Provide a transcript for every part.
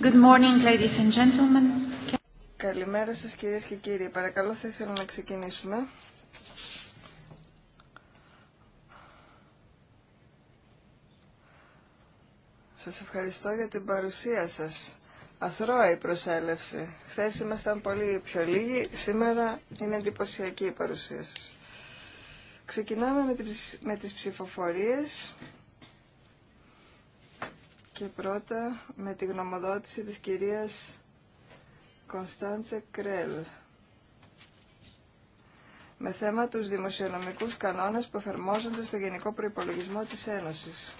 Good morning, ladies and gentlemen. Καλημέρα σας κυρίες και κύριοι. Παρακαλώ θα ήθελα να ξεκινήσουμε. Σας ευχαριστώ για την παρουσία σας. Αθρώα η προσέλευση. Χθες ήμασταν πολύ πιο λίγοι, σήμερα είναι εντυπωσιακή η παρουσία σας. Ξεκινάμε με τις ψηφοφορίες και πρώτα με τη γνωμοδότηση της κυρίας Κωνσταντσε Κρέλ με θέμα τους δημοσιονομικούς κανόνες που εφαρμόζονται στο Γενικό Προϋπολογισμό της Ένωσης.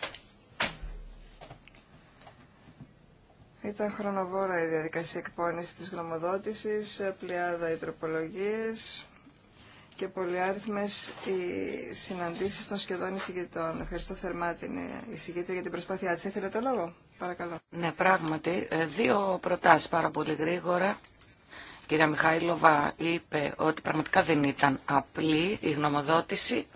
Ήταν χρονοβόρα η διαδικασία εκπόνησης της γνωμοδότησης, πλειάδα οι και πολυάριθμες οι συναντήσεις των σχεδόν εισηγητών. Ευχαριστώ θερμά την εισηγήτρια για την προσπάθειά της. Ήθελε το λόγο. Παρακαλώ. Ναι, πράγματι. Ε, δύο προτάσεις πάρα πολύ γρήγορα. Η κυρία Μιχάηλοβα είπε ότι πραγματικά δεν ήταν απλή η γνωμοδότηση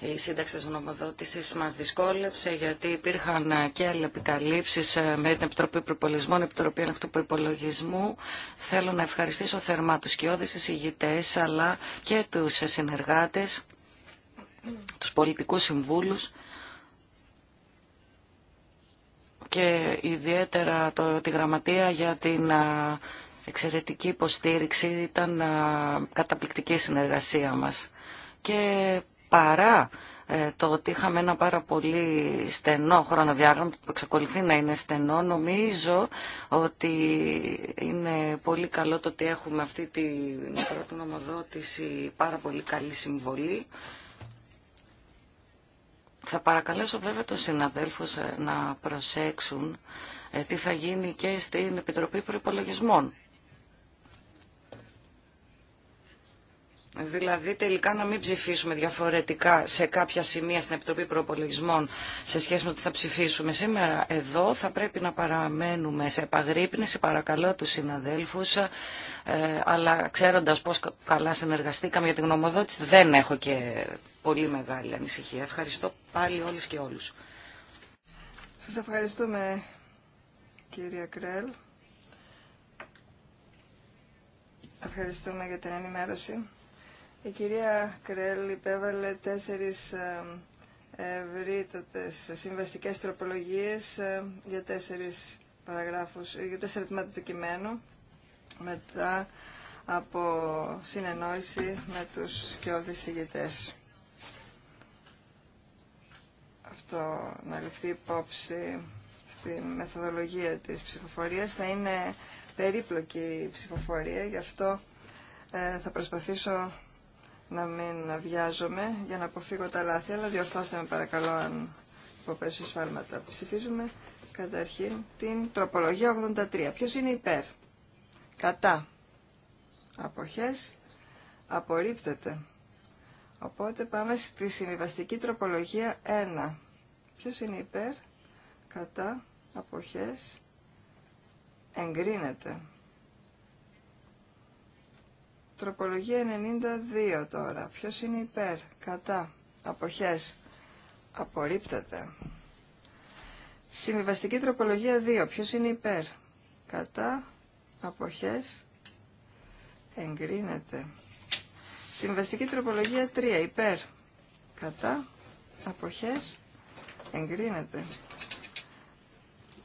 η σύνταξη της νομοδότησης μας δυσκόλεψε γιατί υπήρχαν και άλλες επικαλύψεις ε, με την Επιτροπή Προπολογισμών, Επιτροπή Ελεκτού Προπολογισμού. Θέλω να ευχαριστήσω θερμά τους κοιόδες εισηγητές αλλά και τους συνεργάτες, τους πολιτικούς συμβούλους και ιδιαίτερα το, τη γραμματεία για την ε, εξαιρετική υποστήριξη. Ήταν ε, καταπληκτική συνεργασία μας. Και παρά ε, το ότι είχαμε ένα πάρα πολύ στενό χρονοδιάγραμμα που εξακολουθεί να είναι στενό. Νομίζω ότι είναι πολύ καλό το ότι έχουμε αυτή την πρώτη νομοδότηση πάρα πολύ καλή συμβολή. Θα παρακαλέσω βέβαια τους συναδέλφους ε, να προσέξουν ε, τι θα γίνει και στην Επιτροπή Προϋπολογισμών. Δηλαδή τελικά να μην ψηφίσουμε διαφορετικά σε κάποια σημεία στην Επιτροπή Προπολογισμών σε σχέση με το τι θα ψηφίσουμε σήμερα εδώ θα πρέπει να παραμένουμε σε επαγρύπνηση παρακαλώ τους συναδέλφους ε, αλλά ξέροντας πώς καλά συνεργαστήκαμε για την γνωμοδότηση δεν έχω και πολύ μεγάλη ανησυχία. Ευχαριστώ πάλι όλες και όλους. Σας ευχαριστούμε κύριε Κρέλ. Ευχαριστούμε για την ενημέρωση. Η κυρία Κρέλ υπέβαλε τέσσερις ε, ευρύτατες συμβαστικές τροπολογίες ε, για τέσσερις παραγράφους, ε, για τέσσερα τμήματα του κειμένου μετά από συνεννόηση με τους σκιώδεις ηγητές. Αυτό να ληφθεί υπόψη στη μεθοδολογία της ψηφοφορίας. Θα είναι περίπλοκη η ψηφοφορία, γι' αυτό θα προσπαθήσω να μην βιάζομαι για να αποφύγω τα λάθη, αλλά διορθώστε με παρακαλώ αν υποπέσω σφάλματα. Ψηφίζουμε καταρχήν την τροπολογία 83. Ποιος είναι υπέρ. Κατά. Αποχές. Απορρίπτεται. Οπότε πάμε στη συμβιβαστική τροπολογία 1. Ποιος είναι υπέρ. Κατά. Αποχές. Εγκρίνεται. Τροπολογία 92 τώρα. Ποιος είναι υπέρ, κατά, αποχές, απορρίπτεται. Συμβιβαστική τροπολογία 2. Ποιος είναι υπέρ, κατά, αποχές, εγκρίνεται. Συμβαστική τροπολογία 3. Υπέρ, κατά, αποχές, εγκρίνεται.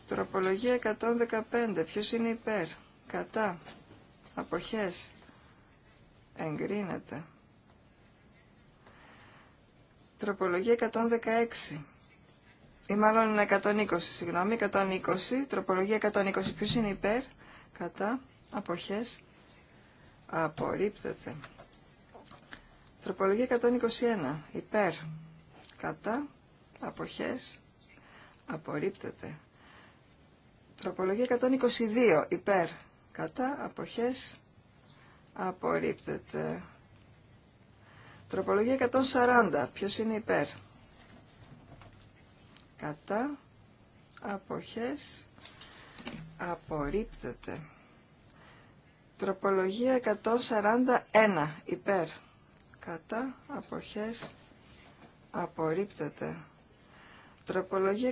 Τροπολογία 115. Ποιος είναι υπέρ, κατά, αποχές, εγκρίνεται. Τροπολογία 116. Ή μάλλον 120, συγγνώμη, 120. Τροπολογία 120. Ποιος είναι υπέρ, κατά, αποχές, απορρίπτεται. Τροπολογία 121. Υπέρ, κατά, αποχές, απορρίπτεται. Τροπολογία 122. Υπέρ, κατά, αποχές, Απορρίπτεται. Τροπολογία 140. Ποιος είναι υπέρ. Κατά. Αποχές. Απορρίπτεται. Τροπολογία 141. Υπέρ. Κατά. Αποχές. Απορρίπτεται. Τροπολογία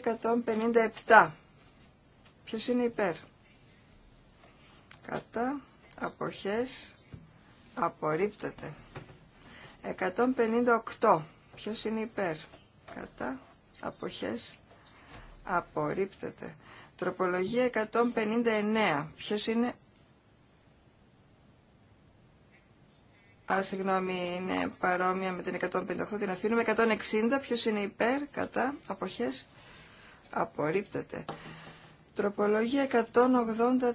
157. Ποιος είναι υπέρ. Κατά. Αποχές. Απορρίπτεται. 158. Ποιος είναι υπέρ. Κατά. Αποχές. Απορρίπτεται. Τροπολογία 159. Ποιος είναι... Α, συγγνώμη, είναι παρόμοια με την 158. Την αφήνουμε. 160. Ποιος είναι υπέρ. Κατά. Αποχές. Απορρίπτεται. Τροπολογία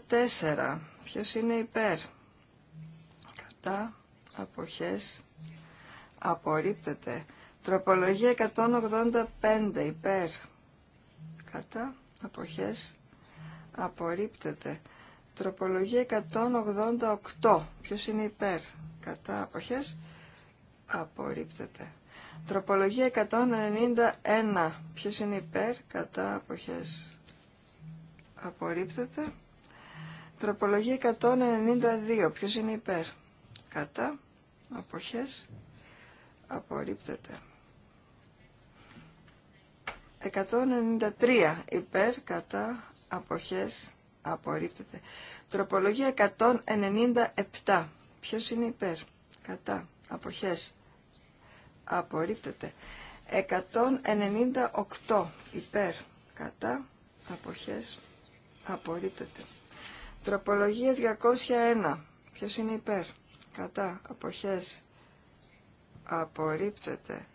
184. Ποιος είναι υπέρ κατά αποχές απορρίπτεται. Τροπολογία 185 υπέρ κατά αποχές απορρίπτεται. Τροπολογία 188 ποιος είναι υπέρ κατά αποχές απορρίπτεται. Τροπολογία 191 ποιος είναι υπέρ κατά αποχές απορρίπτεται. Τροπολογία 192 ποιος είναι υπέρ κατά αποχές απορρίπτεται 193 υπέρ κατά αποχές απορρίπτεται τροπολογία 197 ποιος είναι υπέρ κατά αποχές απορρίπτεται 198 υπέρ κατά αποχές απορρίπτεται τροπολογία 201 ποιος είναι υπέρ κατά αποχές απορρίπτεται.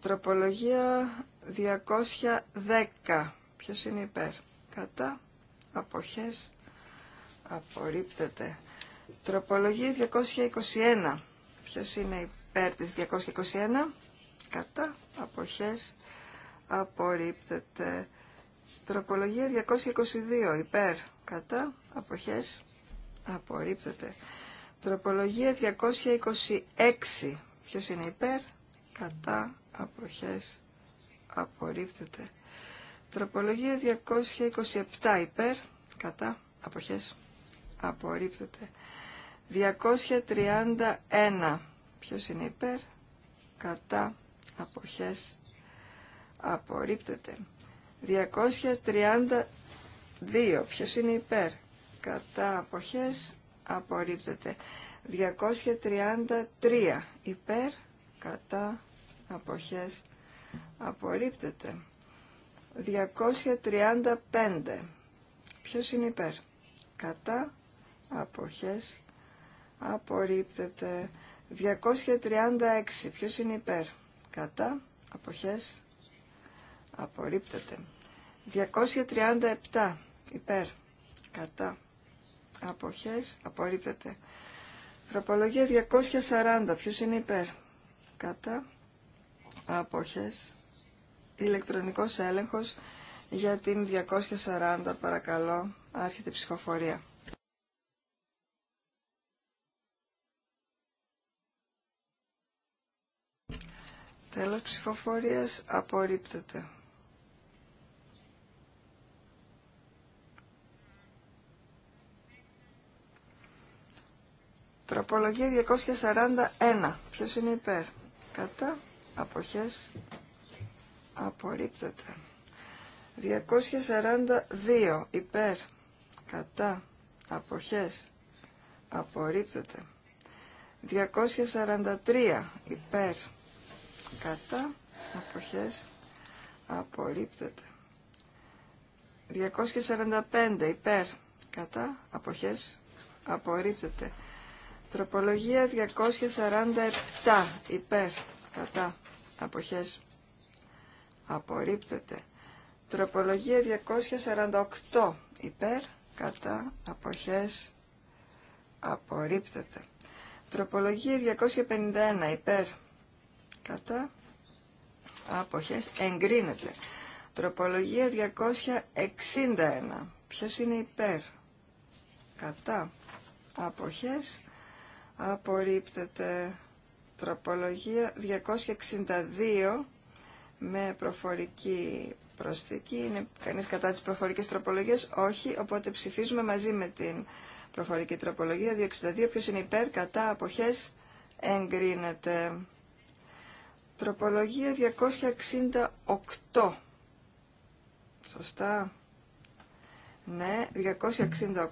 Τροπολογία 210. Ποιος είναι υπέρ. Κατά αποχές απορρίπτεται. Τροπολογία 221. Ποιος είναι υπέρ της 221. Κατά αποχές απορρίπτεται. Τροπολογία 222. Υπέρ. Κατά αποχές απορρίπτεται. Τροπολογία 226. Ποιος είναι υπέρ, κατά, αποχές, απορρίπτεται. Τροπολογία 227 υπέρ, κατά, αποχές, απορρίπτεται. 231. Ποιος είναι υπέρ, κατά, αποχές, απορρίπτεται. 232. Ποιος είναι υπέρ, κατά, αποχές, απορρίπτεται. 233 υπέρ, κατά, αποχές, απορρίπτεται. 235 ποιος είναι υπέρ, κατά, αποχές, απορρίπτεται. 236 ποιος είναι υπέρ, κατά, αποχές, απορρίπτεται. 237 υπέρ, κατά, αποχές απορρίπτεται. Τροπολογία 240. Ποιος είναι υπέρ. Κατά. Αποχές. Ηλεκτρονικός έλεγχος για την 240. Παρακαλώ. Άρχεται η ψηφοφορία. Τέλος ψηφοφορίας απορρίπτεται. Τροπολογία 241. Ποιος είναι υπέρ. Κατά. Αποχές. Απορρίπτεται. 242. Υπέρ. Κατά. Αποχές. Απορρίπτεται. 243. Υπέρ. Κατά. Αποχές. Απορρίπτεται. 245. Υπέρ. Κατά. Αποχές. Απορρίπτεται. Τροπολογία 247 υπέρ κατά αποχές απορρίπτεται. Τροπολογία 248 υπέρ κατά αποχές απορρίπτεται. Τροπολογία 251 υπέρ κατά αποχές εγκρίνεται. Τροπολογία 261. Ποιος είναι υπέρ κατά αποχές απορρίπτεται τροπολογία 262 με προφορική προσθήκη. Είναι κανείς κατά τις προφορικές τροπολογίες. Όχι, οπότε ψηφίζουμε μαζί με την προφορική τροπολογία 262. Ποιος είναι υπέρ, κατά, αποχές, εγκρίνεται. Τροπολογία 268. Σωστά. Ναι, 268.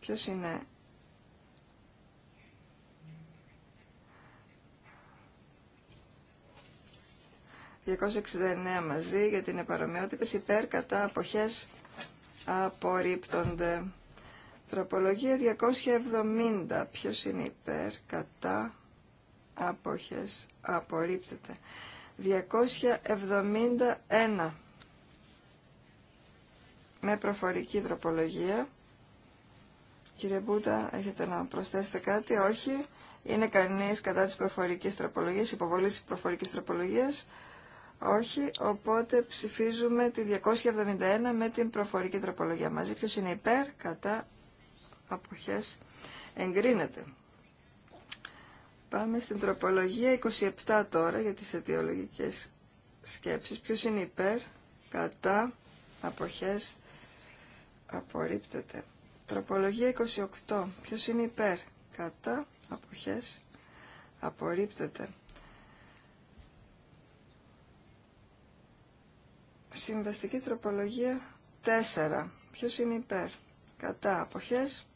Ποιος είναι 269 μαζί για την επαρομοιότυπες υπέρ κατά αποχές απορρίπτονται. Τροπολογία 270. Ποιος είναι υπέρ κατά αποχές απορρίπτεται. 271 με προφορική τροπολογία. Κύριε Μπούτα, έχετε να προσθέσετε κάτι, όχι. Είναι κανείς κατά της προφορικής τροπολογίας, υποβολής προφορικής τροπολογίας. Όχι, οπότε ψηφίζουμε τη 271 με την προφορική τροπολογία μαζί. Ποιος είναι υπέρ, κατά, αποχές, εγκρίνεται. Πάμε στην τροπολογία 27 τώρα για τις αιτιολογικές σκέψεις. Ποιος είναι υπέρ, κατά, αποχές, απορρίπτεται. Τροπολογία 28. Ποιος είναι υπέρ, κατά, αποχές, απορρίπτεται. Συμβαστική τροπολογία 4. Ποιος είναι υπέρ. Κατά αποχές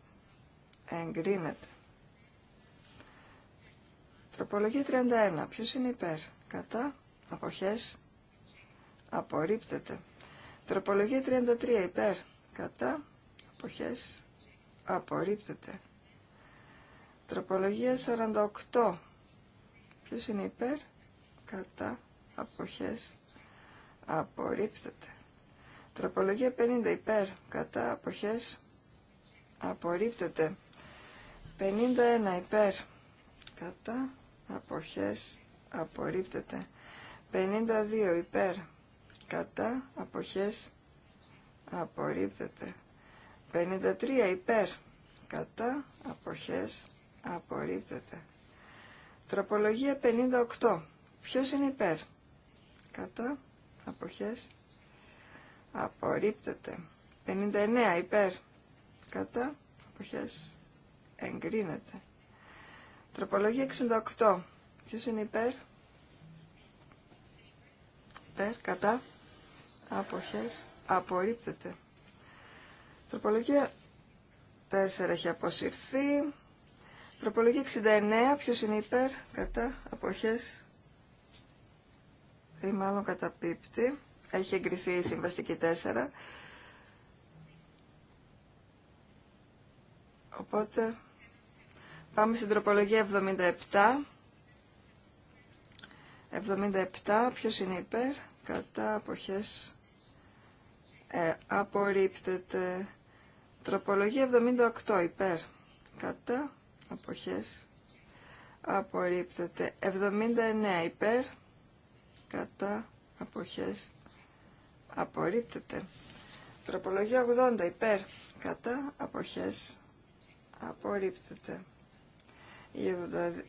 εγκρίνεται. Τροπολογία 31. Ποιος είναι υπέρ. Κατά αποχές απορρίπτεται. Τροπολογία 33. Υπέρ. Κατά αποχές απορρίπτεται. Τροπολογία 48. Ποιος είναι υπέρ. Κατά αποχές απορρίπτεται. Τροπολογία 50 υπέρ κατά αποχές απορρίπτεται. 51 υπέρ κατά αποχές απορρίπτεται. 52 υπέρ κατά αποχές απορρίπτεται. 53 υπέρ κατά αποχές απορρίπτεται. Τροπολογία 58. Ποιος είναι υπέρ. Κατά αποχές απορρίπτεται 59 υπέρ κατά αποχές εγκρίνεται τροπολογία 68 ποιος είναι υπέρ υπέρ κατά αποχές απορρίπτεται τροπολογία 4 έχει αποσυρθεί Τροπολογία 69, ποιος είναι υπέρ, κατά, αποχές, ή μάλλον καταπίπτει. Έχει εγκριθεί η συμβαστική 4. Οπότε πάμε στην τροπολογία 77. 77, ποιος είναι υπέρ, κατά αποχές ε, απορρίπτεται. Τροπολογία 78, υπέρ, κατά αποχές απορρίπτεται. 79, υπέρ, κατά αποχές απορρίπτεται. Τροπολογία 80 υπέρ κατά αποχές απορρίπτεται. Η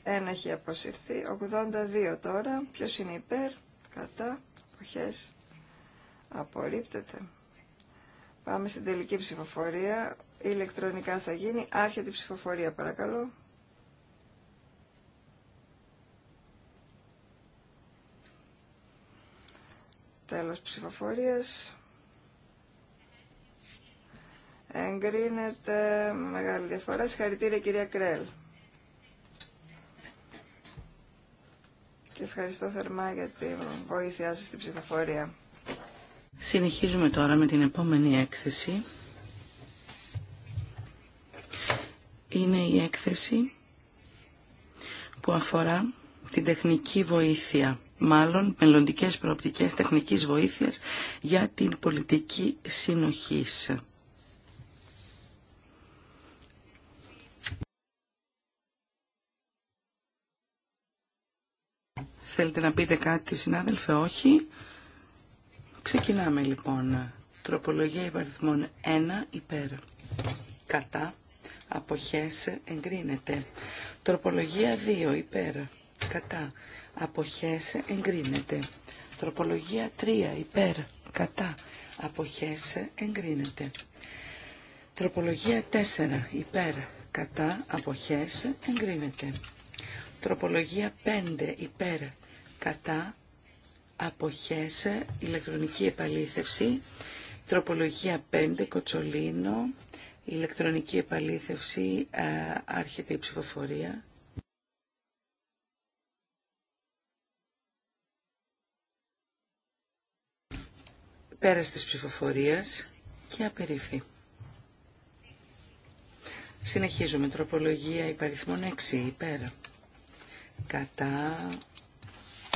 81 έχει αποσυρθεί. 82 τώρα. Ποιος είναι υπέρ κατά αποχές απορρίπτεται. Πάμε στην τελική ψηφοφορία. ηλεκτρονικά θα γίνει. Άρχεται η ψηφοφορία παρακαλώ. Τέλος ψηφοφορίας. Εγκρίνεται μεγάλη διαφορά. Συγχαρητήρια κυρία Κρέλ. Και ευχαριστώ θερμά για τη βοήθειά σας στην ψηφοφορία. Συνεχίζουμε τώρα με την επόμενη έκθεση. Είναι η έκθεση που αφορά την τεχνική βοήθεια μάλλον μελλοντικές προοπτικές τεχνικής βοήθειας για την πολιτική συνοχής. Θέλετε να πείτε κάτι συνάδελφε, όχι. Ξεκινάμε λοιπόν. Τροπολογία υπαριθμών 1 υπέρ. Κατά. Αποχές εγκρίνεται. Τροπολογία 2 υπέρ. Κατά. Αποχέσε εγκρίνεται. Τροπολογία 3 υπέρ κατά αποχέσε εγκρίνεται. Τροπολογία 4 υπέρ κατά αποχέσε εγκρίνεται. Τροπολογία 5 υπέρ κατά αποχέσε ηλεκτρονική επαλήθευση. Τροπολογία 5 κοτσολίνο ηλεκτρονική επαλήθευση ε, άρχεται η ψηφοφορία. Πέρας της ψηφοφορίας και απερίφθη. Συνεχίζουμε. Τροπολογία υπαριθμών 6 υπέρ. Κατά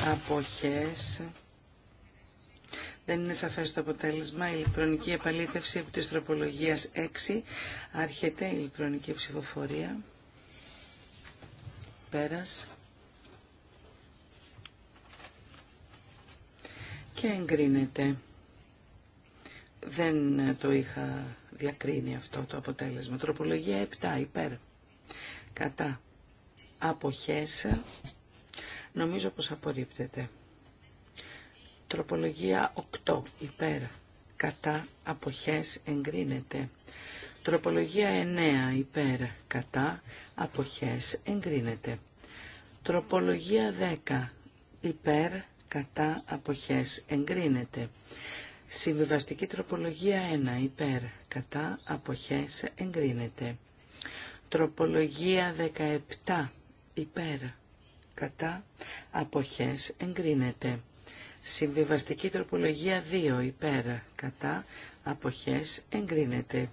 αποχές. Δεν είναι σαφές το αποτέλεσμα. Ηλεκτρονική επαλήθευση από της τροπολογίας 6. Άρχεται η ηλεκτρονική ψηφοφορία. Πέρας. Και εγκρίνεται. Δεν το είχα διακρίνει αυτό το αποτέλεσμα. Τροπολογία 7 υπέρ. Κατά. Αποχές. Νομίζω πως απορρίπτεται. Τροπολογία 8 υπέρ. Κατά. Αποχές. Εγκρίνεται. Τροπολογία 9 υπέρ. Κατά. Αποχές. Εγκρίνεται. Τροπολογία 10 υπέρ. Κατά. Αποχές. Εγκρίνεται. Συμβιβαστική τροπολογία 1 υπέρ κατά αποχές εγκρίνεται. Τροπολογία 17 υπέρ κατά αποχές εγκρίνεται. Συμβιβαστική τροπολογία 2 υπέρ κατά αποχές εγκρίνεται.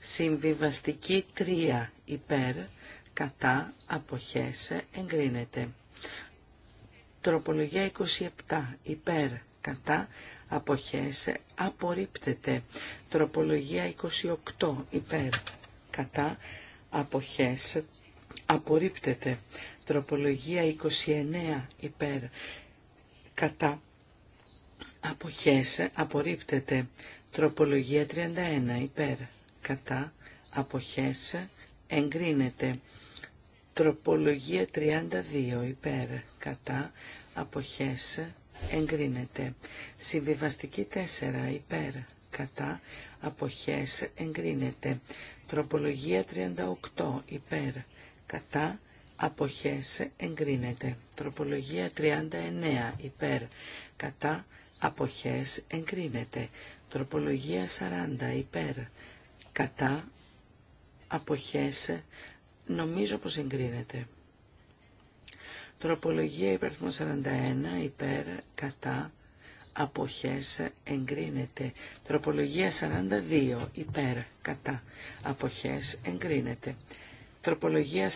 Συμβιβαστική 3 υπέρ κατά αποχές εγκρίνεται. Τροπολογία 27 υπέρ κατά αποχές απορρίπτεται. Τροπολογία 28 υπέρ κατά αποχές απορρίπτεται. Τροπολογία 29 υπέρ κατά αποχές απορρίπτεται. Τροπολογία 31 υπέρ κατά αποχές εγκρίνεται. Τροπολογία 32 υπέρ κατά αποχές εγκρίνεται. Συμβιβαστική 4 υπέρ κατά αποχές εγκρίνεται. Τροπολογία 38 υπέρ κατά αποχές εγκρίνεται. Τροπολογία 39 υπέρ κατά αποχές εγκρίνεται. Τροπολογία 40 υπέρ κατά αποχές νομίζω πως εγκρίνεται. Τροπολογία υπερθμό 41 υπέρ κατά αποχές εγκρίνεται. Τροπολογία 42 υπέρ κατά αποχές εγκρίνεται. Τροπολογία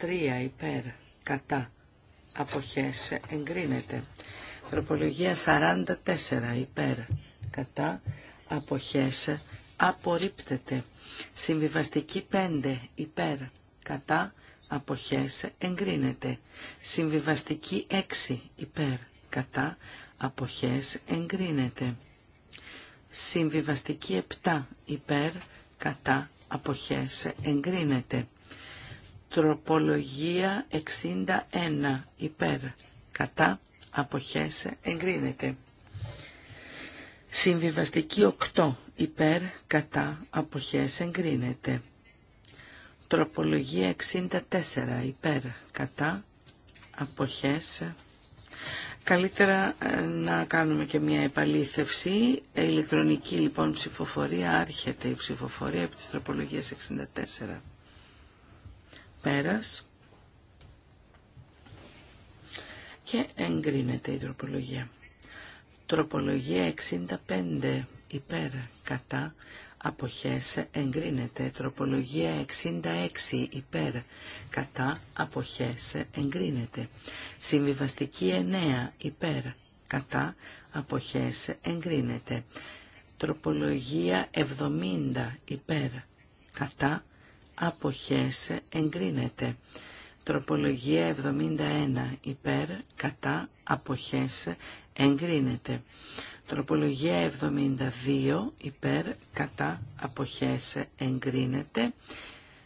43 υπέρ κατά αποχές εγκρίνεται. Τροπολογία 44 υπέρ κατά αποχές απορρίπτεται. Συμβιβαστική 5 υπέρ κατά αποχές εγκρίνεται. Συμβιβαστική 6 υπέρ κατά αποχές εγκρίνεται. Συμβιβαστική 7 υπέρ κατά αποχές εγκρίνεται. Τροπολογία 61 υπέρ κατά αποχές εγκρίνεται. Συμβιβαστική 8 υπέρ κατά αποχές εγκρίνεται. Τροπολογία 64 υπέρ κατά αποχές. Καλύτερα ε, να κάνουμε και μια επαλήθευση. Ηλεκτρονική λοιπόν ψηφοφορία. Άρχεται η ψηφοφορία από τις τροπολογίες 64. Πέρας. Και εγκρίνεται η τροπολογία. Τροπολογία 65 υπέρ κατά αποχές εγκρίνεται. Τροπολογία 66 υπέρ κατά αποχές εγκρίνεται. Συμβιβαστική 9 υπέρ κατά αποχές εγκρίνεται. Τροπολογία 70 υπέρ κατά αποχές εγκρίνεται. Τροπολογία 71 υπέρ κατά αποχές εγκρίνεται. Τροπολογία 72 υπέρ κατά αποχές εγκρίνεται.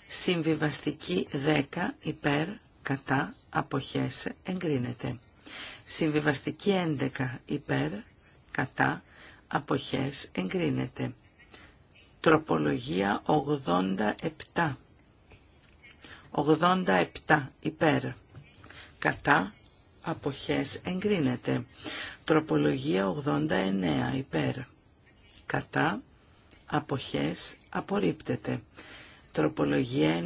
Συμβιβαστική 10 υπέρ κατά αποχές εγκρίνεται. Συμβιβαστική 11 υπέρ κατά αποχές εγκρίνεται. Τροπολογία 87. 87 υπέρ. Κατά αποχές εγκρίνεται. Τροπολογία 89 υπέρ. Κατά αποχές απορρίπτεται. Τροπολογία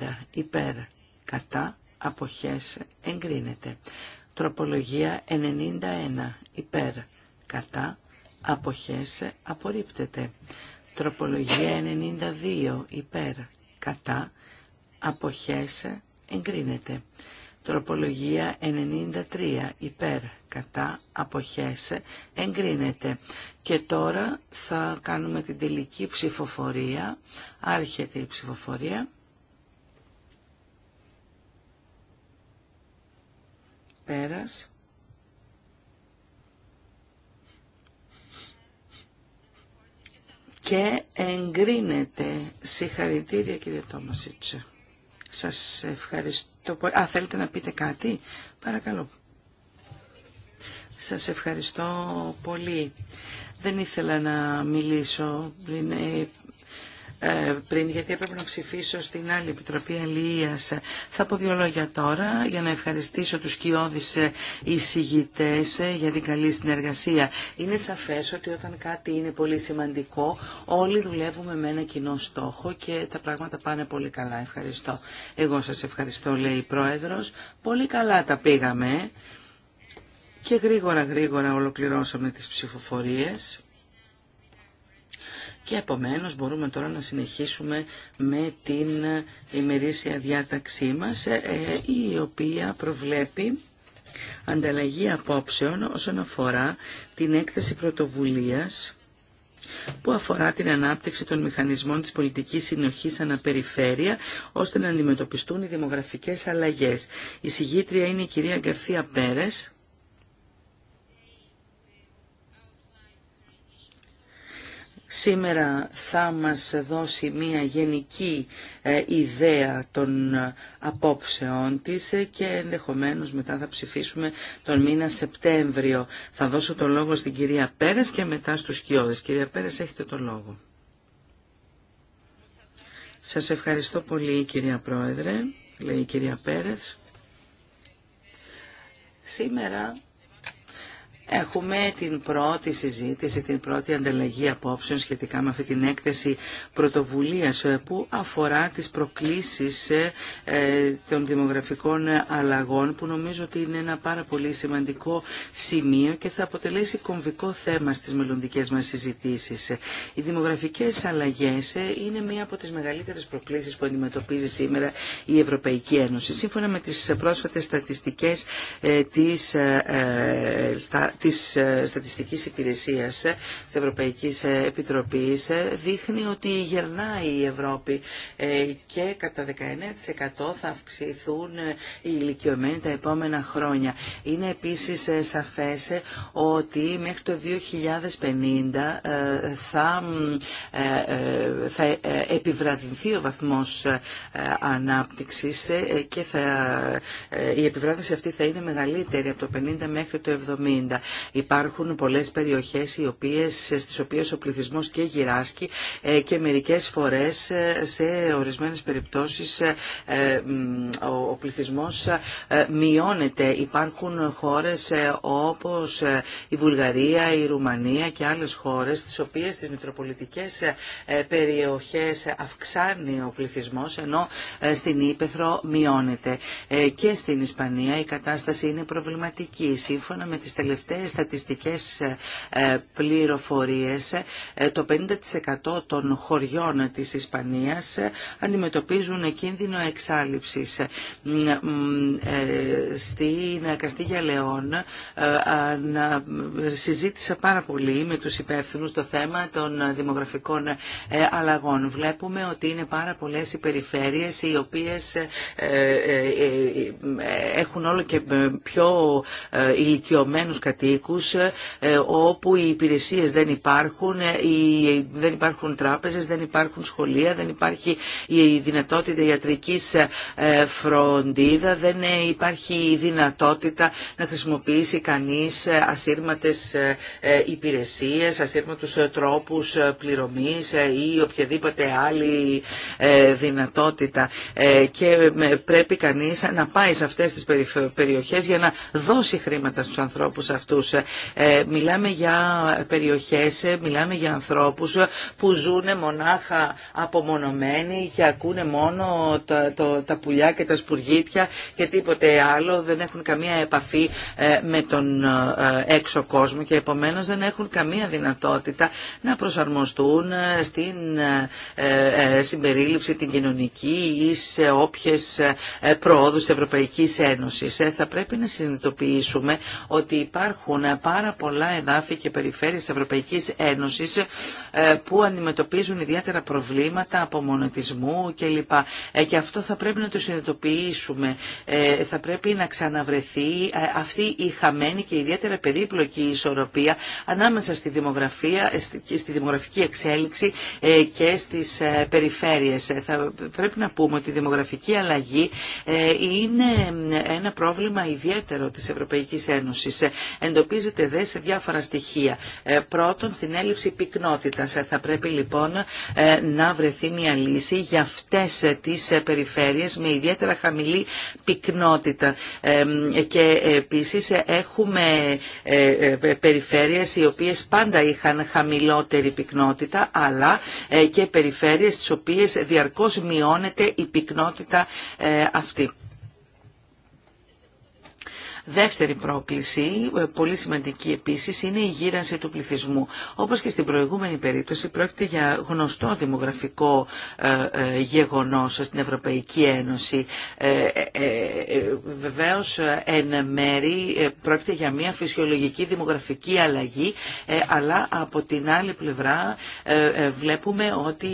90 υπέρ. Κατά αποχές εγκρίνεται. Τροπολογία 91 υπέρ. Κατά αποχές απορρίπτεται. Τροπολογία 92 υπέρ. Κατά αποχές εγκρίνεται. Τροπολογία 93 υπέρ κατά αποχέσε εγκρίνεται. Και τώρα θα κάνουμε την τελική ψηφοφορία. Άρχεται η ψηφοφορία. Πέρας. Και εγκρίνεται. Συγχαρητήρια κύριε Τόμασίτσε. Σας ευχαριστώ. Α, θέλετε να πείτε κάτι. Παρακαλώ. Σας ευχαριστώ πολύ. Δεν ήθελα να μιλήσω. Είναι ε, πριν, γιατί έπρεπε να ψηφίσω στην άλλη Επιτροπή Αλληλείας. Θα πω δύο λόγια τώρα για να ευχαριστήσω τους κοιόδης ε, εισηγητές ε, για την καλή συνεργασία. Είναι σαφές ότι όταν κάτι είναι πολύ σημαντικό, όλοι δουλεύουμε με ένα κοινό στόχο και τα πράγματα πάνε πολύ καλά. Ευχαριστώ. Εγώ σας ευχαριστώ, λέει η Πρόεδρος. Πολύ καλά τα πήγαμε και γρήγορα γρήγορα ολοκληρώσαμε τις ψηφοφορίες και επομένως μπορούμε τώρα να συνεχίσουμε με την ημερήσια διάταξή μας ε, ε, η οποία προβλέπει ανταλλαγή απόψεων όσον αφορά την έκθεση πρωτοβουλίας που αφορά την ανάπτυξη των μηχανισμών της πολιτικής συνοχής αναπεριφέρεια, ώστε να αντιμετωπιστούν οι δημογραφικές αλλαγές. Η συγγήτρια είναι η κυρία Γκαρθία Πέρες, Σήμερα θα μας δώσει μία γενική ε, ιδέα των ε, απόψεών της ε, και ενδεχομένως μετά θα ψηφίσουμε τον μήνα Σεπτέμβριο. Θα δώσω τον λόγο στην κυρία Πέρες και μετά στους Κιώδες. Κυρία Πέρες, έχετε τον λόγο. Σας ευχαριστώ πολύ κυρία Πρόεδρε, λέει η κυρία Πέρες. Σήμερα Έχουμε την πρώτη συζήτηση, την πρώτη ανταλλαγή απόψεων σχετικά με αυτή την έκθεση πρωτοβουλίας ε, που αφορά τις προκλήσεις ε, ε, των δημογραφικών αλλαγών που νομίζω ότι είναι ένα πάρα πολύ σημαντικό σημείο και θα αποτελέσει κομβικό θέμα στις μελλοντικές μας συζητήσεις. Οι δημογραφικές αλλαγές είναι μία από τις μεγαλύτερες προκλήσεις που αντιμετωπίζει σήμερα η Ευρωπαϊκή Ένωση. Σύμφωνα με τις πρόσφατες στατιστικές της της ε, Στατιστικής Υπηρεσίας ε, της Ευρωπαϊκής ε, Επιτροπής δείχνει ότι γερνάει η Ευρώπη και κατά 19% θα αυξηθούν οι ηλικιωμένοι τα επόμενα χρόνια. Είναι επίσης σαφές ότι μέχρι το 2050 θα, θα επιβραδυνθεί ο βαθμός ανάπτυξης και θα, η επιβράδυνση αυτή θα είναι μεγαλύτερη από το 50 μέχρι το 70. Υπάρχουν πολλές περιοχές οι οποίες, στις οποίες ο πληθυσμός και γυράσκει ε, και μερικές φορές ε, σε ορισμένες περιπτώσεις ε, ο πληθυσμός μειώνεται. Υπάρχουν χώρες όπως η Βουλγαρία, η Ρουμανία και άλλες χώρες στις οποίες στις μητροπολιτικές περιοχές αυξάνει ο πληθυσμός ενώ στην Ήπεθρο μειώνεται. Και στην Ισπανία η κατάσταση είναι προβληματική. Σύμφωνα με τις τελευταίες τελευταίες στατιστικές ε, ε, πληροφορίες ε, το 50% των χωριών της Ισπανίας αντιμετωπίζουν κίνδυνο εξάλληψης. Στην Καστίγια Λεόν συζήτησα πάρα πολύ με τους υπεύθυνου το θέμα των δημογραφικών αλλαγών. Βλέπουμε ότι είναι πάρα πολλές οι περιφέρειες οι οποίες έχουν όλο και πιο ηλικιωμένους κατοίκους ε, όπου οι υπηρεσίες δεν υπάρχουν, ε, δεν υπάρχουν τράπεζες, δεν υπάρχουν σχολεία, δεν υπάρχει η δυνατότητα ιατρικής ε, φροντίδα, δεν υπάρχει η δυνατότητα να χρησιμοποιήσει κανείς ασύρματες υπηρεσίες, ασύρματους τρόπους πληρωμής ή οποιαδήποτε άλλη δυνατότητα και πρέπει κανείς να πάει σε αυτές τις περιοχές για να δώσει χρήματα στους ανθρώπους ε, μιλάμε για περιοχές, ε, μιλάμε για ανθρώπους ε, που ζουν μονάχα απομονωμένοι και ακούνε μόνο τα, τα πουλιά και τα σπουργίτια και τίποτε άλλο, δεν έχουν καμία επαφή με τον έξω κόσμο και επομένως δεν έχουν καμία δυνατότητα να προσαρμοστούν στην συμπερίληψη την κοινωνική ή σε όποιες πρόοδους Ευρωπαϊκής Ένωσης. Θα πρέπει να συνειδητοποιήσουμε ότι υπάρχουν Υπάρχουν πάρα πολλά εδάφη και περιφέρειες της Ευρωπαϊκής Ένωσης ε, που αντιμετωπίζουν ιδιαίτερα προβλήματα απομονωτισμού κλπ. Ε, και αυτό θα πρέπει να το συνειδητοποιήσουμε. Ε, θα πρέπει να ξαναβρεθεί αυτή η χαμένη και ιδιαίτερα περίπλοκη ισορροπία ανάμεσα στη, δημογραφία, στη δημογραφική εξέλιξη και στις περιφέρειες. Θα πρέπει να πούμε ότι η δημογραφική αλλαγή είναι ένα πρόβλημα ιδιαίτερο της Ευρωπαϊκής Ένωσης εντοπίζεται δε σε διάφορα στοιχεία. Ε, πρώτον, στην έλλειψη πυκνότητας. Ε, θα πρέπει λοιπόν ε, να βρεθεί μια λύση για αυτές τις περιφέρειες με ιδιαίτερα χαμηλή πυκνότητα. Και επίσης έχουμε περιφέρειες οι οποίες πάντα είχαν χαμηλότερη πυκνότητα, αλλά και περιφέρειες στις οποίες διαρκώς μειώνεται η πυκνότητα αυτή. Δεύτερη πρόκληση, ε, πολύ σημαντική επίσης, είναι η γύρανση του πληθυσμού. Όπως και στην προηγούμενη περίπτωση, πρόκειται για γνωστό δημογραφικό ε, ε, γεγονός στην Ευρωπαϊκή Ένωση. Βεβαίως, εν μέρη, πρόκειται για μια φυσιολογική δημογραφική αλλαγή, αλλά από την άλλη πλευρά βλέπουμε ότι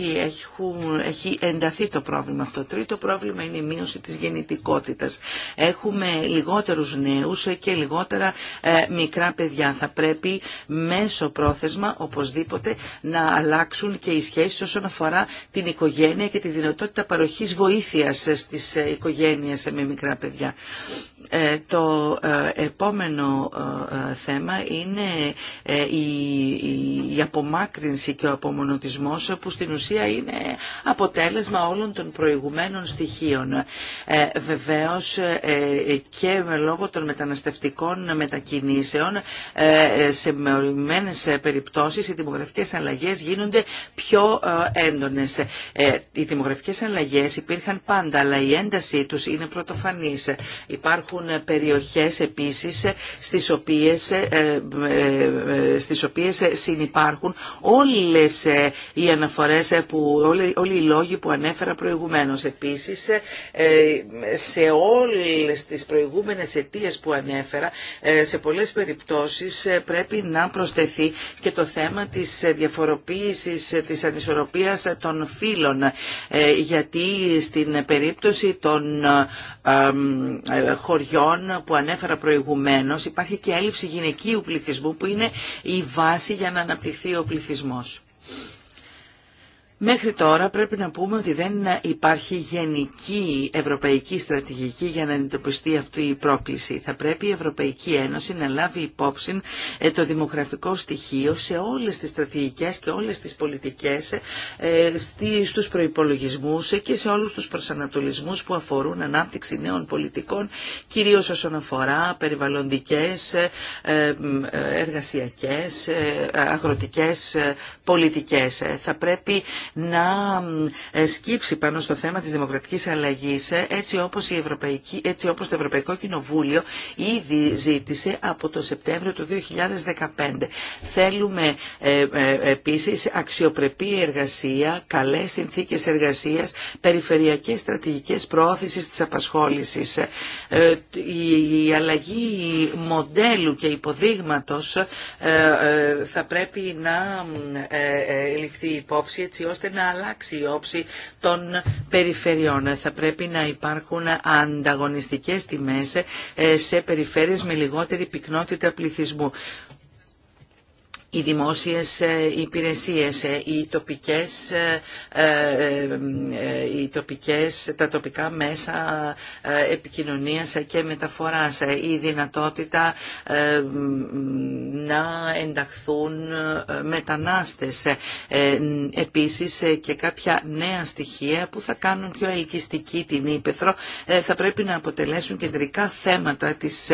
έχει ενταθεί το πρόβλημα αυτό. Τρίτο πρόβλημα είναι η μείωση της γεννητικότητας. Έχουμε λιγότερους νέους και λιγότερα ε, μικρά παιδιά. Θα πρέπει μέσω πρόθεσμα οπωσδήποτε να αλλάξουν και οι σχέσεις όσον αφορά την οικογένεια και τη δυνατότητα παροχής βοήθειας στις ε, οικογένειες με μικρά παιδιά. Ε, το ε, επόμενο ε, θέμα είναι η απομάκρυνση και ο απομονωτισμός που στην ουσία είναι αποτέλεσμα όλων των προηγουμένων στοιχείων. Βεβαίως και λόγω των μεταναστευτικών μετακινήσεων σε μερισμένες περιπτώσεις οι δημογραφικές αλλαγές γίνονται πιο έντονες. Οι δημογραφικές αλλαγές υπήρχαν πάντα αλλά η έντασή τους είναι πρωτοφανής. Υπάρχουν Υπάρχουν περιοχές επίσης στις οποίες, ε, ε, ε, στις οποίες συνυπάρχουν όλες οι αναφορές, που, όλοι, όλοι οι λόγοι που ανέφερα προηγουμένως. Επίσης σε όλες τις προηγούμενες αιτίες που ανέφερα, σε πολλές περιπτώσεις πρέπει να προσθεθεί και το θέμα της διαφοροποίησης, της ανισορροπίας των φύλων. Γιατί στην περίπτωση των χωριών που ανέφερα προηγουμένως υπάρχει και έλλειψη γυναικείου πληθυσμού που είναι η βάση για να αναπτυχθεί ο πληθυσμός. Μέχρι τώρα πρέπει να πούμε ότι δεν υπάρχει γενική ευρωπαϊκή στρατηγική για να εντοπιστεί αυτή η πρόκληση. Θα πρέπει η Ευρωπαϊκή Ένωση να λάβει υπόψη ε, το δημογραφικό στοιχείο σε όλες τις στρατηγικές και όλες τις πολιτικές, ε, στους προϋπολογισμούς ε, και σε όλους τους προσανατολισμούς που αφορούν ανάπτυξη νέων πολιτικών, κυρίως όσον αφορά περιβαλλοντικές, εργασιακές, αγροτικές πολιτικές. Θα πρέπει να ε, σκύψει πάνω στο θέμα της δημοκρατικής αλλαγής ε, έτσι όπως, η Ευρωπαϊκή, έτσι όπως το Ευρωπαϊκό Κοινοβούλιο ήδη ζήτησε από το Σεπτέμβριο του 2015. Θέλουμε ε, επίσης αξιοπρεπή εργασία, καλές συνθήκες εργασίας, περιφερειακές στρατηγικές προώθησης της απασχόλησης. Η αλλαγή μοντέλου και υποδείγματος θα πρέπει να ληφθεί υπόψη έτσι ώστε ώστε να αλλάξει η όψη των περιφερειών. Θα πρέπει να υπάρχουν ανταγωνιστικές τιμές ε, σε περιφέρειες με λιγότερη πυκνότητα πληθυσμού οι δημόσιες ε, υπηρεσίες, ε, οι τοπικές, ε, οι τοπικές, τα τοπικά μέσα επικοινωνίας και μεταφοράς, η δυνατότητα να ενταχθούν μετανάστες, επίσης και κάποια νέα στοιχεία που θα κάνουν πιο ελκυστική την Ήπεθρο, θα πρέπει να αποτελέσουν κεντρικά θέματα της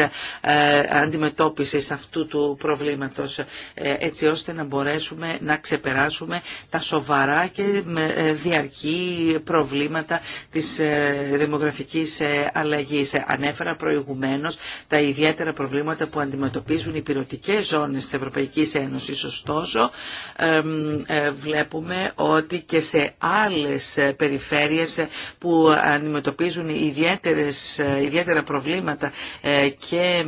αντιμετώπισης αυτού του προβλήματος έτσι ώστε να μπορέσουμε να ξεπεράσουμε τα σοβαρά και ε, διαρκή προβλήματα της ε, δημογραφικής ε, αλλαγής. Ανέφερα προηγουμένως τα ιδιαίτερα προβλήματα που αντιμετωπίζουν οι πυρωτικές ζώνες της Ευρωπαϊκής Ένωσης. Ωστόσο, βλέπουμε ότι και σε άλλες περιφέρειες που αντιμετωπίζουν ιδιαίτερα προβλήματα και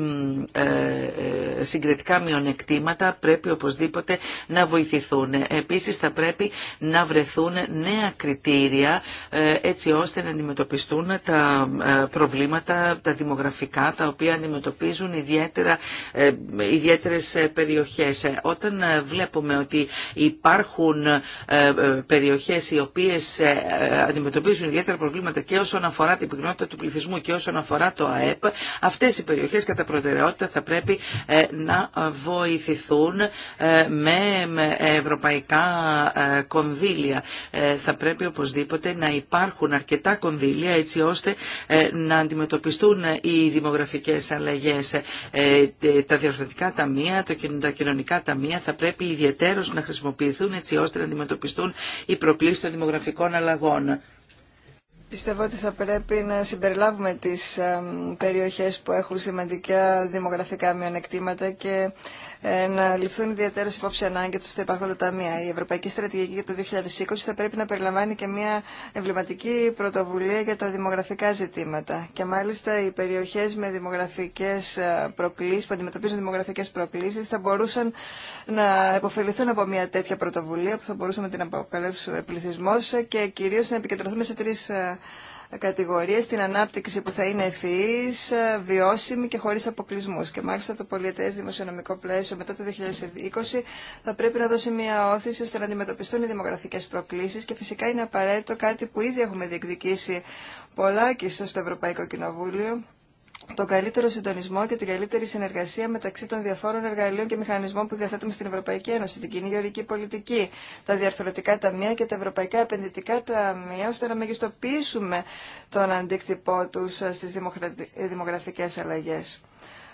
συγκριτικά μειονεκτήματα πρέπει οπωσδήποτε να βοηθηθούν. Επίσης θα πρέπει να βρεθούν νέα κριτήρια ε, έτσι ώστε να αντιμετωπιστούν τα ε, προβλήματα, τα δημογραφικά, τα οποία αντιμετωπίζουν ιδιαίτερα, ε, ιδιαίτερες περιοχές. Όταν βλέπουμε ότι υπάρχουν περιοχές οι οποίες αντιμετωπίζουν ιδιαίτερα προβλήματα και όσον αφορά την πυκνότητα του πληθυσμού και όσον αφορά το ΑΕΠ, αυτές οι περιοχές κατά προτεραιότητα θα πρέπει να βοηθηθούν ε, με ευρωπαϊκά ε, κονδύλια. Ε, θα πρέπει οπωσδήποτε να υπάρχουν αρκετά κονδύλια έτσι ώστε να αντιμετωπιστούν οι δημογραφικές αλλαγές. Τα διορθωτικά ταμεία, τα κοινωνικά ταμεία θα πρέπει ιδιαίτερως να χρησιμοποιηθούν έτσι ώστε να αντιμετωπιστούν οι προκλήσεις των δημογραφικών αλλαγών. Πιστεύω ότι θα πρέπει να συμπεριλάβουμε τις περιοχές που έχουν σημαντικά δημογραφικά μειονεκτήματα και ε, να ληφθούν ιδιαίτερε υπόψη ανάγκε του στα υπάρχοντα ταμεία. Η Ευρωπαϊκή Στρατηγική για το 2020 θα πρέπει να περιλαμβάνει και μια εμβληματική πρωτοβουλία για τα δημογραφικά ζητήματα. Και μάλιστα οι περιοχέ με δημογραφικέ ε, προκλήσει, που αντιμετωπίζουν δημογραφικέ προκλήσει, θα μπορούσαν να επωφεληθούν από μια τέτοια πρωτοβουλία που θα μπορούσαμε να την αποκαλέσουμε πληθυσμό ε, και κυρίω να επικεντρωθούμε σε τρει κατηγορίες στην ανάπτυξη που θα είναι ευφυής, ε, βιώσιμη και χωρίς αποκλεισμούς. Και μάλιστα το πολιετές δημοσιονομικό πλαίσιο μετά το 2020 θα πρέπει να δώσει μια όθηση ώστε να αντιμετωπιστούν οι δημογραφικές προκλήσεις και φυσικά είναι απαραίτητο κάτι που ήδη έχουμε διεκδικήσει πολλά και στο Ευρωπαϊκό Κοινοβούλιο τον καλύτερο συντονισμό και την καλύτερη συνεργασία μεταξύ των διαφόρων εργαλείων και μηχανισμών που διαθέτουμε στην Ευρωπαϊκή Ένωση, την κοινή γεωργική πολιτική, τα διαρθρωτικά ταμεία και τα ευρωπαϊκά επενδυτικά ταμεία, ώστε να μεγιστοποιήσουμε τον αντίκτυπό του ε, στι δημογραφικέ αλλαγέ.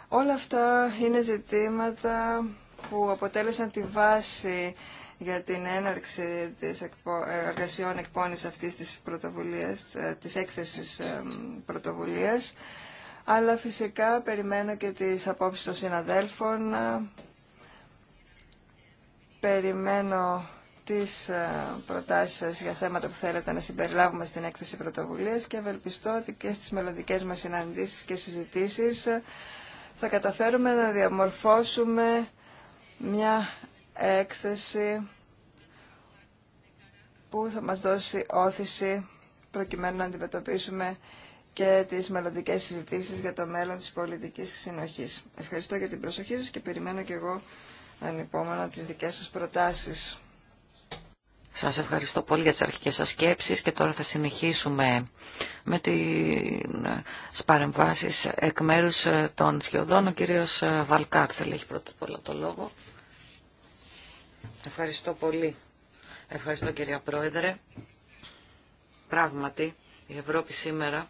Όλα αυτά είναι ζητήματα που αποτέλεσαν τη βάση για την έναρξη της ε, εργασιών εκπόνησης αυτής της πρωτοβουλίας, ε, της έκθεσης πρωτοβουλίας αλλά φυσικά περιμένω και τις απόψεις των συναδέλφων, περιμένω τις ε, προτάσεις σας για θέματα που θέλετε να συμπεριλάβουμε στην έκθεση πρωτοβουλίας και ευελπιστώ ότι και στις μελλοντικέ μας συναντήσεις και συζητήσεις ε, θα καταφέρουμε να διαμορφώσουμε μια έκθεση που θα μας δώσει όθηση προκειμένου να αντιμετωπίσουμε και τις μελλοντικές συζητήσεις για το μέλλον της πολιτικής συνοχής. Ευχαριστώ για την προσοχή σας και περιμένω και εγώ ανυπόμονα τις δικές σας προτάσεις. Σας ευχαριστώ πολύ για τις αρχικές σας σκέψεις και τώρα θα συνεχίσουμε με ε, τις παρεμβάσεις εκ μέρους ε, των σχεδόν. Ο κύριος ε, Βαλκάρθελ έχει πρώτα απ' όλα το λόγο. Ευχαριστώ πολύ. Ευχαριστώ κυρία Πρόεδρε. Πράγματι, η Ευρώπη σήμερα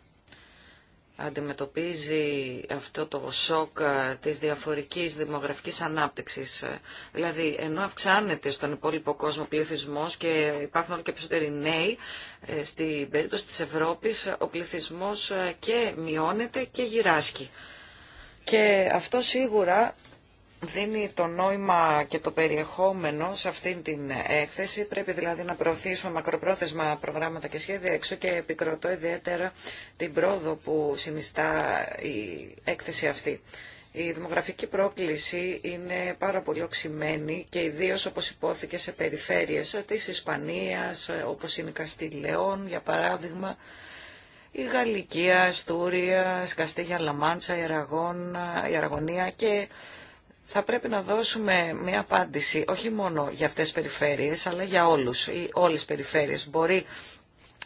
αντιμετωπίζει αυτό το σοκ ε, της διαφορικής δημογραφικής ανάπτυξης. Ε, δηλαδή, ενώ αυξάνεται στον υπόλοιπο κόσμο πληθυσμός και υπάρχουν όλο και περισσότεροι νέοι, ε, στην περίπτωση της Ευρώπης ο πληθυσμός και μειώνεται και γυράσκει. Και αυτό σίγουρα δίνει το νόημα και το περιεχόμενο σε αυτήν την έκθεση. Πρέπει δηλαδή να προωθήσουμε μακροπρόθεσμα προγράμματα και σχέδια έξω και επικροτώ ιδιαίτερα την πρόοδο που συνιστά η έκθεση αυτή. Η δημογραφική πρόκληση είναι πάρα πολύ οξυμένη και ιδίω όπως υπόθηκε σε περιφέρειες της Ισπανίας, όπως είναι η Καστιλεόν για παράδειγμα, η Γαλλικία, Αστούρια, Καστίγια Λαμάντσα, η, η Αραγωνία και θα πρέπει να δώσουμε μια απάντηση όχι μόνο για αυτές τις περιφέρειες, αλλά για όλους. Ή όλες τις περιφέρειες μπορεί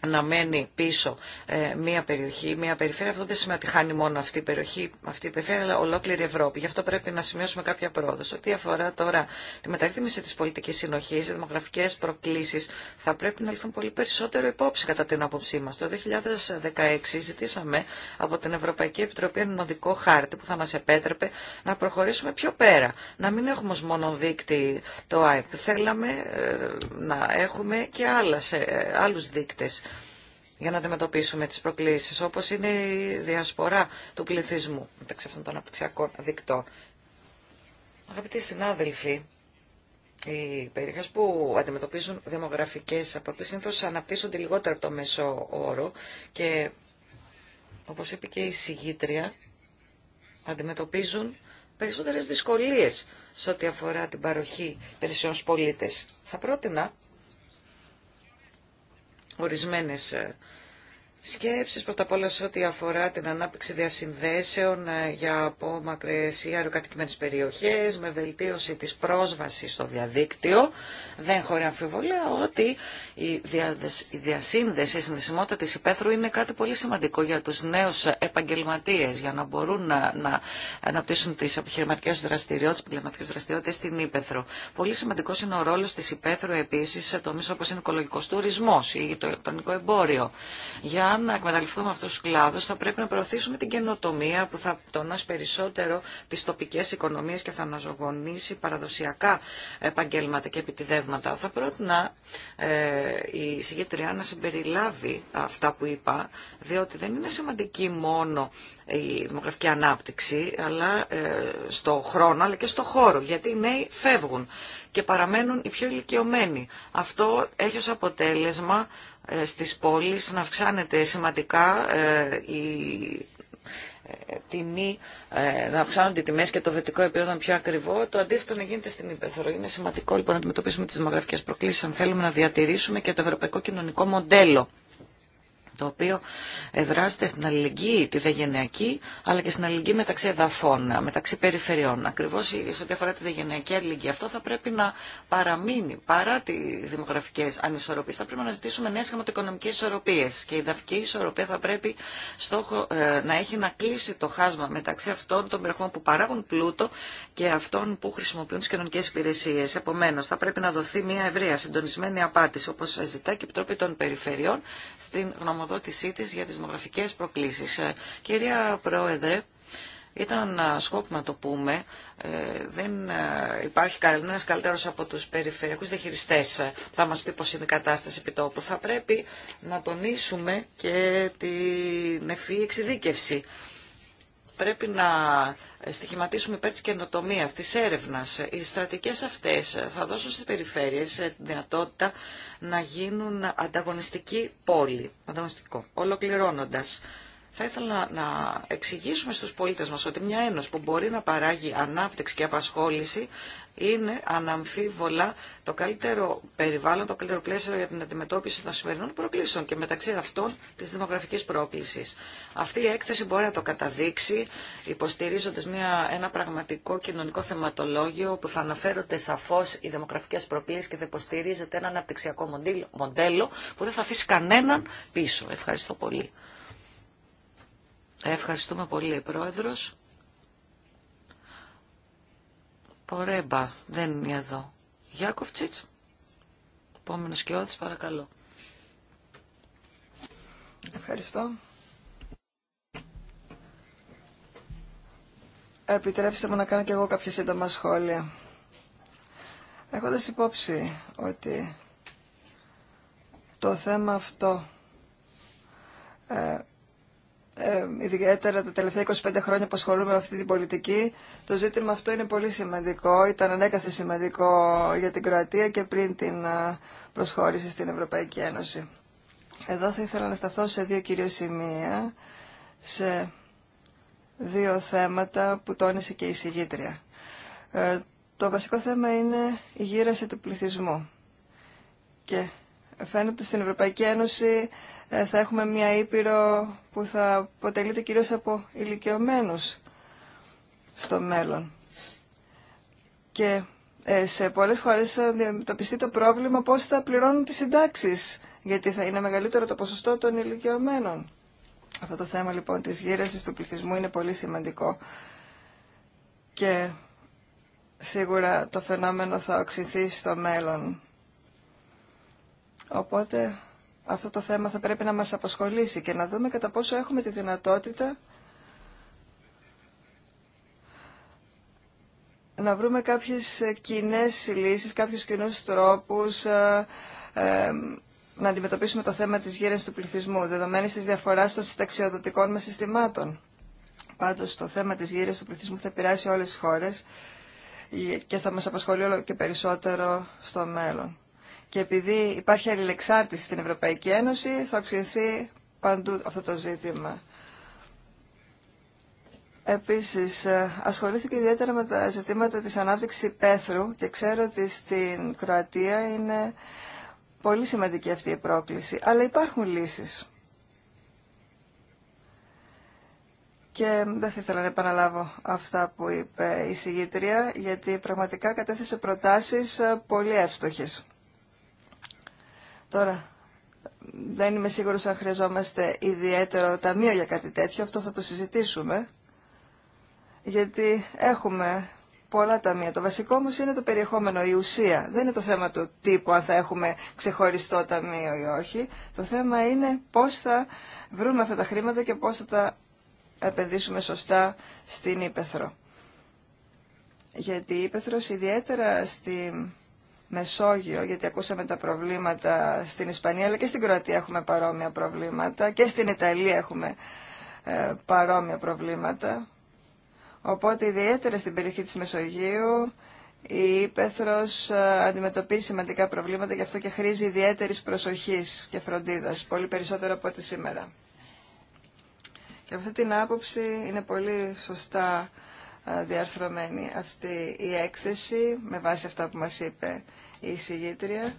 να μένει πίσω ε, μια περιοχή, μια περιφέρεια. Αυτό δεν σημαίνει ότι χάνει μόνο αυτή η περιοχή, αυτή η περιφέρεια, αλλά ολόκληρη Ευρώπη. Γι' αυτό πρέπει να σημειώσουμε κάποια πρόοδο. Ό,τι αφορά τώρα τη μεταρρύθμιση τη πολιτική συνοχή, οι δημογραφικέ προκλήσει θα πρέπει να ληφθούν πολύ περισσότερο υπόψη, κατά την άποψή μα. Το 2016 ζητήσαμε από την Ευρωπαϊκή Επιτροπή έναν οδικό χάρτη που θα μα επέτρεπε να προχωρήσουμε πιο πέρα. Να μην έχουμε μόνο δείκτη το ΑΕΠ. Θέλαμε ε, να έχουμε και ε, άλλου δείκτε για να αντιμετωπίσουμε τις προκλήσεις, όπως είναι η διασπορά του πληθυσμού μεταξύ αυτών των αναπτυξιακών δικτών. Αγαπητοί συνάδελφοι, οι περιοχέ που αντιμετωπίζουν δημογραφικέ απορρίψει συνήθω αναπτύσσονται λιγότερο από το μέσο όρο και όπω είπε και η συγγήτρια, αντιμετωπίζουν περισσότερε δυσκολίε σε ό,τι αφορά την παροχή υπηρεσιών στου πολίτε. Θα πρότεινα ορισμένες ε, Σκέψεις πρώτα απ' όλα σε ό,τι αφορά την ανάπτυξη διασυνδέσεων ε, για απόμακρες ή αεροκατοικημένες περιοχές με βελτίωση της πρόσβασης στο διαδίκτυο. Δεν χωρεί αμφιβολία ότι η, διασύνδεση, η συνδεσιμότητα της υπαίθρου είναι κάτι πολύ σημαντικό για τους νέους επαγγελματίες για να μπορούν να, να αναπτύσσουν τις επιχειρηματικές δραστηριότητες, επιχειρηματικές δραστηριότητες στην υπαίθρο. Πολύ σημαντικό είναι ο ρόλος της υπαίθρου επίσης σε τομείς όπως είναι ο οικολογικός τουρισμός ή το ηλεκτρονικό εμπόριο. Για αν εκμεταλλευτούμε αυτού του κλάδου, θα πρέπει να προωθήσουμε την καινοτομία που θα τονάσει περισσότερο τι τοπικέ οικονομίε και θα αναζωογονήσει παραδοσιακά επαγγέλματα και επιτιδεύματα. Θα πρότεινα ε, η συγκεκριά να συμπεριλάβει αυτά που είπα, διότι δεν είναι σημαντική μόνο η δημογραφική ανάπτυξη, αλλά ε, στο χρόνο, αλλά και στο χώρο, γιατί οι νέοι φεύγουν και παραμένουν οι πιο ηλικιωμένοι. Αυτό έχει ως αποτέλεσμα ε, στις πόλεις να αυξάνεται σημαντικά ε, η ε, τιμή, να αυξάνονται οι τιμές και το βετικό επίπεδο πιο ακριβό, το αντίθετο να γίνεται στην Ήπεθρο. Είναι σημαντικό λοιπόν να αντιμετωπίσουμε τις δημογραφικές προκλήσεις αν θέλουμε να διατηρήσουμε και το ευρωπαϊκό κοινωνικό μοντέλο το οποίο εδράζεται στην αλληλεγγύη τη δεγενειακή, αλλά και στην αλληλεγγύη μεταξύ εδαφών, μεταξύ περιφερειών. Ακριβώ σε ό,τι αφορά τη δεγενειακή αλληλεγγύη. Αυτό θα πρέπει να παραμείνει παρά τι δημογραφικέ ανισορροπίε. Θα πρέπει να ζητήσουμε νέε χρηματοοικονομικέ ισορροπίε. Και η δαφική ισορροπία θα πρέπει στόχο ε, να έχει να κλείσει το χάσμα μεταξύ αυτών των περιοχών που παράγουν πλούτο και αυτών που χρησιμοποιούν τι κοινωνικέ υπηρεσίε. Επομένω, θα πρέπει να δοθεί μια ευρεία συντονισμένη απάντηση, όπω ζητά και η Επιτροπή των Περιφερειών στην γνωμοδότηση χρηματοδότησή της για τις δημογραφικές προκλήσεις. Ε, κυρία Πρόεδρε, ήταν ε, σκόπιμο να το πούμε, ε, δεν υπάρχει κανένας καλύτερος από τους περιφερειακούς διαχειριστές. Θα μας πει πώς είναι η κατάσταση επιτόπου. Θα πρέπει να τονίσουμε και την ευφύ εξειδίκευση πρέπει να στοιχηματίσουμε υπέρ της καινοτομίας, της έρευνας. Οι στρατικές αυτές θα δώσουν στις περιφέρειες τη δυνατότητα να γίνουν ανταγωνιστικοί πόλη, ανταγωνιστικό. Ολοκληρώνοντας, θα ήθελα να εξηγήσουμε στους πολίτες μας ότι μια ένωση που μπορεί να παράγει ανάπτυξη και απασχόληση είναι αναμφίβολα το καλύτερο περιβάλλον, το καλύτερο πλαίσιο για την αντιμετώπιση των σημερινών προκλήσεων και μεταξύ αυτών τη δημογραφική πρόκληση. Αυτή η έκθεση μπορεί να το καταδείξει υποστηρίζοντα ένα πραγματικό κοινωνικό θεματολόγιο που θα αναφέρονται σαφώ οι δημογραφικέ προκλήσει και θα υποστηρίζεται ένα αναπτυξιακό μοντέλο που δεν θα αφήσει κανέναν πίσω. Ευχαριστώ πολύ. Ευχαριστούμε πολύ, Πρόεδρος. Πορέμπα, δεν είναι εδώ. Γιάκοφτσιτς, επόμενος κοιόδης, παρακαλώ. Ευχαριστώ. Επιτρέψτε μου να κάνω και εγώ κάποια σύντομα σχόλια. Έχοντας υπόψη ότι το θέμα αυτό ε, ιδιαίτερα τα τελευταία 25 χρόνια που ασχολούμαι με αυτή την πολιτική, το ζήτημα αυτό είναι πολύ σημαντικό. Ήταν ανέκαθε σημαντικό για την Κροατία και πριν την ε, προσχώρηση στην Ευρωπαϊκή Ένωση. Εδώ θα ήθελα να σταθώ σε δύο κυρίως σημεία, σε δύο θέματα που τόνισε και η συγγήτρια. Ε, το βασικό θέμα είναι η γύραση του πληθυσμού. Και φαίνεται στην Ευρωπαϊκή Ένωση ε, θα έχουμε μια Ήπειρο που θα αποτελείται κυρίως από ηλικιωμένους στο μέλλον. Και ε, σε πολλές χώρες θα αντιμετωπιστεί το πρόβλημα πώς θα πληρώνουν τις συντάξεις, γιατί θα είναι μεγαλύτερο το ποσοστό των ηλικιωμένων. Αυτό το θέμα λοιπόν της γύρεσης του πληθυσμού είναι πολύ σημαντικό και σίγουρα το φαινόμενο θα οξυθεί στο μέλλον. Οπότε αυτό το θέμα θα πρέπει να μας απασχολήσει και να δούμε κατά πόσο έχουμε τη δυνατότητα να βρούμε κάποιες κοινέ λύσεις, κάποιους κοινούς τρόπους ε, ε, να αντιμετωπίσουμε το θέμα της γύρανσης του πληθυσμού, δεδομένης της διαφοράς των συνταξιοδοτικών μας συστημάτων. Πάντως το θέμα της γύρανσης του πληθυσμού θα πειράσει όλες τις χώρες και θα μας απασχολεί όλο και περισσότερο στο μέλλον. Και επειδή υπάρχει αλληλεξάρτηση στην Ευρωπαϊκή Ένωση, θα αυξηθεί παντού αυτό το ζήτημα. Επίσης, ε, ασχολήθηκε ιδιαίτερα με τα ζητήματα της ανάπτυξης πέθρου και ξέρω ότι στην Κροατία είναι πολύ σημαντική αυτή η πρόκληση, αλλά υπάρχουν λύσεις. Και δεν θα ήθελα να επαναλάβω αυτά που είπε η συγγήτρια, γιατί πραγματικά κατέθεσε προτάσεις ε, πολύ εύστοχες. Τώρα, δεν είμαι σίγουρος αν χρειαζόμαστε ιδιαίτερο ταμείο για κάτι τέτοιο, αυτό θα το συζητήσουμε, γιατί έχουμε πολλά ταμεία. Το βασικό όμω είναι το περιεχόμενο, η ουσία. Δεν είναι το θέμα του τύπου αν θα έχουμε ξεχωριστό ταμείο ή όχι. Το θέμα είναι πώς θα βρούμε αυτά τα χρήματα και πώς θα τα επενδύσουμε σωστά στην Ήπεθρο. Γιατί η Ήπεθρος ιδιαίτερα στην Μεσόγειο, γιατί ακούσαμε τα προβλήματα στην Ισπανία, αλλά και στην Κροατία έχουμε παρόμοια προβλήματα και στην Ιταλία έχουμε ε, παρόμοια προβλήματα. Οπότε ιδιαίτερα στην περιοχή της Μεσογείου η Ήπεθρος ε, αντιμετωπίζει σημαντικά προβλήματα, γι' αυτό και χρήζει ιδιαίτερης προσοχής και φροντίδας, πολύ περισσότερο από ό,τι σήμερα. Και αυτή την άποψη είναι πολύ σωστά διαρθρωμένη αυτή η έκθεση με βάση αυτά που μας είπε η εισηγήτρια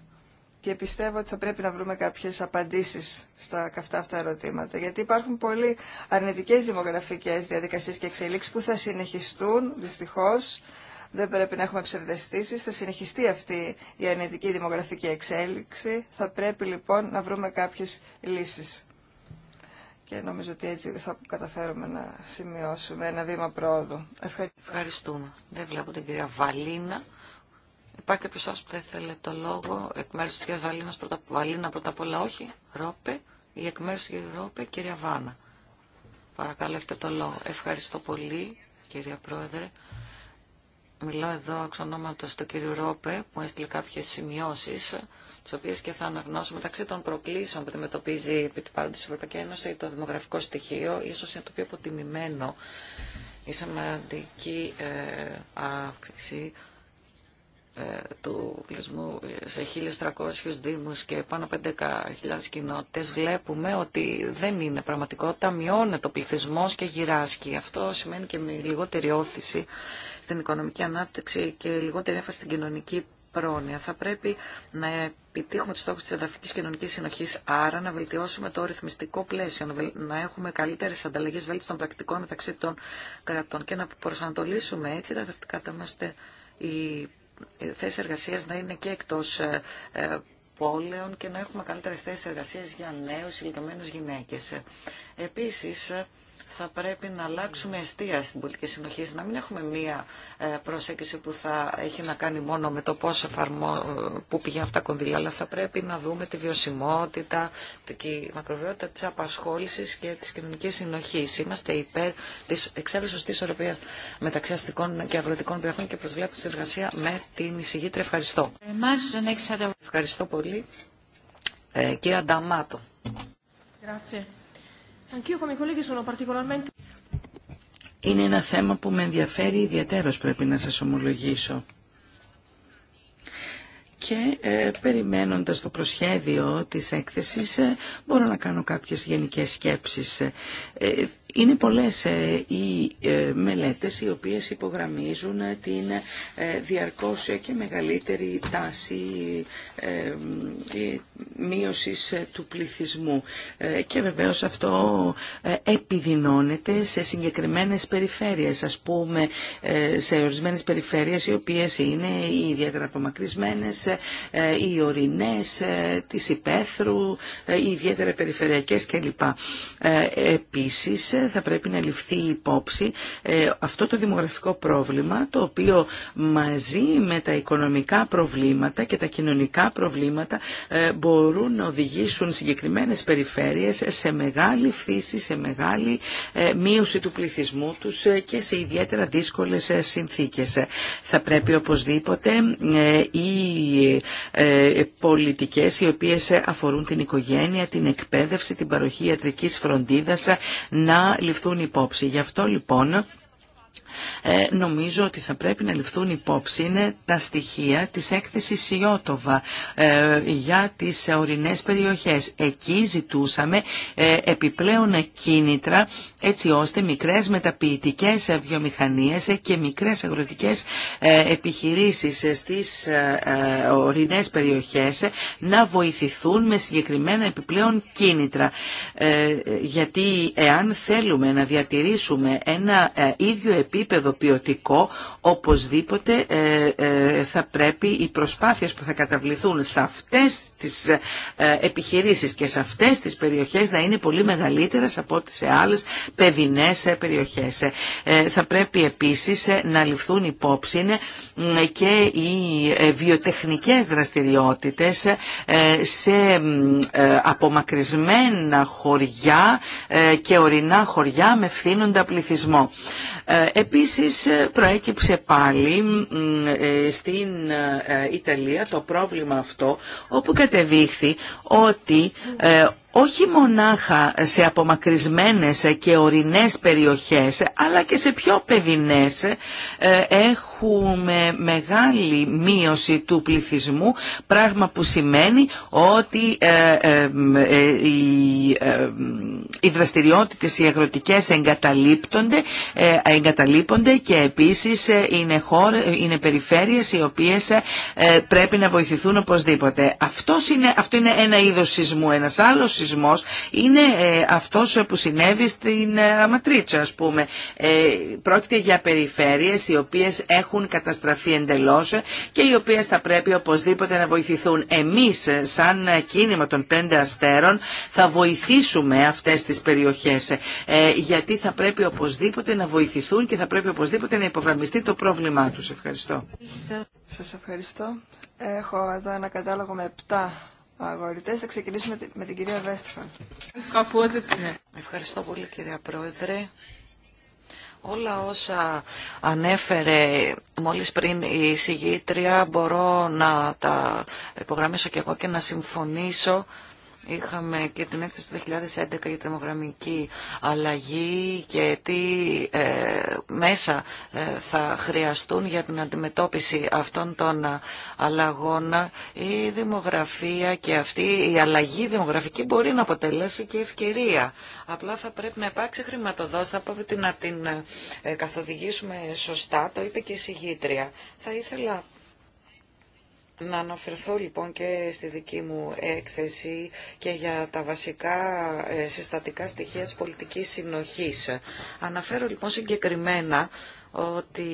και πιστεύω ότι θα πρέπει να βρούμε κάποιες απαντήσεις στα καυτά αυτά ερωτήματα γιατί υπάρχουν πολλοί αρνητικές δημογραφικές διαδικασίες και εξελίξεις που θα συνεχιστούν δυστυχώς δεν πρέπει να έχουμε ψευδεστήσεις, θα συνεχιστεί αυτή η αρνητική δημογραφική εξέλιξη, θα πρέπει λοιπόν να βρούμε κάποιες λύσεις και νομίζω ότι έτσι θα καταφέρουμε να σημειώσουμε ένα βήμα πρόοδου. Ευχαριστούμε. Ευχαριστούμε. Δεν βλέπω την κυρία Βαλίνα. Υπάρχει κάποιο άλλο που θα ήθελε το λόγο εκ μέρου τη κυρία Βαλίνα πρώτα, Βαλίνα πρώτα απ' όλα, όχι. Ρόπε ή εκ μέρου τη Ρόπε, κυρία Βάνα. Παρακαλώ, έχετε το λόγο. Ευχαριστώ πολύ, κυρία Πρόεδρε. Μιλώ εδώ εξ ονόματος του κύριου Ρόπε που έστειλε κάποιες σημειώσεις τις οποίες και θα αναγνώσω μεταξύ των προκλήσεων που αντιμετωπίζει επί του Ευρωπαϊκή Ένωση το δημογραφικό στοιχείο ίσως είναι το πιο αποτιμημένο η σημαντική ε, αύξηση ε, του πληθυσμού σε 1.300 δήμους και πάνω από 11.000 κοινότητες βλέπουμε ότι δεν είναι πραγματικότητα, μειώνεται ο πληθυσμός και γυράσκει. Αυτό σημαίνει και με λιγότερη όθηση στην οικονομική ανάπτυξη και λιγότερη έμφαση στην κοινωνική πρόνοια. Θα πρέπει να επιτύχουμε τους στόχους της εδαφικής κοινωνικής συνοχής, άρα να βελτιώσουμε το ρυθμιστικό πλαίσιο, να έχουμε καλύτερες ανταλλαγές βέλτιστων πρακτικών μεταξύ των κρατών και να προσανατολίσουμε έτσι τα δευτικά τα οι θέσεις εργασίας να είναι και εκτός ε, ε, πόλεων και να έχουμε καλύτερες θέσεις εργασίας για νέους ηλικιωμένους γυναίκες. Επίσης, θα πρέπει να αλλάξουμε αιστεία στην πολιτική συνοχή, να μην έχουμε μία ε, προσέγγιση που θα έχει να κάνει μόνο με το πώ εφαρμό, που πηγαίνουν αυτά τα κονδύλια, αλλά θα πρέπει να δούμε τη βιωσιμότητα, η μακροβιότητα τη απασχόληση και τη κοινωνική συνοχή. Είμαστε υπέρ τη εξέβρισης σωστή ισορροπία μεταξύ αστικών και αγροτικών περιοχών και προσβλέπω στη συνεργασία με την εισηγήτρια. Ευχαριστώ. Ευχαριστώ πολύ. Ε, κύριε Ανταμάτο. Grazie. Είναι ένα θέμα που με ενδιαφέρει ιδιαίτερος πρέπει να σας ομολογήσω. Και ε, περιμένοντας το προσχέδιο της έκθεσης ε, μπορώ να κάνω κάποιες γενικές σκέψεις. Ε, ε, είναι πολλές ε, οι ε, μελέτες οι οποίες υπογραμμίζουν ε, την διαρκώς και μεγαλύτερη τάση μείωσης του πληθυσμού και βεβαίως αυτό επιδεινώνεται σε συγκεκριμένες περιφέρειες, ας πούμε σε ορισμένες περιφέρειες οι οποίες είναι οι διαγραφομακρυσμένες, οι ορεινές, της υπαίθρου, οι ιδιαίτερα περιφερειακές κλπ. Επίσης θα πρέπει να ληφθεί υπόψη ε, αυτό το δημογραφικό πρόβλημα το οποίο μαζί με τα οικονομικά προβλήματα και τα κοινωνικά προβλήματα ε, μπορούν να οδηγήσουν συγκεκριμένες περιφέρειες σε μεγάλη φύση, σε μεγάλη ε, μείωση του πληθυσμού τους και σε ιδιαίτερα δύσκολες συνθήκες. Θα πρέπει οπωσδήποτε οι πολιτικές οι οποίες αφορούν την οικογένεια, την εκπαίδευση, την παροχή ιατρικής φροντίδας να ληφθούν υπόψη. Γι' αυτό λοιπόν ε, νομίζω ότι θα πρέπει να ληφθούν υπόψη τα στοιχεία της έκθεσης Σιώτοβα ε, για τις ορεινές περιοχές. Εκεί ζητούσαμε ε, επιπλέον κίνητρα έτσι ώστε μικρές μεταποιητικές βιομηχανίες και μικρές αγροτικές επιχειρήσεις στις ορεινές περιοχές να βοηθηθούν με συγκεκριμένα επιπλέον κίνητρα. Γιατί εάν θέλουμε να διατηρήσουμε ένα ίδιο επίπεδο ποιοτικό, οπωσδήποτε ε, ε, θα πρέπει οι προσπάθειες που θα καταβληθούν σε αυτές τις ε, επιχειρήσεις και σε αυτές τις περιοχές να είναι πολύ μεγαλύτερες από ό,τι σε άλλες παιδινές περιοχές. Θα πρέπει επίσης να ληφθούν υπόψη και οι βιοτεχνικές δραστηριότητες σε απομακρυσμένα χωριά και ορεινά χωριά με φθήνοντα πληθυσμό. Ε, επίσης ε, προέκυψε πάλι ε, στην Ιταλία το πρόβλημα αυτό όπου κατεδείχθη ότι όχι μονάχα σε απομακρυσμένες και ορεινές περιοχές, αλλά και σε πιο παιδινές ε, έχουμε μεγάλη μείωση του πληθυσμού, πράγμα που σημαίνει ότι ε, ε, οι δραστηριότητες, οι αγροτικές εγκαταλείπτονται, εγκαταλείπονται και επίσης είναι, χώρες, είναι περιφέρειες οι οποίες πρέπει να βοηθηθούν οπωσδήποτε. Αυτός είναι, αυτό είναι ένα είδος σεισμού, ένας άλλος σεισμός είναι ε, αυτός που συνέβη στην ε, Αματρίτσα ας πούμε. Ε, πρόκειται για περιφέρειες οι οποίες έχουν καταστραφεί εντελώς και οι οποίες θα πρέπει οπωσδήποτε να βοηθηθούν. Εμείς σαν κίνημα των πέντε αστέρων θα βοηθήσουμε αυτές τις περιοχές γιατί θα πρέπει οπωσδήποτε να βοηθηθούν και θα πρέπει οπωσδήποτε να υπογραμμιστεί το πρόβλημά τους. Ευχαριστώ. Σας ευχαριστώ. Έχω εδώ ένα κατάλογο με 7 αγορητές. Θα ξεκινήσουμε με την κυρία Βέστηφαν. Ευχαριστώ πολύ κυρία Πρόεδρε. Όλα όσα ανέφερε μόλις πριν η συγγήτρια μπορώ να τα υπογραμμίσω και εγώ και να συμφωνήσω Είχαμε και την έκθεση του 2011 για τη αλλαγή και τι ε, μέσα ε, θα χρειαστούν για την αντιμετώπιση αυτών των ε, αλλαγών. Η δημογραφία και αυτή η αλλαγή δημογραφική μπορεί να αποτελέσει και ευκαιρία. Απλά θα πρέπει να υπάρξει χρηματοδότηση, θα πρέπει να την καθοδηγήσουμε σωστά, το είπε και η συγγήτρια. Θα ήθελα να αναφερθώ λοιπόν και στη δική μου έκθεση και για τα βασικά ε, συστατικά στοιχεία της πολιτικής συνοχής. Αναφέρω λοιπόν συγκεκριμένα ότι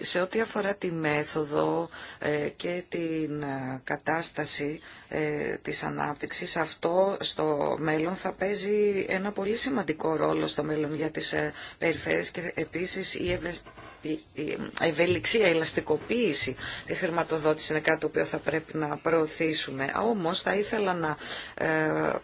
σε ό,τι αφορά τη μέθοδο ε, και την ε, κατάσταση της ανάπτυξης, αυτό στο μέλλον θα παίζει ένα πολύ σημαντικό ρόλο στο μέλλον για τις περιφέρειες και επίσης η η ευελιξία, ελαστικοποίηση τη χρηματοδότηση είναι κάτι το οποίο θα πρέπει να προωθήσουμε. Όμω θα ήθελα να ε,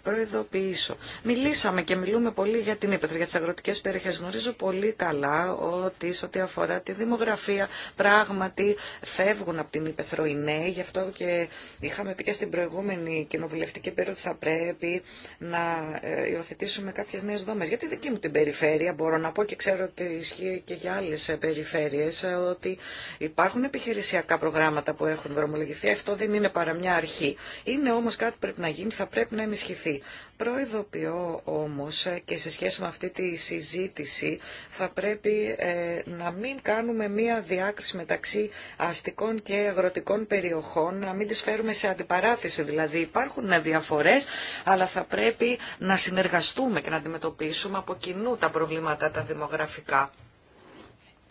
προειδοποιήσω. Μιλήσαμε και μιλούμε πολύ για την υπεθρο για τι αγροτικέ περιοχέ. Γνωρίζω πολύ καλά ότι σε ό,τι αφορά τη δημογραφία πράγματι φεύγουν από την Ήπεθρο οι νέοι. Γι' αυτό και είχαμε πει και στην προηγούμενη κοινοβουλευτική περίοδο θα πρέπει να ε, υιοθετήσουμε κάποιες νέε δόμε. Γιατί δική μου την περιφέρεια μπορώ να πω και ξέρω ότι ισχύει και για άλλε περιφέρειε περιφέρειες ότι υπάρχουν επιχειρησιακά προγράμματα που έχουν δρομολογηθεί. Αυτό δεν είναι παρά μια αρχή. Είναι όμως κάτι που πρέπει να γίνει, θα πρέπει να ενισχυθεί. Προειδοποιώ όμως ε, και σε σχέση με αυτή τη συζήτηση θα πρέπει ε, να μην κάνουμε μία διάκριση μεταξύ αστικών και αγροτικών περιοχών, να μην τις φέρουμε σε αντιπαράθεση. Δηλαδή υπάρχουν διαφορές, αλλά θα πρέπει να συνεργαστούμε και να αντιμετωπίσουμε από κοινού τα προβλήματα τα δημογραφικά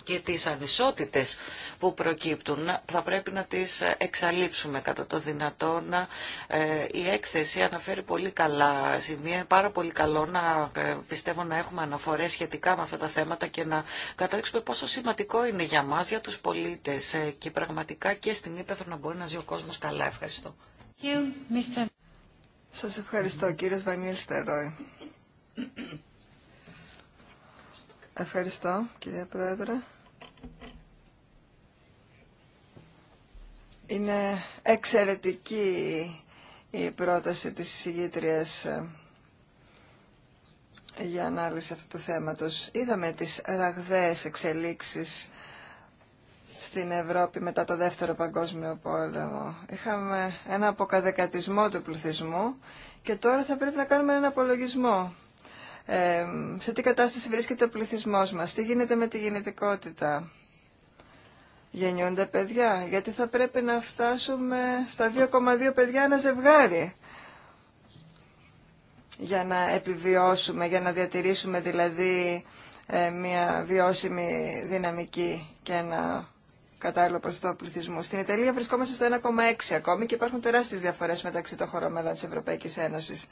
και τις ανισότητες που προκύπτουν θα πρέπει να τις εξαλείψουμε κατά το δυνατόν. Ε, η έκθεση αναφέρει πολύ καλά σημεία. Είναι πάρα πολύ καλό να ε, πιστεύω να έχουμε αναφορές σχετικά με αυτά τα θέματα και να καταδείξουμε πόσο σημαντικό είναι για μας, για τους πολίτες ε, και πραγματικά και στην Ήπεθρο να μπορεί να ζει ο κόσμος καλά. Ευχαριστώ. Σας ευχαριστώ κύριε Βανίλ Στερόι. Ευχαριστώ κυρία Πρόεδρε. Είναι εξαιρετική η πρόταση της συγγήτριας ε, για ανάλυση αυτού του θέματος. Είδαμε τις ραγδαίες εξελίξεις στην Ευρώπη μετά το Δεύτερο Παγκόσμιο Πόλεμο. Είχαμε ένα αποκαδεκατισμό του πληθυσμού και τώρα θα πρέπει να κάνουμε έναν απολογισμό. Ε, σε τι κατάσταση βρίσκεται ο πληθυσμός μας, τι γίνεται με τη γενετικότητα, γεννιούνται παιδιά, γιατί θα πρέπει να φτάσουμε στα 2,2 παιδιά ένα ζευγάρι για να επιβιώσουμε, για να διατηρήσουμε δηλαδή ε, μια βιώσιμη δυναμική και ένα κατάλληλο το πληθυσμού. Στην Ιταλία βρισκόμαστε στο 1,6 ακόμη και υπάρχουν τεράστιες διαφορές μεταξύ των χωρών μελών της Ευρωπαϊκής Ένωσης.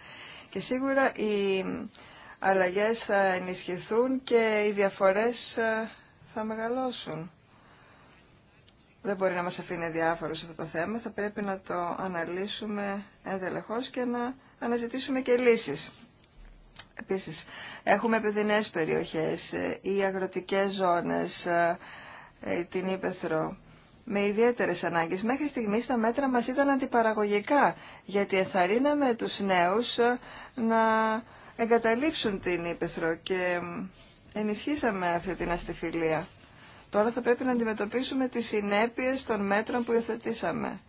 Και σίγουρα οι αλλαγές θα ενισχυθούν και οι διαφορές ε, θα μεγαλώσουν δεν μπορεί να μας αφήνει διάφορους αυτό το θέμα. Θα πρέπει να το αναλύσουμε ενδελεχώς και να αναζητήσουμε και λύσεις. Επίσης, έχουμε παιδινές περιοχές ή ε, αγροτικές ζώνες, ε, ε, την Ήπεθρο, με ιδιαίτερες ανάγκες. Μέχρι στιγμής τα μέτρα μας ήταν αντιπαραγωγικά, γιατί εθαρρύναμε τους νέους να εγκαταλείψουν την Ήπεθρο και ενισχύσαμε αυτή την αστιφιλία. Τώρα θα πρέπει να αντιμετωπίσουμε τις συνέπειες των μέτρων που υιοθετήσαμε.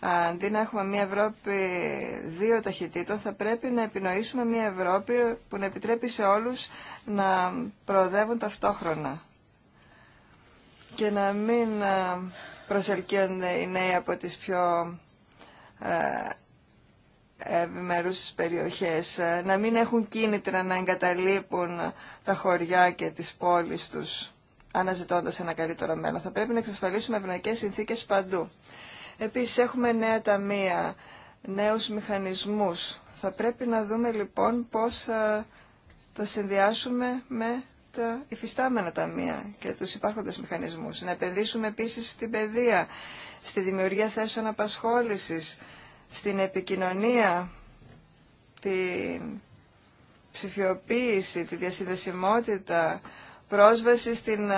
Αντί να έχουμε μια Ευρώπη δύο ταχυτήτων, θα πρέπει να επινοήσουμε μια Ευρώπη που να επιτρέπει σε όλους να προοδεύουν ταυτόχρονα και να μην ε, προσελκύονται οι νέοι από τις πιο ε, ευημερούς περιοχές, ε, να μην έχουν κίνητρα να εγκαταλείπουν τα χωριά και τις πόλεις τους Αναζητώντα ένα καλύτερο μέλλον. Θα πρέπει να εξασφαλίσουμε ευνοϊκέ συνθήκες παντού. Επίσης έχουμε νέα ταμεία, νέους μηχανισμούς. Θα πρέπει να δούμε λοιπόν πώς θα ε, τα συνδυάσουμε με τα υφιστάμενα ταμεία και τους υπάρχοντες μηχανισμούς. Να επενδύσουμε επίσης στην παιδεία, στη δημιουργία θέσεων απασχόληση, στην επικοινωνία, την ψηφιοποίηση, τη διασυνδεσιμότητα, πρόσβαση στην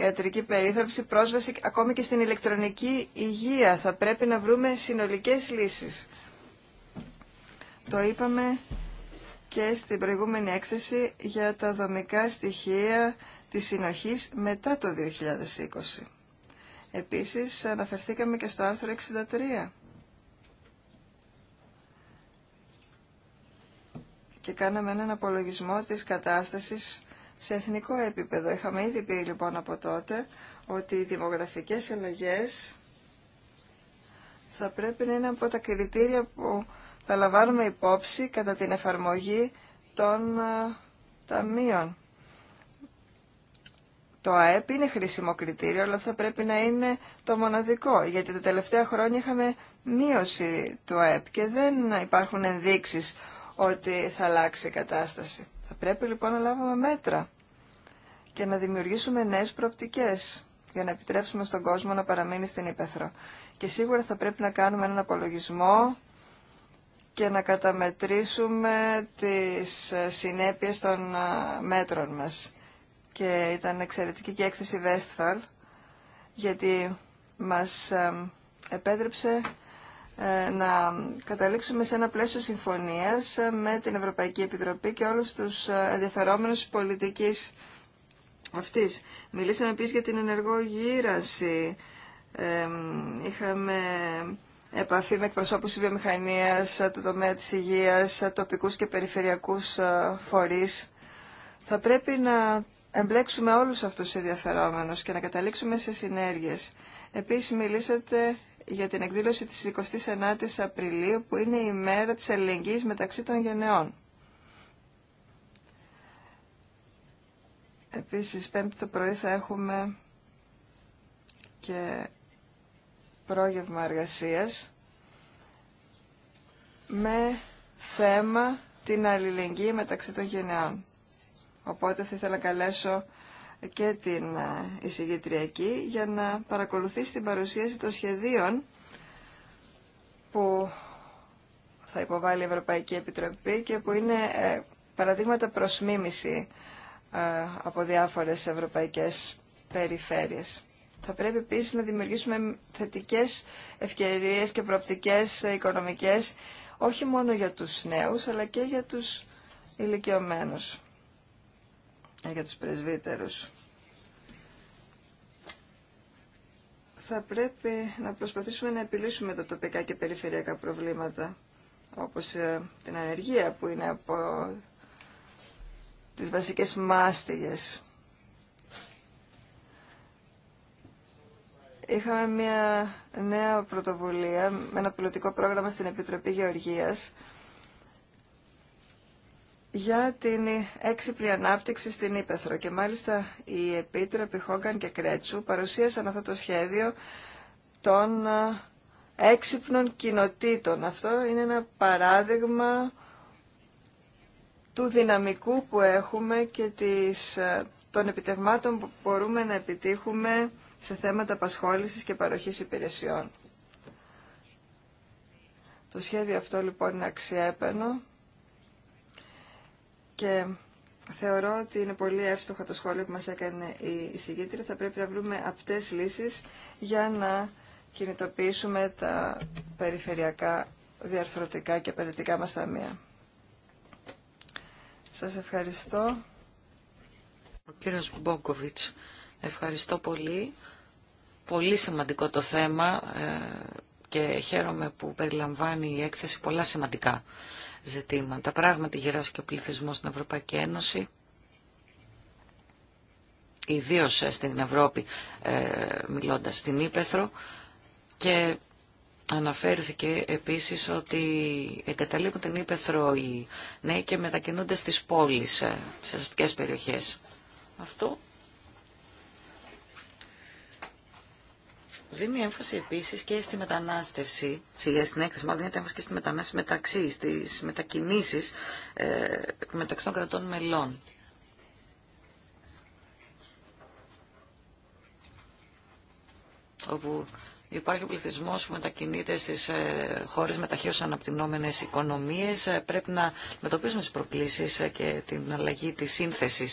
ιατρική περίθαλψη, πρόσβαση ακόμη και στην ηλεκτρονική υγεία. Θα πρέπει να βρούμε συνολικές λύσεις. Το είπαμε και στην προηγούμενη έκθεση για τα δομικά στοιχεία της συνοχής μετά το 2020. Επίσης αναφερθήκαμε και στο άρθρο 63. και κάναμε έναν απολογισμό της κατάστασης σε εθνικό επίπεδο. Είχαμε ήδη πει λοιπόν από τότε ότι οι δημογραφικές αλλαγές θα πρέπει να είναι από τα κριτήρια που θα λαμβάνουμε υπόψη κατά την εφαρμογή των ε, ταμείων. Το ΑΕΠ είναι χρήσιμο κριτήριο, αλλά θα πρέπει να είναι το μοναδικό, γιατί τα τελευταία χρόνια είχαμε μείωση του ΑΕΠ και δεν υπάρχουν ενδείξεις ότι θα αλλάξει η κατάσταση. Θα πρέπει λοιπόν να λάβουμε μέτρα και να δημιουργήσουμε νέες προοπτικές για να επιτρέψουμε στον κόσμο να παραμείνει στην Ήπεθρο. Και σίγουρα θα πρέπει να κάνουμε έναν απολογισμό και να καταμετρήσουμε τις ε, συνέπειες των ε, μέτρων μας. Και ήταν εξαιρετική και η έκθεση Westphal, γιατί μας ε, επέτρεψε να καταλήξουμε σε ένα πλαίσιο συμφωνίας με την Ευρωπαϊκή Επιτροπή και όλους τους ενδιαφερόμενους πολιτικής αυτής. Μιλήσαμε επίσης για την ενεργό είχαμε επαφή με εκπροσώπους της βιομηχανίας, του τομέα της υγείας, τοπικούς και περιφερειακούς ε, φορείς. Θα πρέπει να εμπλέξουμε όλους αυτούς τους ενδιαφερόμενους και να καταλήξουμε σε συνέργειες. Επίσης μιλήσατε για την εκδήλωση της 29ης Απριλίου που είναι η μέρα της αλληλεγγύης μεταξύ των γενεών. Επίσης, πέμπτη το πρωί θα έχουμε και πρόγευμα εργασίας με θέμα την αλληλεγγύη μεταξύ των γενεών. Οπότε θα ήθελα να καλέσω και την ε, εισηγητριακή για να παρακολουθήσει την παρουσίαση των σχεδίων που θα υποβάλει η Ευρωπαϊκή Επιτροπή και που είναι ε, παραδείγματα προς ε, από διάφορες ευρωπαϊκές περιφέρειες. Θα πρέπει επίσης να δημιουργήσουμε θετικές ευκαιρίες και προοπτικές οικονομικές, όχι μόνο για τους νέους, αλλά και για τους ηλικιωμένους, για τους πρεσβύτερους. Θα πρέπει να προσπαθήσουμε να επιλύσουμε τα τοπικά και περιφερειακά προβλήματα, όπως ε, την ανεργία που είναι από τις βασικές μάστιγες. Είχαμε μια νέα πρωτοβουλία με ένα πιλωτικό πρόγραμμα στην Επιτροπή Γεωργίας για την έξυπνη ανάπτυξη στην Ήπεθρο και μάλιστα οι Επίτροποι Χόγκαν και Κρέτσου παρουσίασαν αυτό το σχέδιο των ε, έξυπνων κοινοτήτων. Αυτό είναι ένα παράδειγμα του δυναμικού που έχουμε και της, ε, των επιτεγμάτων που μπορούμε να επιτύχουμε σε θέματα απασχόλησης και παροχής υπηρεσιών. Το σχέδιο αυτό λοιπόν είναι αξιέπαινο και θεωρώ ότι είναι πολύ εύστοχα το σχόλιο που μας έκανε η εισηγήτρια. Θα πρέπει να βρούμε απτές λύσεις για να κινητοποιήσουμε τα περιφερειακά διαρθρωτικά και επενδυτικά μας ταμεία. Σας ευχαριστώ. Ο κύριος Μπόκοβιτς, ευχαριστώ πολύ. Πολύ σημαντικό το θέμα ε, και χαίρομαι που περιλαμβάνει η έκθεση πολλά σημαντικά ζητήματα. Πράγματι γυράζει και ο πληθυσμό στην Ευρωπαϊκή Ένωση. Ιδίω στην Ευρώπη, ε, μιλώντας στην Ήπεθρο. Και Αναφέρθηκε επίσης ότι εγκαταλείπουν την Ήπεθρο οι νέοι και μετακινούνται στις πόλεις, σε αστικές περιοχές. Αυτό δίνει έμφαση επίσης και στη μετανάστευση, ε, στην έκθεση μάλλον δίνεται έμφαση και στη μετανάστευση μεταξύ, στις μετακινήσεις ε, μεταξύ των κρατών μελών. όπου Υπάρχει πληθυσμό που μετακινείται στι ε, χώρε με ταχύω αναπτυνόμενε οικονομίε. Ε, πρέπει να μετωπίσουμε τι προκλήσει ε, και την αλλαγή τη σύνθεση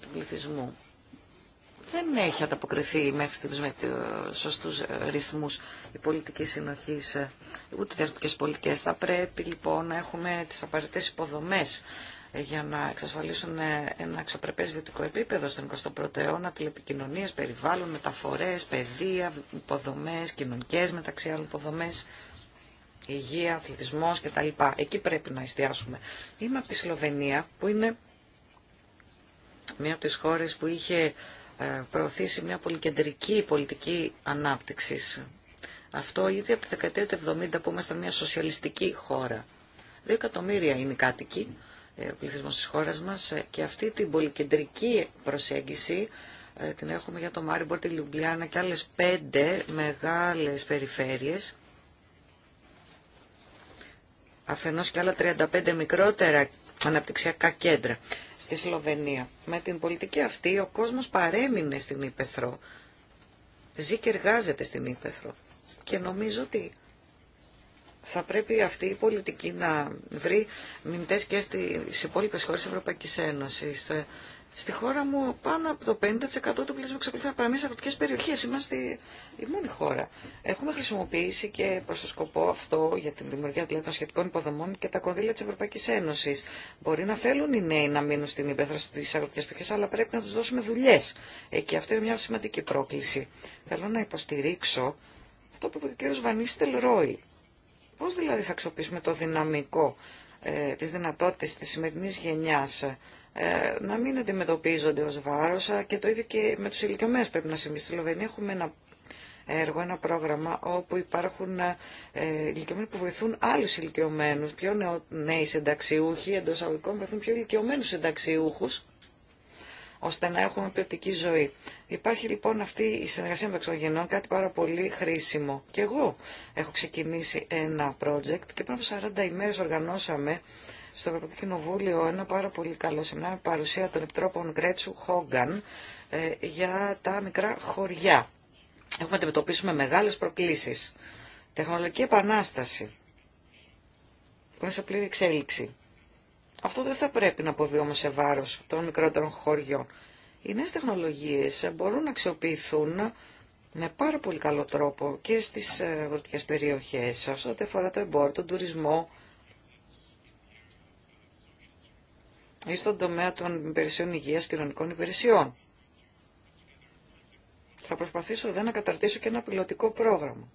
του πληθυσμού. Δεν έχει ανταποκριθεί μέχρι στιγμή με σωστού ρυθμού η πολιτική συνοχή ούτε οι πολιτικέ. Θα πρέπει λοιπόν να έχουμε τι απαραίτητε υποδομέ για να εξασφαλίσουν ε, ένα αξιοπρεπέ βιωτικό επίπεδο στον 21ο αιώνα, τηλεπικοινωνίες, περιβάλλον, μεταφορέ, παιδεία, υποδομέ, κοινωνικέ μεταξύ άλλων υποδομές, υγεία, αθλητισμός κτλ. Εκεί πρέπει να εστιάσουμε. Είμαι από τη Σλοβενία που είναι μία από τις χώρες που είχε ε, προωθήσει μια απο τι χώρε πολιτική ανάπτυξης. Αυτό ανάπτυξη. αυτο από τη δεκαετία του 70 που ήμασταν μια σοσιαλιστική χώρα. Δύο εκατομμύρια είναι οι κάτοικοι ο ε, πληθυσμό τη χώρα μα ε, και αυτή την πολυκεντρική προσέγγιση ε, την έχουμε για το Μάριμπορ, τη Λουμπλιάνα και άλλε πέντε μεγάλες περιφέρειες. Αφενό και άλλα 35 μικρότερα αναπτυξιακά κέντρα στη Σλοβενία. Με την πολιτική αυτή ο κόσμος παρέμεινε στην Ήπεθρο. Ζει και εργάζεται στην Ήπεθρο. Και νομίζω ότι θα πρέπει αυτή η πολιτική να βρει μιμητές και στις υπόλοιπες χώρες της Ευρωπαϊκής Ένωσης. Ε, στη χώρα μου πάνω από το 50% του πληθυσμού εξαπλήθηκε να παραμείνει σε αγροτικέ περιοχέ. Είμαστε η μόνη χώρα. Έχουμε χρησιμοποιήσει και προ το σκοπό αυτό για την δημιουργία δηλαδή, των σχετικών υποδομών και τα κονδύλια της Ευρωπαϊκής Ένωσης. Μπορεί να θέλουν οι νέοι να μείνουν στην υπαίθρα της αγροτικές περιοχέ, αλλά πρέπει να τους δώσουμε δουλειέ. Ε, και αυτή είναι μια σημαντική πρόκληση. Θέλω να υποστηρίξω αυτό που είπε ο κ. Βανίστελ Ρόι Πώς δηλαδή θα αξιοποιήσουμε το δυναμικό, ε, τις δυνατότητες της σημερινής γενιάς ε, να μην αντιμετωπίζονται ως βάρος και το ίδιο και με τους ηλικιωμένους πρέπει να συμβεί. Στη Λοβενία έχουμε ένα έργο, ένα πρόγραμμα όπου υπάρχουν ε, ηλικιωμένοι που βοηθούν άλλους ηλικιωμένους, πιο νέοι συνταξιούχοι, εντός αγωγικών βοηθούν πιο ηλικιωμένους συνταξιούχους ώστε να έχουμε ποιοτική ζωή. Υπάρχει λοιπόν αυτή η συνεργασία με των γενών, κάτι πάρα πολύ χρήσιμο. Και εγώ έχω ξεκινήσει ένα project και πριν από 40 ημέρες οργανώσαμε στο Ευρωπαϊκό Κοινοβούλιο ένα πάρα πολύ καλό σεμινάριο παρουσία των επιτρόπων Γκρέτσου Χόγκαν ε, για τα μικρά χωριά. Έχουμε να αντιμετωπίσουμε μεγάλες προκλήσεις. Τεχνολογική επανάσταση που είναι σε πλήρη εξέλιξη. Αυτό δεν θα πρέπει να αποβεί σε βάρος των μικρότερων χωριών. Οι νέες τεχνολογίες μπορούν να αξιοποιηθούν με πάρα πολύ καλό τρόπο και στις αγροτικές περιοχές, όσο αφορά το εμπόριο, τον τουρισμό ή στον τομέα των υπηρεσιών υγείας και κοινωνικών υπηρεσιών. Θα προσπαθήσω δεν να καταρτήσω και ένα πιλωτικό πρόγραμμα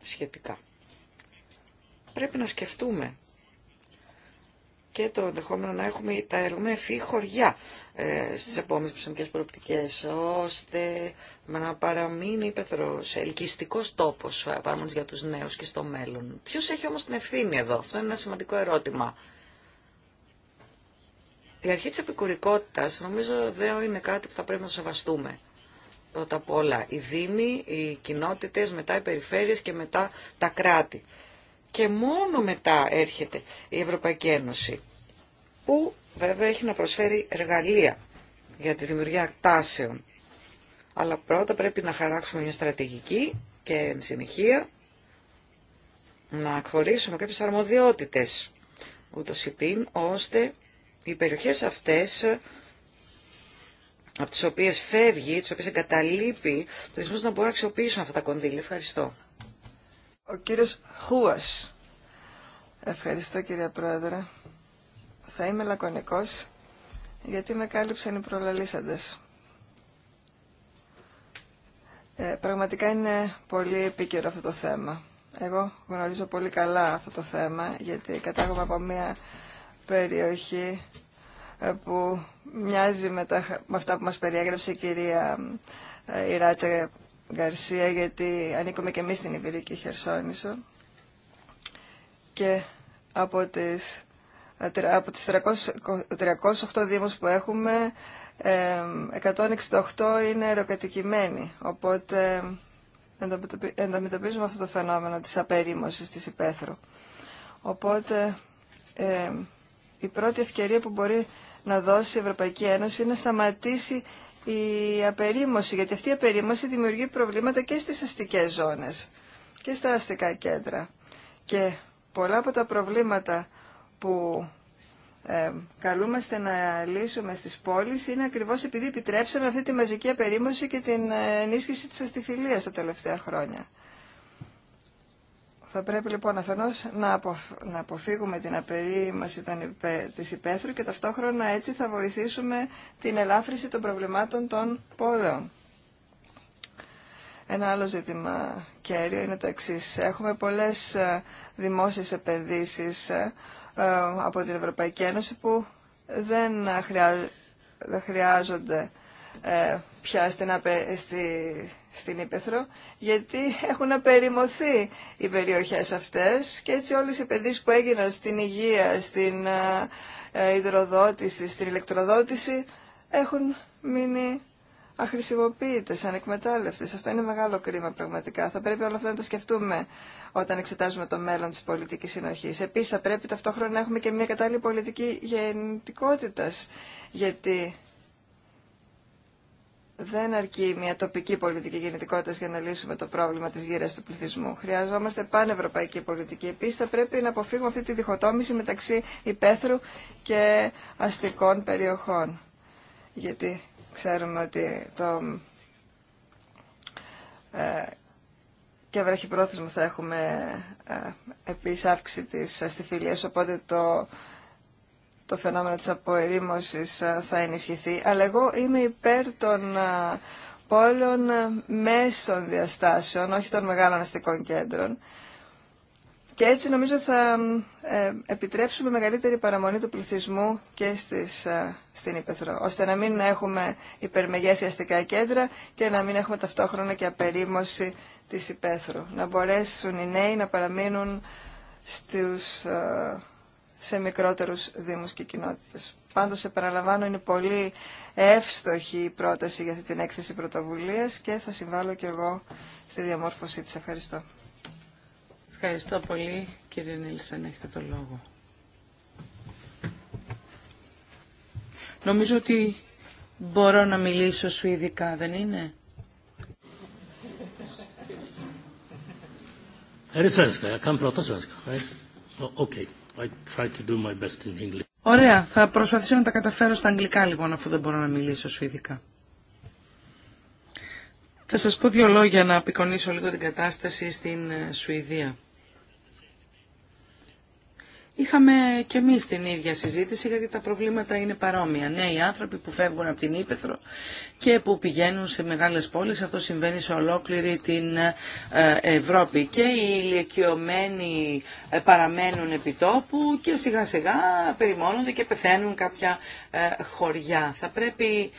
σχετικά. Πρέπει να σκεφτούμε και το ενδεχόμενο να έχουμε τα εργομέφη χωριά ε, στις επόμενες προσωπικές προοπτικές, ώστε να παραμείνει υπεθρός, ελκυστικός τόπος πάνω για τους νέους και στο μέλλον. Ποιος έχει όμως την ευθύνη εδώ, αυτό είναι ένα σημαντικό ερώτημα. Η αρχή της επικουρικότητας νομίζω δεν είναι κάτι που θα πρέπει να σεβαστούμε. Πρώτα απ' όλα οι δήμοι, οι κοινότητες, μετά οι περιφέρειες και μετά τα κράτη και μόνο μετά έρχεται η Ευρωπαϊκή Ένωση που βέβαια έχει να προσφέρει εργαλεία για τη δημιουργία τάσεων. Αλλά πρώτα πρέπει να χαράξουμε μια στρατηγική και εν συνεχεία να χωρίσουμε κάποιες αρμοδιότητες ούτως υπήν, ώστε οι περιοχές αυτές από τις οποίες φεύγει, τις οποίες εγκαταλείπει, πρέπει να μπορούν να αξιοποιήσουν αυτά τα κονδύλια. Ευχαριστώ. Ο κύριος Χούας. Ευχαριστώ κύριε Πρόεδρε. Θα είμαι λακωνικός γιατί με κάλυψαν οι προλαλήσαντες. Ε, πραγματικά είναι πολύ επίκαιρο αυτό το θέμα. Εγώ γνωρίζω πολύ καλά αυτό το θέμα γιατί κατάγομαι από μια περιοχή ε, που μοιάζει με, τα, αυτά που μας περιέγραψε η κυρία Ιράτσα ε, Γκαρσία γιατί ανήκουμε και εμείς στην Ιβηρική Χερσόνησο και από τις, από τις 308 δήμους που έχουμε 168 είναι αεροκατοικημένοι οπότε ενταμετωπίζουμε αυτό το φαινόμενο της απερίμωσης της υπαίθρου. Οπότε η πρώτη ευκαιρία που μπορεί να δώσει η Ευρωπαϊκή Ένωση είναι να σταματήσει η απερίμωση, γιατί αυτή η απερίμωση δημιουργεί προβλήματα και στις αστικές ζώνες και στα αστικά κέντρα. Και πολλά από τα προβλήματα που ε, καλούμαστε να λύσουμε στις πόλεις είναι ακριβώς επειδή επιτρέψαμε αυτή τη μαζική απερίμωση και την ε, ενίσχυση της αστιφιλίας τα τελευταία χρόνια. Θα πρέπει λοιπόν αφενός να, να αποφύγουμε την απερίμαση της υπαίθρου και ταυτόχρονα έτσι θα βοηθήσουμε την ελάφρυση των προβλημάτων των πόλεων. Ένα άλλο ζήτημα κέριο είναι το εξής. Έχουμε πολλές ε, δημόσιες επενδύσει ε, ε, από την Ευρωπαϊκή Ένωση που δεν χρειάζονται πια στην, στη, στην Ήπεθρο, γιατί έχουν απεριμωθεί οι περιοχές αυτές και έτσι όλες οι επενδύσεις που έγιναν στην υγεία, στην ε, ε, υδροδότηση, στην ηλεκτροδότηση, έχουν μείνει αχρησιμοποιητές, ανεκμετάλλευτες. Αυτό είναι μεγάλο κρίμα πραγματικά. Θα πρέπει όλα αυτά να τα σκεφτούμε όταν εξετάζουμε το μέλλον της πολιτικής συνοχής. Επίσης θα πρέπει ταυτόχρονα να έχουμε και μια κατάλληλη πολιτική γεννητικότητας, γιατί δεν αρκεί μια τοπική πολιτική γεννητικότητας για να λύσουμε το πρόβλημα της γύρα του πληθυσμού. Χρειαζόμαστε πανευρωπαϊκή πολιτική. Επίση θα πρέπει να αποφύγουμε αυτή τη διχοτόμηση μεταξύ υπαίθρου και αστικών περιοχών. Γιατί ξέρουμε ότι το... Ε, και βραχυπρόθεσμα θα έχουμε ε, ε επίσης αύξηση τη αστιφιλίας, οπότε το το φαινόμενο της αποερήμωσης ε, θα ενισχυθεί, αλλά εγώ είμαι υπέρ των ε, πόλων ε, μέσων διαστάσεων, όχι των μεγάλων αστικών κέντρων. Και έτσι νομίζω θα επιτρέψουμε μεγαλύτερη παραμονή του πληθυσμού και στις, στην Υπέθρο. ώστε να μην έχουμε υπερμεγέθη αστικά κέντρα και να μην έχουμε ταυτόχρονα και απερίμωση της Ήπεθρου. Να μπορέσουν οι νέοι να παραμείνουν στους σε μικρότερους δήμους και κοινότητες. Πάντως, επαναλαμβάνω, είναι πολύ εύστοχη η πρόταση για αυτή την έκθεση πρωτοβουλίας και θα συμβάλλω και εγώ στη διαμόρφωσή της. Ευχαριστώ. Ευχαριστώ πολύ, κύριε Νίλσεν, έχετε το λόγο. Νομίζω ότι μπορώ να μιλήσω σου ειδικά, δεν είναι. Är det svenska? Jag kan prata Ωραία. Θα προσπαθήσω να τα καταφέρω στα αγγλικά λοιπόν αφού δεν μπορώ να μιλήσω σουηδικά. Θα σας πω δύο λόγια να απεικονίσω λίγο την κατάσταση στην ε, Σουηδία. Είχαμε και εμεί την ίδια συζήτηση γιατί τα προβλήματα είναι παρόμοια. Ναι, οι άνθρωποι που φεύγουν από την Ήπεθρο και που πηγαίνουν σε μεγάλε πόλει, αυτό συμβαίνει σε ολόκληρη την ε, Ευρώπη. Και οι ηλικιωμένοι ε, παραμένουν επιτόπου και σιγά σιγά περιμόνονται και πεθαίνουν κάποια ε, χωριά. Θα πρέπει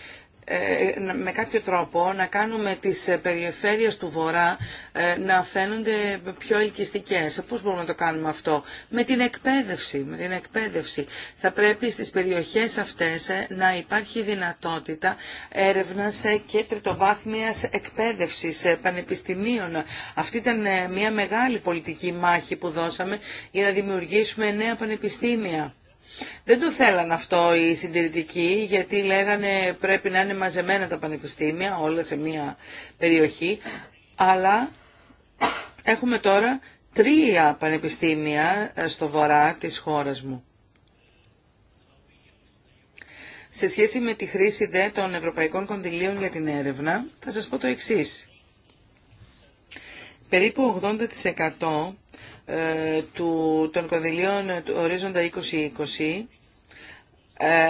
ε, με κάποιο τρόπο να κάνουμε τις ε, περιφέρειες του Βορρά ε, να φαίνονται πιο ελκυστικές. Πώς μπορούμε να το κάνουμε αυτό. Με την εκπαίδευση. Με την εκπαίδευση. Θα πρέπει στις περιοχές αυτές να υπάρχει δυνατότητα έρευνας και τριτοβάθμιας εκπαίδευσης πανεπιστημίων. Αυτή ήταν μια μεγάλη πολιτική μάχη που δώσαμε για να δημιουργήσουμε νέα πανεπιστήμια δεν το θέλαν αυτό οι συντηρητικοί γιατί λέγανε πρέπει να είναι μαζεμένα τα πανεπιστήμια όλα σε μία περιοχή αλλά έχουμε τώρα τρία πανεπιστήμια ε, στο βορρά της χώρας μου. Σε σχέση με τη χρήση δε των Ευρωπαϊκών Κονδυλίων για την έρευνα, θα σας πω το εξής. Περίπου 80% ε, του, των κονδυλίων ε, του ορίζοντα 2020 ε,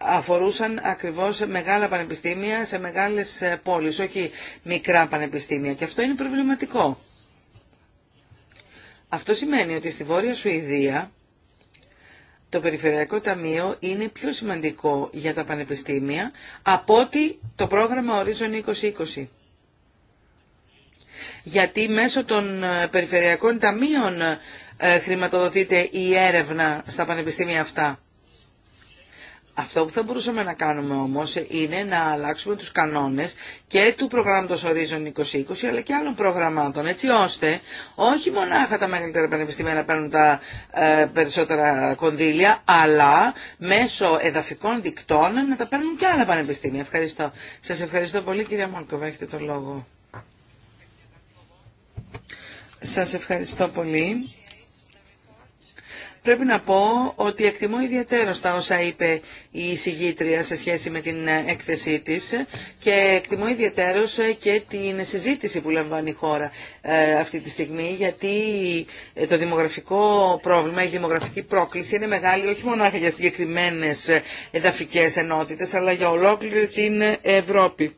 αφορούσαν ακριβώς μεγάλα πανεπιστήμια σε μεγάλες πόλεις, όχι μικρά πανεπιστήμια. Και αυτό είναι προβληματικό. Αυτό σημαίνει ότι στη Βόρεια Σουηδία το Περιφερειακό Ταμείο είναι πιο σημαντικό για τα πανεπιστήμια από ότι το πρόγραμμα Horizon 2020 γιατί μέσω των ε, περιφερειακών ταμείων ε, χρηματοδοτείται η έρευνα στα πανεπιστήμια αυτά. Αυτό που θα μπορούσαμε να κάνουμε όμως είναι να αλλάξουμε τους κανόνες και του προγράμματος Horizon 2020 αλλά και άλλων προγραμμάτων έτσι ώστε όχι μονάχα τα μεγαλύτερα πανεπιστήμια να παίρνουν τα ε, περισσότερα κονδύλια αλλά μέσω εδαφικών δικτών να τα παίρνουν και άλλα πανεπιστήμια. Ευχαριστώ. Σας ευχαριστώ πολύ κυρία Μόλκοβα. Έχετε τον λόγο. Σας ευχαριστώ πολύ. Πρέπει να πω ότι εκτιμώ ιδιαίτερα τα όσα είπε η συγγήτρια σε σχέση με την έκθεσή της και εκτιμώ ιδιαίτερο και την συζήτηση που λαμβάνει η χώρα ε, αυτή τη στιγμή γιατί το δημογραφικό πρόβλημα, η δημογραφική πρόκληση είναι μεγάλη όχι μόνο για συγκεκριμένες εδαφικές ενότητες αλλά για ολόκληρη την Ευρώπη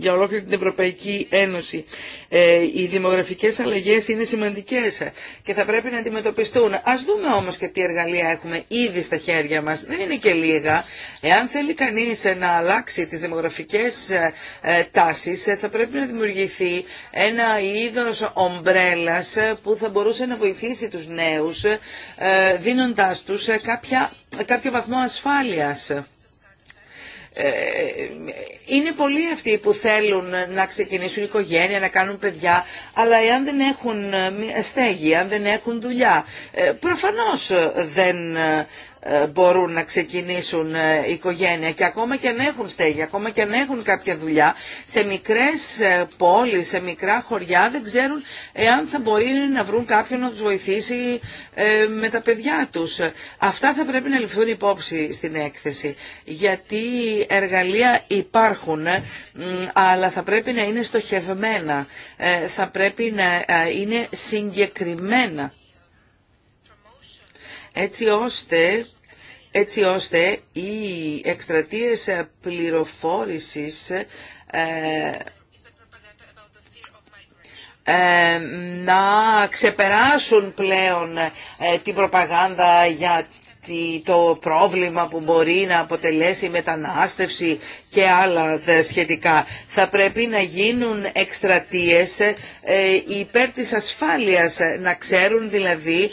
για ολόκληρη την Ευρωπαϊκή Ένωση. Ε, οι δημογραφικές αλλαγές είναι σημαντικές και θα πρέπει να αντιμετωπιστούν. Ας δούμε όμως και τι εργαλεία έχουμε ήδη στα χέρια μας. Δεν είναι και λίγα. Εάν θέλει κανείς να αλλάξει τις δημογραφικές ε, ε, τάσεις θα πρέπει να δημιουργηθεί ένα είδος ομπρέλας που θα μπορούσε να βοηθήσει τους νέους δίνοντάς τους κάποια, κάποιο βαθμό ασφάλειας. Ε, είναι πολλοί αυτοί που θέλουν να ξεκινήσουν οικογένεια, να κάνουν παιδιά, αλλά εάν δεν έχουν ε, στέγη, αν δεν έχουν δουλειά, ε, προφανώς δεν ε, μπορούν να ξεκινήσουν ε, οικογένεια και ακόμα και αν έχουν στέγη, ακόμα και αν έχουν κάποια δουλειά, σε μικρές ε, πόλεις, σε μικρά χωριά δεν ξέρουν εάν θα μπορεί να βρουν κάποιον να τους βοηθήσει με τα παιδιά τους. Αυτά θα πρέπει να ληφθούν υπόψη στην έκθεση, γιατί εργαλεία υπάρχουν, αλλά θα πρέπει να είναι στοχευμένα, θα πρέπει να είναι συγκεκριμένα έτσι ώστε έτσι ώστε οι εκστρατείες πληροφόρησης ε, ε, να ξεπεράσουν πλέον ε, την προπαγάνδα για το πρόβλημα που μπορεί να αποτελέσει η μετανάστευση και άλλα ε, σχετικά. Θα πρέπει να γίνουν εκστρατείες ε, υπέρ της ασφάλειας, ε, να ξέρουν δηλαδή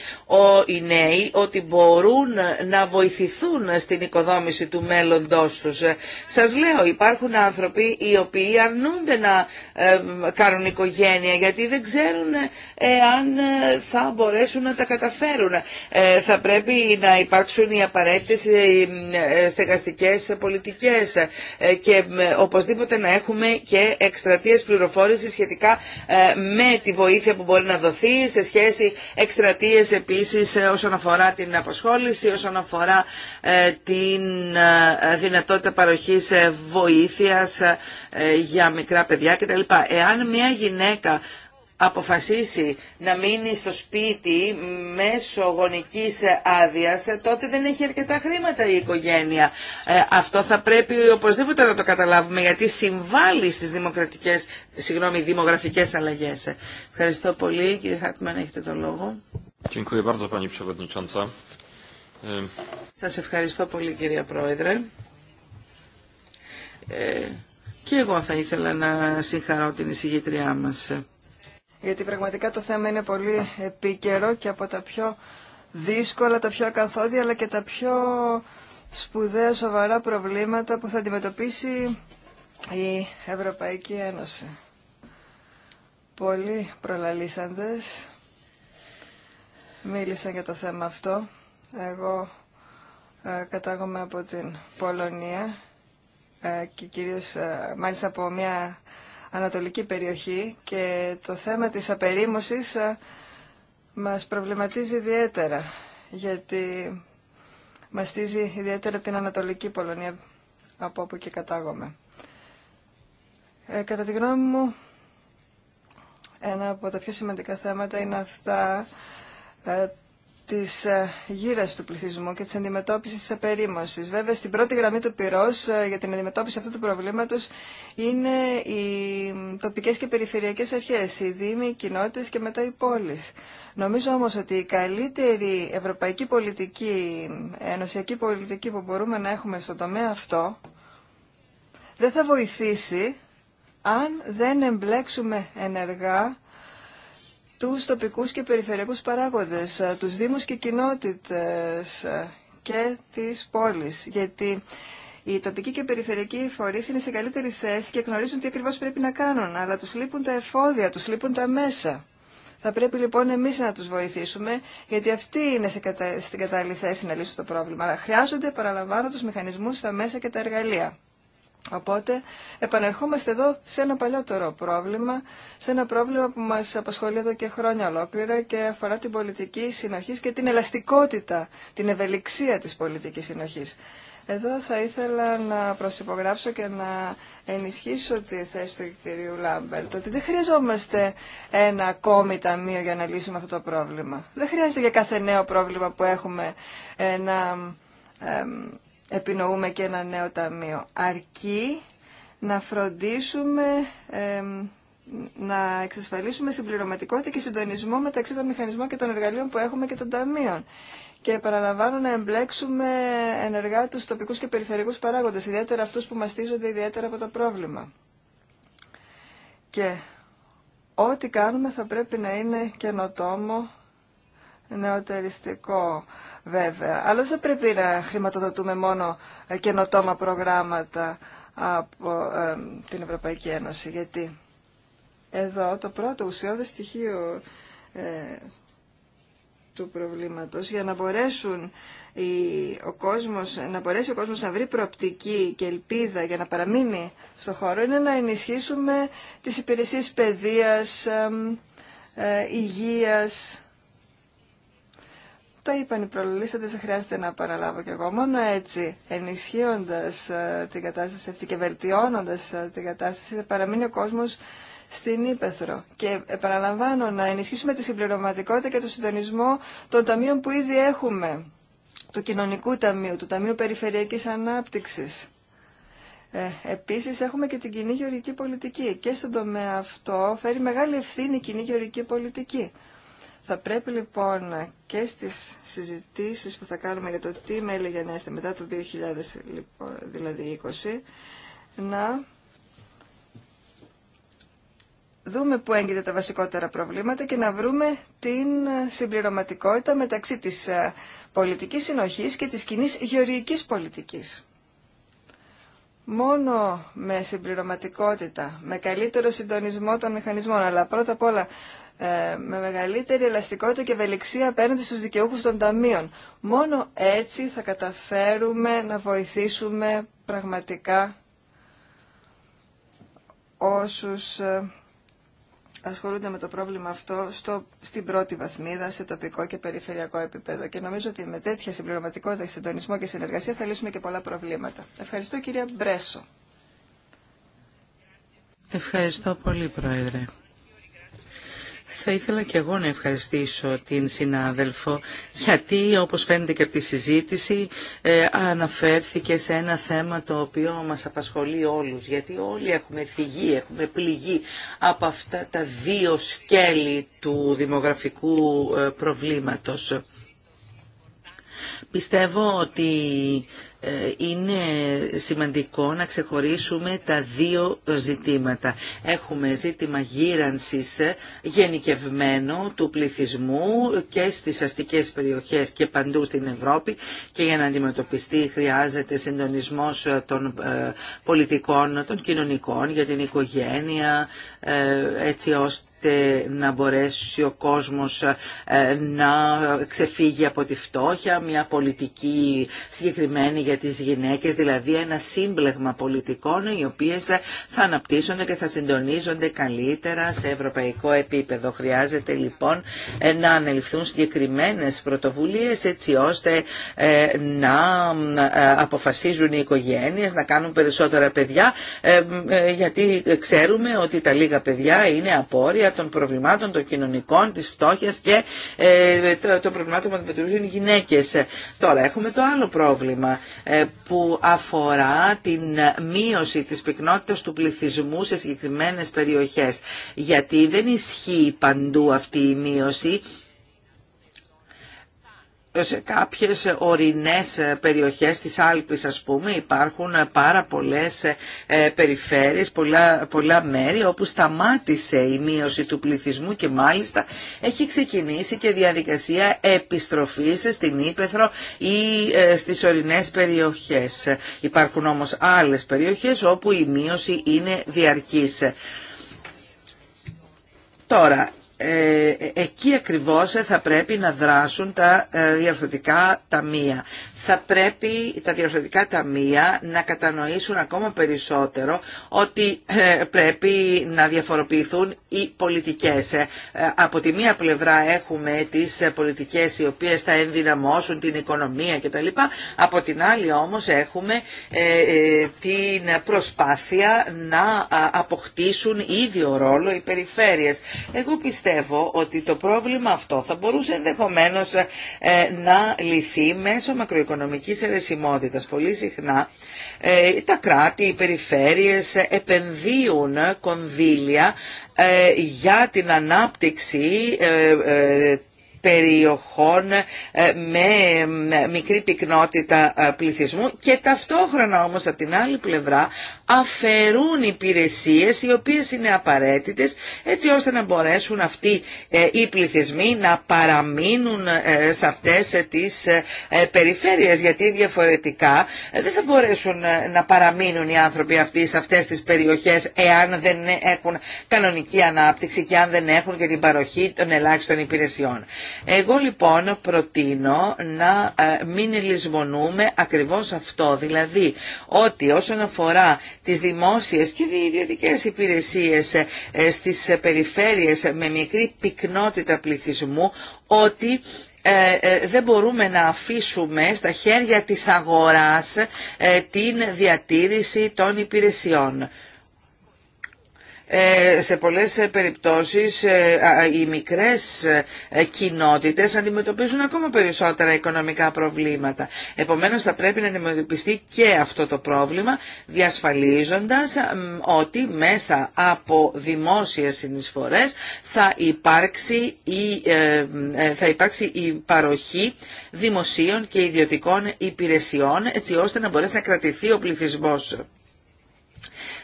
οι νέοι ότι μπορούν να βοηθηθούν στην οικοδόμηση του μέλλοντός τους. Σας λέω, υπάρχουν άνθρωποι οι οποίοι αρνούνται να κάνουν οικογένεια γιατί δεν ξέρουν αν θα μπορέσουν να τα καταφέρουν. Θα πρέπει να υπάρξουν οι απαραίτητες στεγαστικές πολιτικές ε, και ε, οπωσδήποτε να έχουμε και εκστρατείες πληροφόρησης σχετικά ε, με τη βοήθεια που μπορεί να δοθεί σε σχέση εκστρατείες επίσης όσον αφορά την αποσχόληση, όσον αφορά την δυνατότητα παροχής βοήθειας για μικρά παιδιά κτλ. Εάν μια γυναίκα αποφασίσει να μείνει στο σπίτι μέσω γονικής άδειας, τότε δεν έχει αρκετά χρήματα η οικογένεια. Ε, αυτό θα πρέπει οπωσδήποτε να το καταλάβουμε, γιατί συμβάλλει στις δημοκρατικές, συγγνώμη, δημογραφικές αλλαγές. Ευχαριστώ πολύ. Κύριε Χάτμαν, έχετε το λόγο. Ε, Σας ευχαριστώ πολύ, κυρία Πρόεδρε. Ε, και εγώ θα ήθελα να συγχαρώ την εισηγήτριά μας γιατί πραγματικά το θέμα είναι πολύ επίκαιρο και από τα πιο δύσκολα, τα πιο ακαθόδια, αλλά και τα πιο σπουδαία σοβαρά προβλήματα που θα αντιμετωπίσει η Ευρωπαϊκή Ένωση. Πολλοί προλαλήσαντες μίλησαν για το θέμα αυτό. Εγώ ε, κατάγομαι από την Πολωνία ε, και κυρίως ε, μάλιστα από μια ανατολική περιοχή και το θέμα της απερίμωσης ε, μας προβληματίζει ιδιαίτερα γιατί μαστίζει ιδιαίτερα την Ανατολική Πολωνία από όπου και κατάγομαι. Ε, κατά τη γνώμη μου, ένα από τα πιο σημαντικά θέματα είναι αυτά ε, της ε, γύρας του πληθυσμού και της αντιμετώπιση της απερίμωσης. Βέβαια, στην πρώτη γραμμή του πυρός ε, για την αντιμετώπιση αυτού του προβλήματος είναι οι τοπικές και περιφερειακές αρχές, οι δήμοι, οι κοινότητες και μετά οι πόλεις. Νομίζω όμως ότι η καλύτερη ευρωπαϊκή πολιτική, ενωσιακή πολιτική που μπορούμε να έχουμε στον τομέα αυτό, δεν θα βοηθήσει αν δεν εμπλέξουμε ενεργά τους τοπικούς και περιφερειακούς παράγοντες, ε, τους δήμους και κοινότητες ε, και τις πόλεις. Γιατί οι τοπικοί και περιφερειακοί φορείς είναι σε καλύτερη θέση και γνωρίζουν τι ακριβώς πρέπει να κάνουν, αλλά τους λείπουν τα εφόδια, τους λείπουν τα μέσα. Θα πρέπει λοιπόν εμεί να του βοηθήσουμε, γιατί αυτοί είναι σε στην κατάλληλη θέση να λύσουν το πρόβλημα. Αλλά χρειάζονται, παραλαμβάνω, του μηχανισμού, τα μέσα και τα εργαλεία. Οπότε επανερχόμαστε εδώ σε ένα παλιότερο πρόβλημα, σε ένα πρόβλημα που μας απασχολεί εδώ και χρόνια ολόκληρα και αφορά την πολιτική συνοχή και την ελαστικότητα, την ευελιξία της πολιτικής συνοχής. Εδώ θα ήθελα να προσυπογράψω και να ενισχύσω τη θέση του κυρίου Λάμπερτ ότι δεν χρειαζόμαστε ένα ακόμη ταμείο για να λύσουμε αυτό το πρόβλημα. Δεν χρειάζεται για κάθε νέο πρόβλημα που έχουμε να επινοούμε και ένα νέο ταμείο. Αρκεί να φροντίσουμε ε, να εξασφαλίσουμε συμπληρωματικότητα και συντονισμό μεταξύ των μηχανισμών και των εργαλείων που έχουμε και των ταμείων. Και παραλαμβάνω να εμπλέξουμε ενεργά τους τοπικούς και περιφερειακούς παράγοντες, ιδιαίτερα αυτούς που μαστίζονται ιδιαίτερα από το πρόβλημα. Και ό,τι κάνουμε θα πρέπει να είναι καινοτόμο, νεοτεριστικό βέβαια. Αλλά δεν πρέπει να χρηματοδοτούμε μόνο ε, καινοτόμα προγράμματα από την Ευρωπαϊκή Ένωση. Γιατί εδώ το πρώτο ουσιώδη στοιχείο ε, του προβλήματος για να μπορέσουν ο κόσμος, να μπορέσει ο κόσμος να βρει προοπτική και ελπίδα για να παραμείνει στο χώρο είναι να ενισχύσουμε τις υπηρεσίες παιδείας, ε, υγείας, τα είπαν οι δεν χρειάζεται να παραλάβω κι εγώ. Μόνο έτσι, ενισχύοντας ε, την κατάσταση αυτή και βελτιώνοντας ε, την κατάσταση, θα παραμείνει ο κόσμος στην Ήπεθρο. Και επαναλαμβάνω να ενισχύσουμε τη συμπληρωματικότητα και το συντονισμό των ταμείων που ήδη έχουμε. Του Κοινωνικού Ταμείου, του Ταμείου Περιφερειακής Ανάπτυξης. Ε, επίσης έχουμε και την κοινή γεωργική πολιτική και στον τομέα αυτό φέρει μεγάλη ευθύνη η κοινή γεωργική πολιτική. Θα πρέπει λοιπόν και στις συζητήσεις που θα κάνουμε για το τι μέλη γενέστε μετά το 2020 λοιπόν, δηλαδή 20, να δούμε που έγκυται τα βασικότερα προβλήματα και να βρούμε την συμπληρωματικότητα μεταξύ της ε, πολιτικής συνοχής και της κοινή γεωργικής πολιτικής. Μόνο με συμπληρωματικότητα, με καλύτερο συντονισμό των μηχανισμών, αλλά πρώτα απ' όλα ε, με μεγαλύτερη ελαστικότητα και ευελιξία απέναντι στους δικαιούχους των ταμείων. Μόνο έτσι θα καταφέρουμε να βοηθήσουμε πραγματικά όσους ε, ασχολούνται με το πρόβλημα αυτό στο, στην πρώτη βαθμίδα, σε τοπικό και περιφερειακό επίπεδο. Και νομίζω ότι με τέτοια συμπληρωματικότητα, συντονισμό και συνεργασία θα λύσουμε και πολλά προβλήματα. Ευχαριστώ κυρία Μπρέσο. Ευχαριστώ πολύ Πρόεδρε. Θα ήθελα και εγώ να ευχαριστήσω την συνάδελφο γιατί όπως φαίνεται και από τη συζήτηση ε, αναφέρθηκε σε ένα θέμα το οποίο μας απασχολεί όλους γιατί όλοι έχουμε θυγεί, έχουμε πληγεί από αυτά τα δύο σκέλη του δημογραφικού ε, προβλήματος. Πιστεύω ότι είναι σημαντικό να ξεχωρίσουμε τα δύο ζητήματα. Έχουμε ζήτημα γύρανσης γενικευμένο του πληθυσμού και στις αστικές περιοχές και παντού στην Ευρώπη και για να αντιμετωπιστεί χρειάζεται συντονισμός των ε, πολιτικών, των κοινωνικών για την οικογένεια ε, έτσι ώστε να μπορέσει ο κόσμος ε, να ξεφύγει από τη φτώχεια, μια πολιτική συγκεκριμένη για τις γυναίκες, δηλαδή ένα σύμπλεγμα πολιτικών οι οποίες θα αναπτύσσονται και θα συντονίζονται καλύτερα σε ευρωπαϊκό επίπεδο. Χρειάζεται λοιπόν να ανεληφθούν συγκεκριμένες πρωτοβουλίες έτσι ώστε ε, να ε, αποφασίζουν οι οικογένειες να κάνουν περισσότερα παιδιά ε, γιατί ξέρουμε ότι τα λίγα παιδιά είναι απόρρια των προβλημάτων των κοινωνικών, της φτώχειας και των προβλημάτων που αντιμετωπίζουν οι γυναίκες. Τώρα έχουμε το άλλο πρόβλημα ε, που αφορά την μείωση της πυκνότητας του πληθυσμού σε συγκεκριμένες περιοχές. Γιατί δεν ισχύει παντού αυτή η μείωση σε κάποιες ορεινές ε, περιοχές της Άλπης ας πούμε υπάρχουν ε, πάρα πολλές ε, περιφέρειες, πολλά, πολλά μέρη όπου σταμάτησε η μείωση του πληθυσμού και μάλιστα έχει ξεκινήσει και διαδικασία επιστροφής στην Ήπεθρο ή στις ορεινές περιοχές. Υπάρχουν όμως άλλες περιοχές όπου η μείωση είναι διαρκής. Τώρα, ε, ε, εκεί ακριβώς ε, θα πρέπει να δράσουν τα διαρθωτικά ταμεία θα πρέπει τα διορθωτικά ταμεία να κατανοήσουν ακόμα περισσότερο ότι ε, πρέπει να διαφοροποιηθούν οι πολιτικές. Ε, από τη μία πλευρά έχουμε τις πολιτικές οι οποίες θα ενδυναμώσουν την οικονομία κτλ. Από την άλλη όμως έχουμε ε, την προσπάθεια να αποκτήσουν ίδιο ρόλο οι περιφέρειες. Εγώ πιστεύω ότι το πρόβλημα αυτό θα μπορούσε ενδεχομένως να λυθεί μέσω μακροοικονομικών οικονομικής αιρεσιμότητας πολύ συχνά ε, τα κράτη, οι περιφέρειες επενδύουν κονδύλια ε, για την ανάπτυξη ε, περιοχών ε, με ε, μικρή πυκνότητα ε, πληθυσμού και ταυτόχρονα όμως από την άλλη πλευρά αφαιρούν υπηρεσίες οι οποίες είναι απαραίτητες έτσι ώστε να μπορέσουν αυτοί οι πληθυσμοί να παραμείνουν σε αυτές τις περιφέρειες γιατί διαφορετικά δεν θα μπορέσουν να παραμείνουν οι άνθρωποι αυτοί σε αυτές τις περιοχές εάν δεν έχουν κανονική ανάπτυξη και αν δεν έχουν και την παροχή των ελάχιστων υπηρεσιών. Εγώ λοιπόν προτείνω να ε, μην λησμονούμε ακριβώς αυτό, δηλαδή ότι όσον αφορά τις δημόσιες και οι ιδιωτικές υπηρεσίες ε, στις περιφέρειες με μικρή πυκνότητα πληθυσμού, ότι ε, δεν μπορούμε να αφήσουμε στα χέρια της αγοράς την διατήρηση των υπηρεσιών. Ε, σε πολλές ε, περιπτώσεις ε, οι μικρές κοινότητες αντιμετωπίζουν ακόμα περισσότερα οικονομικά προβλήματα. Επομένως θα πρέπει να αντιμετωπιστεί και αυτό το πρόβλημα διασφαλίζοντας ότι μέσα από δημόσιες συνεισφορές θα υπάρξει η, θα υπάρξει η παροχή δημοσίων και ιδιωτικών υπηρεσιών έτσι ώστε να μπορέσει να κρατηθεί ο πληθυσμός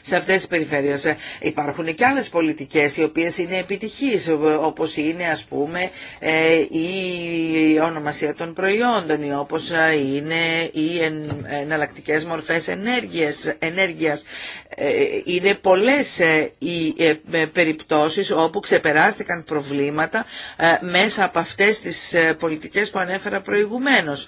σε αυτές τις περιφέρειες. Υπάρχουν και άλλες πολιτικές οι οποίες είναι επιτυχείς, όπως είναι ας πούμε ε, η ονομασία των προϊόντων ή όπως είναι οι εναλλακτικέ μορφές ενέργειας. ενέργειας. Ε, είναι πολλές ε, οι περιπτώσεις όπου ξεπεράστηκαν προβλήματα μέσα από αυτές τις πολιτικές που ανέφερα προηγουμένως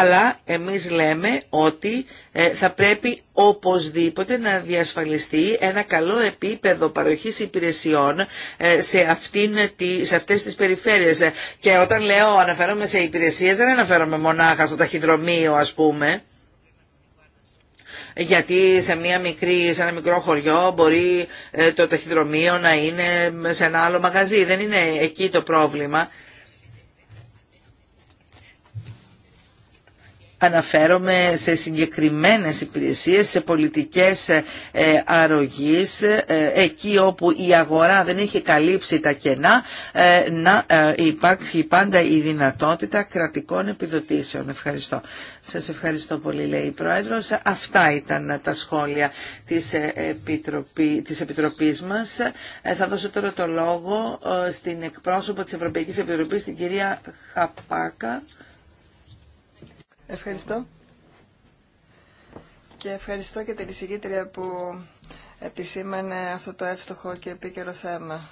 αλλά εμείς λέμε ότι ε, θα πρέπει οπωσδήποτε να διασφαλιστεί ένα καλό επίπεδο παροχής υπηρεσιών ε, σε, αυτήν, σε αυτές τις περιφέρειες. Και όταν λέω αναφέρομαι σε υπηρεσίες δεν αναφέρομαι μονάχα στο ταχυδρομείο ας πούμε γιατί σε, μια μικρή, σε ένα μικρό χωριό μπορεί ε, το ταχυδρομείο να είναι σε ένα άλλο μαγαζί. Δεν είναι εκεί το πρόβλημα. Αναφέρομαι σε συγκεκριμένες υπηρεσίες, σε πολιτικές ε, αρρωγής, ε, εκεί όπου η αγορά δεν έχει καλύψει τα κενά, ε, να υπάρχει πάντα η δυνατότητα κρατικών επιδοτήσεων. Ευχαριστώ. Σας ευχαριστώ πολύ, λέει η Πρόεδρος. Αυτά ήταν τα σχόλια της, Επιτροπή, της Επιτροπής μας. Θα δώσω τώρα το λόγο στην εκπρόσωπο της Ευρωπαϊκής Επιτροπής, την κυρία Χαπάκα. Ευχαριστώ. Και ευχαριστώ και την εισηγήτρια που επισήμανε αυτό το εύστοχο και επίκαιρο θέμα.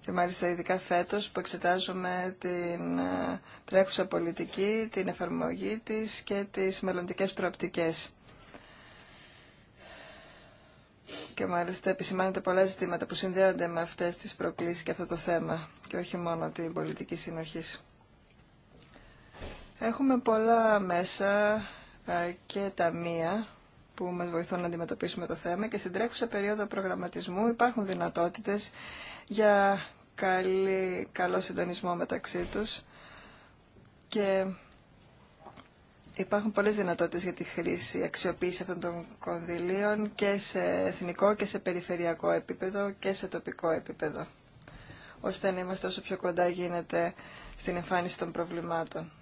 Και μάλιστα ειδικά φέτος που εξετάζουμε την ε, τρέχουσα πολιτική, την εφαρμογή της και τις μελλοντικές προοπτικές. Και μάλιστα επισημάνεται πολλά ζητήματα που συνδέονται με αυτές τις προκλήσεις και αυτό το θέμα και όχι μόνο την πολιτική συνοχής. Έχουμε πολλά μέσα ε, και ταμεία που μας βοηθούν να αντιμετωπίσουμε το θέμα και στην τρέχουσα περίοδο προγραμματισμού υπάρχουν δυνατότητες για καλό συντονισμό μεταξύ τους και υπάρχουν πολλές δυνατότητες για τη χρήση, αξιοποίηση αυτών των κονδυλίων και σε εθνικό και σε περιφερειακό επίπεδο και σε τοπικό επίπεδο ώστε να είμαστε όσο πιο κοντά γίνεται στην εμφάνιση των προβλημάτων.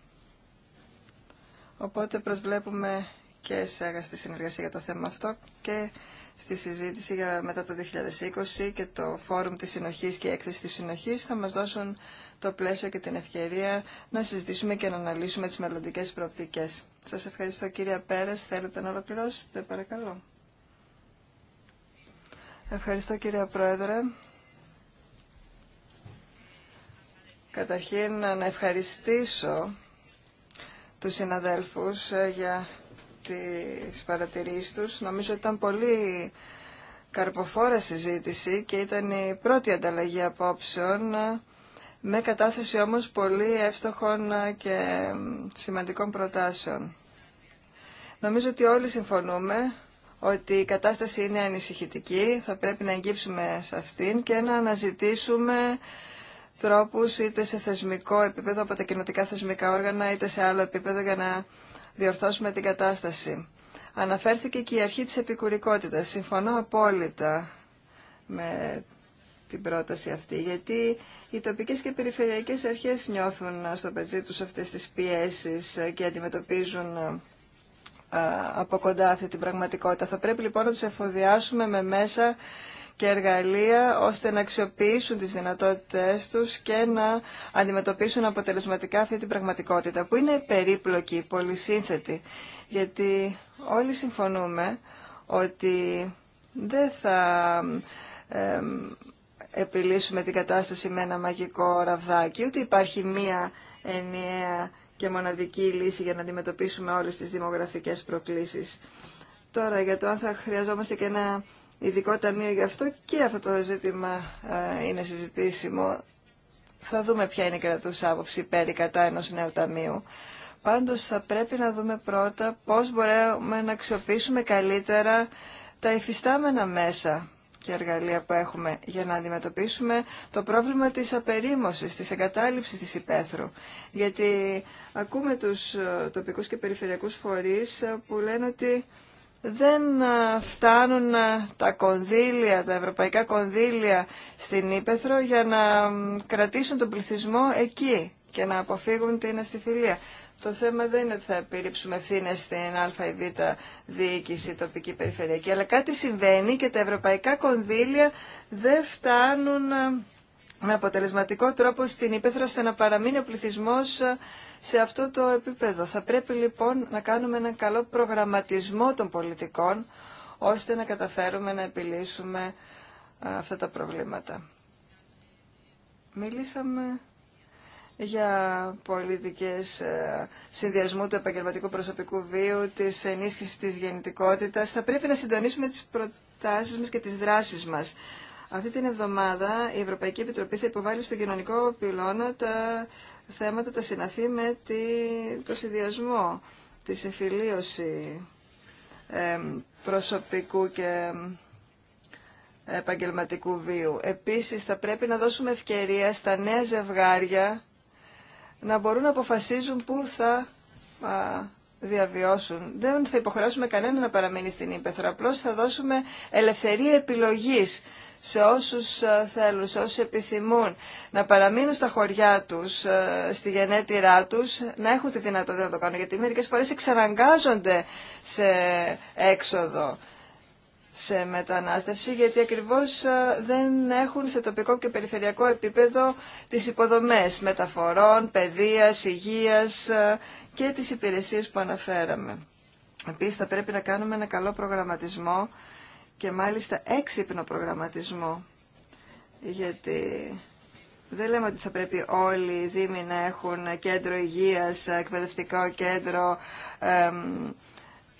Οπότε προσβλέπουμε και σε στη συνεργασία για το θέμα αυτό και στη συζήτηση για μετά το 2020 και το Φόρουμ της Συνοχής και η Έκθεση της Συνοχής θα μας δώσουν το πλαίσιο και την ευκαιρία να συζητήσουμε και να αναλύσουμε τις μελλοντικέ προοπτικές. Σας ευχαριστώ κυρία Πέρες. Θέλετε να ολοκληρώσετε παρακαλώ. Ευχαριστώ κυρία Πρόεδρε. Καταρχήν να ευχαριστήσω τους συναδέλφους ε, για τις παρατηρήσεις τους. Νομίζω ότι ήταν πολύ καρποφόρα συζήτηση και ήταν η πρώτη ανταλλαγή απόψεων ε, με κατάθεση όμως πολύ εύστοχων ε, και σημαντικών προτάσεων. Νομίζω ότι όλοι συμφωνούμε ότι η κατάσταση είναι ανησυχητική, θα πρέπει να εγγύψουμε σε αυτήν και να αναζητήσουμε τρόπους είτε σε θεσμικό επίπεδο από τα κοινοτικά θεσμικά όργανα είτε σε άλλο επίπεδο για να διορθώσουμε την κατάσταση. Αναφέρθηκε και η αρχή της επικουρικότητας. Συμφωνώ απόλυτα με την πρόταση αυτή, γιατί οι τοπικές και περιφερειακές αρχές νιώθουν στο πεζί τους αυτές τις πιέσεις και αντιμετωπίζουν από κοντά αυτή την πραγματικότητα. Θα πρέπει λοιπόν να τους εφοδιάσουμε με μέσα και εργαλεία ώστε να αξιοποιήσουν τις δυνατότητες τους και να αντιμετωπίσουν αποτελεσματικά αυτή την πραγματικότητα που είναι περίπλοκη, πολυσύνθετη γιατί όλοι συμφωνούμε ότι δεν θα επιλύσουμε την κατάσταση με ένα μαγικό ραβδάκι ούτε υπάρχει μία ενιαία και μοναδική λύση για να αντιμετωπίσουμε όλες τις δημογραφικές προκλήσεις. Τώρα, για το αν θα χρειαζόμαστε και ένα ειδικό ταμείο γι' αυτό και αυτό το ζήτημα ε, είναι συζητήσιμο. Θα δούμε ποια είναι η κρατούσα άποψη περί κατά ενός νέου ταμείου. Πάντως θα πρέπει να δούμε πρώτα πώς μπορούμε να αξιοποιήσουμε καλύτερα τα υφιστάμενα μέσα και εργαλεία που έχουμε για να αντιμετωπίσουμε το πρόβλημα της απερίμωσης, της εγκατάλειψης της υπαίθρου. Γιατί ακούμε τους ε, τοπικούς και περιφερειακούς φορείς ε, που λένε ότι δεν ε, φτάνουν ε, τα κονδύλια, τα ευρωπαϊκά κονδύλια στην Ήπεθρο για να κρατήσουν τον πληθυσμό εκεί και να αποφύγουν την αστιφιλία. Το θέμα δεν είναι ότι θα επιρρύψουμε ευθύνε στην Α ή Β διοίκηση τοπική περιφερειακή, αλλά κάτι συμβαίνει και τα ευρωπαϊκά κονδύλια δεν φτάνουν ε, με αποτελεσματικό τρόπο στην Ήπεθρο ώστε να παραμείνει ο πληθυσμό ε, σε αυτό το επίπεδο. Θα πρέπει λοιπόν να κάνουμε έναν καλό προγραμματισμό των πολιτικών ώστε να καταφέρουμε να επιλύσουμε ε, αυτά τα προβλήματα. Μίλησαμε για πολιτικές ε, συνδυασμού του επαγγελματικού προσωπικού βίου, της ενίσχυσης της γεννητικότητας. Θα πρέπει να συντονίσουμε τις προτάσεις μας και τις δράσεις μας αυτή την εβδομάδα η Ευρωπαϊκή Επιτροπή θα υποβάλει στον κοινωνικό πυλώνα τα θέματα τα συναφή με τη, το συνδυασμό, τη συμφιλίωση προσωπικού και επαγγελματικού βίου. Επίσης θα πρέπει να δώσουμε ευκαιρία στα νέα ζευγάρια να μπορούν να αποφασίζουν πού θα διαβιώσουν. Δεν θα υποχρεώσουμε κανένα να παραμείνει στην Ήπεθρο, απλώς θα δώσουμε ελευθερία επιλογής σε όσους ε, θέλουν, σε όσους επιθυμούν να παραμείνουν στα χωριά τους, ε, στη γενέτειρά τους, να έχουν τη δυνατότητα να το κάνουν. Γιατί μερικές φορές εξαναγκάζονται σε έξοδο, σε μετανάστευση, γιατί ακριβώς ε, δεν έχουν σε τοπικό και περιφερειακό επίπεδο τις υποδομές μεταφορών, παιδείας, υγείας και τις υπηρεσίες που αναφέραμε. Επίσης θα πρέπει να κάνουμε ένα καλό προγραμματισμό και μάλιστα έξυπνο προγραμματισμό. Γιατί δεν λέμε ότι θα πρέπει όλοι οι Δήμοι να έχουν κέντρο υγείας, εκπαιδευτικό κέντρο,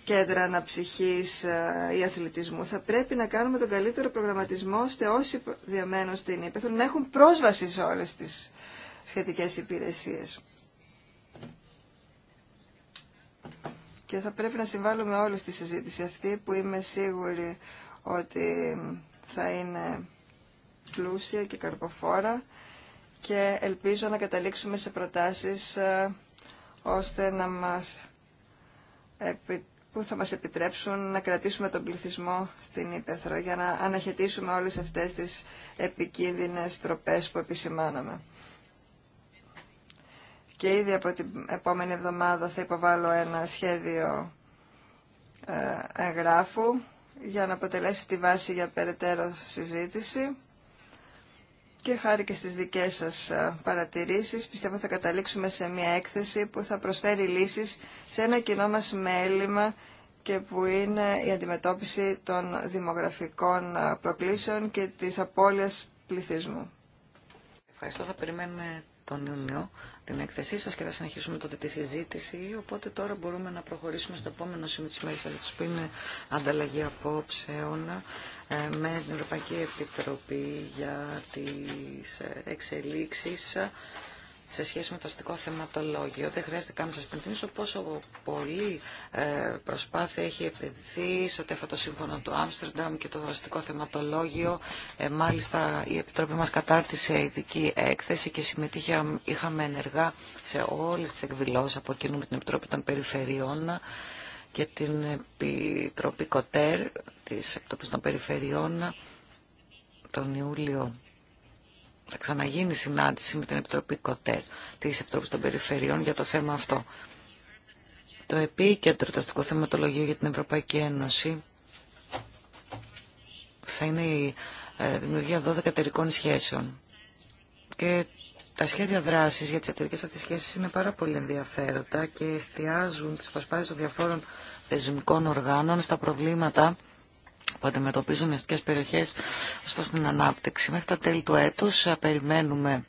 κέντρα αναψυχής ε, ή αθλητισμού. Θα πρέπει να κάνουμε τον καλύτερο προγραμματισμό ώστε όσοι διαμένουν στην Ήπεθρο να έχουν πρόσβαση σε όλες τις σχετικές υπηρεσίες. Και θα πρέπει να συμβάλλουμε όλοι στη συζήτηση αυτή που είμαι σίγουρη ότι θα είναι πλούσια και καρποφόρα και ελπίζω να καταλήξουμε σε προτάσεις ε, ώστε να μας, που θα μας επιτρέψουν να κρατήσουμε τον πληθυσμό στην Ήπεθρο για να αναχαιτήσουμε όλες αυτές τις επικίνδυνες τροπές που επισημάναμε. Και ήδη από την επόμενη εβδομάδα θα υποβάλω ένα σχέδιο ε, εγγράφου για να αποτελέσει τη βάση για περαιτέρω συζήτηση και χάρη και στις δικές σας παρατηρήσεις πιστεύω θα καταλήξουμε σε μια έκθεση που θα προσφέρει λύσεις σε ένα κοινό μας μέλημα και που είναι η αντιμετώπιση των δημογραφικών προκλήσεων και της απώλειας πληθυσμού. Ευχαριστώ. Θα περιμένουμε τον Ιούνιο την έκθεσή σας και θα συνεχίσουμε τότε τη συζήτηση. Οπότε τώρα μπορούμε να προχωρήσουμε στο επόμενο σημείο της μέρης που είναι ανταλλαγή απόψεων ε, με την Ευρωπαϊκή Επιτροπή για τις ε, εξελίξεις σε σχέση με το αστικό θεματολόγιο. Δεν χρειάζεται καν να σα πενθυμίσω πόσο πολύ ε, προσπάθεια έχει επενδυθεί σε ό,τι το σύμφωνο του Άμστερνταμ και το αστικό θεματολόγιο. Ε, μάλιστα η Επιτροπή μας κατάρτισε ειδική έκθεση και συμμετείχε, ε, είχαμε ενεργά σε όλε τι εκδηλώσει από εκείνου με την Επιτροπή των Περιφερειών και την Επιτροπή Κοτέρ της Επιτροπής των Περιφερειών τον Ιούλιο θα ξαναγίνει συνάντηση με την Επιτροπή ΚΟΤΕΡ τη Επιτροπή των Περιφερειών για το θέμα αυτό. Το επίκεντρο ταστικό θεματολογίο για την Ευρωπαϊκή Ένωση θα είναι η ε, δημιουργία 12 εταιρικών σχέσεων. Και τα σχέδια δράση για τι εταιρικέ αυτέ σχέσει είναι πάρα πολύ ενδιαφέροντα και εστιάζουν τι προσπάθειε των διαφόρων θεσμικών οργάνων στα προβλήματα που αντιμετωπίζουν αστικές περιοχές ως προς την ανάπτυξη. Μέχρι τα τέλη του έτους ε, περιμένουμε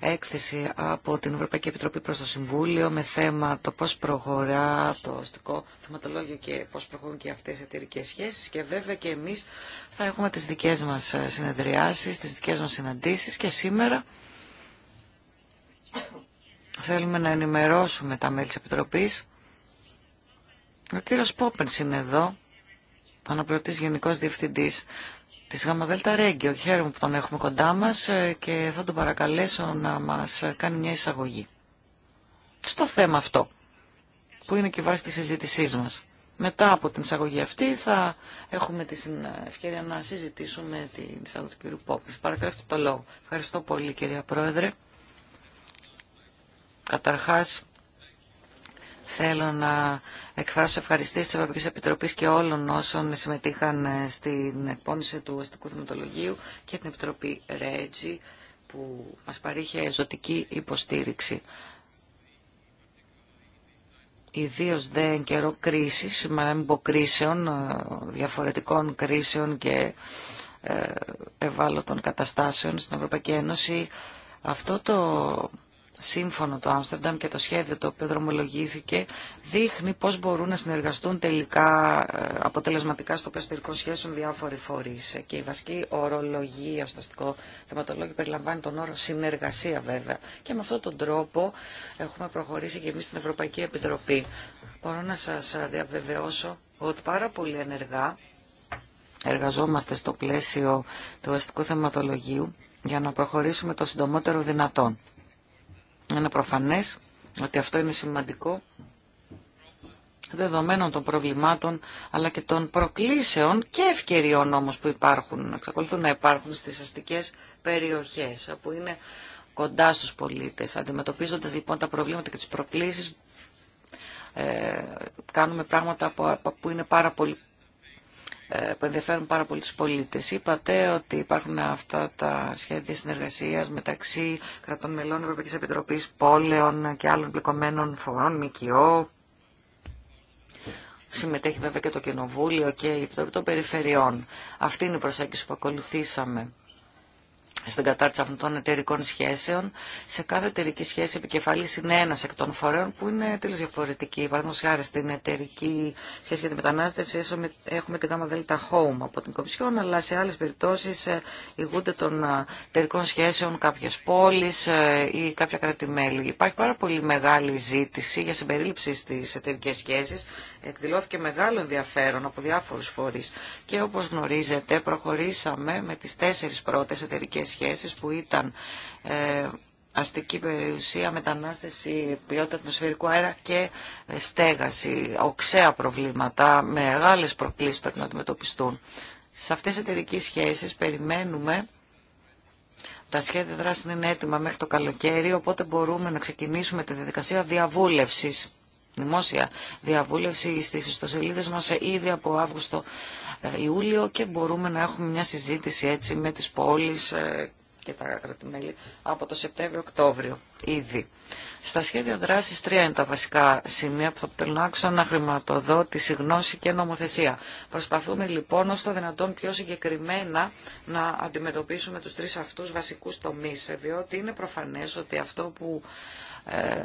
έκθεση από την Ευρωπαϊκή Επιτροπή προς το Συμβούλιο με θέμα το πώς προχωρά το αστικό θεματολόγιο και πώς προχωρούν και αυτές οι εταιρικές σχέσεις και βέβαια και εμείς θα έχουμε τις δικές μας ε, συνεδριάσεις, τις δικές μας συναντήσεις και σήμερα θέλουμε να ενημερώσουμε τα μέλη της Επιτροπής. Ο κύριος Πόπενς είναι εδώ αναπληρωτής Γενικό Διευθυντής της ΓΔ ΡΕΓΚΙΟ. Χαίρομαι που τον έχουμε κοντά μας ε, και θα τον παρακαλέσω να μας κάνει μια εισαγωγή. Στο θέμα αυτό, που είναι και βάση τη συζήτησή μας. Μετά από την εισαγωγή αυτή θα έχουμε την ευκαιρία να συζητήσουμε την εισαγωγή του κ. Πόπης. Παρακαλώ το λόγο. Ευχαριστώ πολύ κυρία Πρόεδρε. Καταρχάς, Θέλω να εκφράσω ευχαριστήσεις της Ευρωπαϊκής Επιτροπής και όλων όσων συμμετείχαν ε, στην εκπόνηση του αστικού θεματολογίου και την Επιτροπή Ρέτζι που μας παρήχε ζωτική υποστήριξη. Ιδίω δε εν καιρό κρίσης, μα μην ε, διαφορετικών κρίσεων και ε, ευάλωτων καταστάσεων στην Ευρωπαϊκή Ένωση, αυτό το σύμφωνο το Άμστερνταμ και το σχέδιο το οποίο δρομολογήθηκε δείχνει πώς μπορούν να συνεργαστούν τελικά ε, αποτελεσματικά στο εσωτερικό σχέσεων διάφοροι φορείς. Και η βασική ορολογία στο αστικό θεματολόγιο περιλαμβάνει τον όρο συνεργασία βέβαια. Και με αυτόν τον τρόπο έχουμε προχωρήσει και εμείς στην Ευρωπαϊκή Επιτροπή. Μπορώ να σας ε, διαβεβαιώσω ότι πάρα πολύ ενεργά εργαζόμαστε στο πλαίσιο του αστικού θεματολογίου για να προχωρήσουμε το συντομότερο δυνατόν. Είναι προφανές ότι αυτό είναι σημαντικό δεδομένων των προβλημάτων αλλά και των προκλήσεων και ευκαιριών όμως που υπάρχουν, εξακολουθούν να υπάρχουν στις αστικές περιοχές που είναι κοντά στους πολίτες. Αντιμετωπίζοντας λοιπόν τα προβλήματα και τις προκλήσεις ε, κάνουμε πράγματα που είναι πάρα πολύ ε, που ενδιαφέρουν πάρα πολύ του πολίτε. Είπατε ότι υπάρχουν αυτά τα σχέδια συνεργασίας μεταξύ κρατών μελών Ευρωπαϊκή Επιτροπή πόλεων και άλλων πληκωμένων φορών, ΜΚΟ. Συμμετέχει βέβαια και το Κοινοβούλιο και η Επιτροπή των Περιφερειών. Αυτή είναι η προσέγγιση που ακολουθήσαμε στην κατάρτιση αυτών των εταιρικών σχέσεων. Σε κάθε εταιρική σχέση επικεφαλή είναι ένα εκ των φορέων που είναι τελείω διαφορετική. Παραδείγματο χάρη στην εταιρική σχέση για τη μετανάστευση έχουμε την ΓΔ Home από την Κομισιόν, αλλά σε άλλε περιπτώσει ε, ηγούνται των ε, εταιρικών σχέσεων κάποιε πόλει ε, ή κάποια κρατημέλη. Υπάρχει πάρα πολύ μεγάλη ζήτηση για συμπερίληψη στι εταιρικέ σχέσει. Εκδηλώθηκε μεγάλο ενδιαφέρον από διάφορου φορεί. Και όπω γνωρίζετε, προχωρήσαμε με τι τέσσερι πρώτε εταιρικέ σχέσεις που ήταν ε, αστική περιουσία, μετανάστευση, ποιότητα ατμοσφαιρικού αέρα και ε, στέγαση, οξέα προβλήματα, μεγάλες προκλήσεις πρέπει να αντιμετωπιστούν. Σε αυτές τις εταιρικές σχέσεις περιμένουμε τα σχέδια δράση είναι έτοιμα μέχρι το καλοκαίρι, οπότε μπορούμε να ξεκινήσουμε τη διαδικασία διαβούλευσης, δημόσια διαβούλευση στις ιστοσελίδες μας ήδη από Αύγουστο Ιούλιο και μπορούμε να έχουμε μια συζήτηση έτσι με τις πόλεις ε, και τα κρατημέλη από το Σεπτέμβριο-Οκτώβριο ήδη. Στα σχέδια δράση τρία είναι τα βασικά σημεία που θα να άξονα χρηματοδότηση, γνώση και νομοθεσία. Προσπαθούμε λοιπόν όσο το δυνατόν πιο συγκεκριμένα να αντιμετωπίσουμε τους τρεις αυτούς βασικούς τομείς, διότι είναι προφανές ότι αυτό που ε,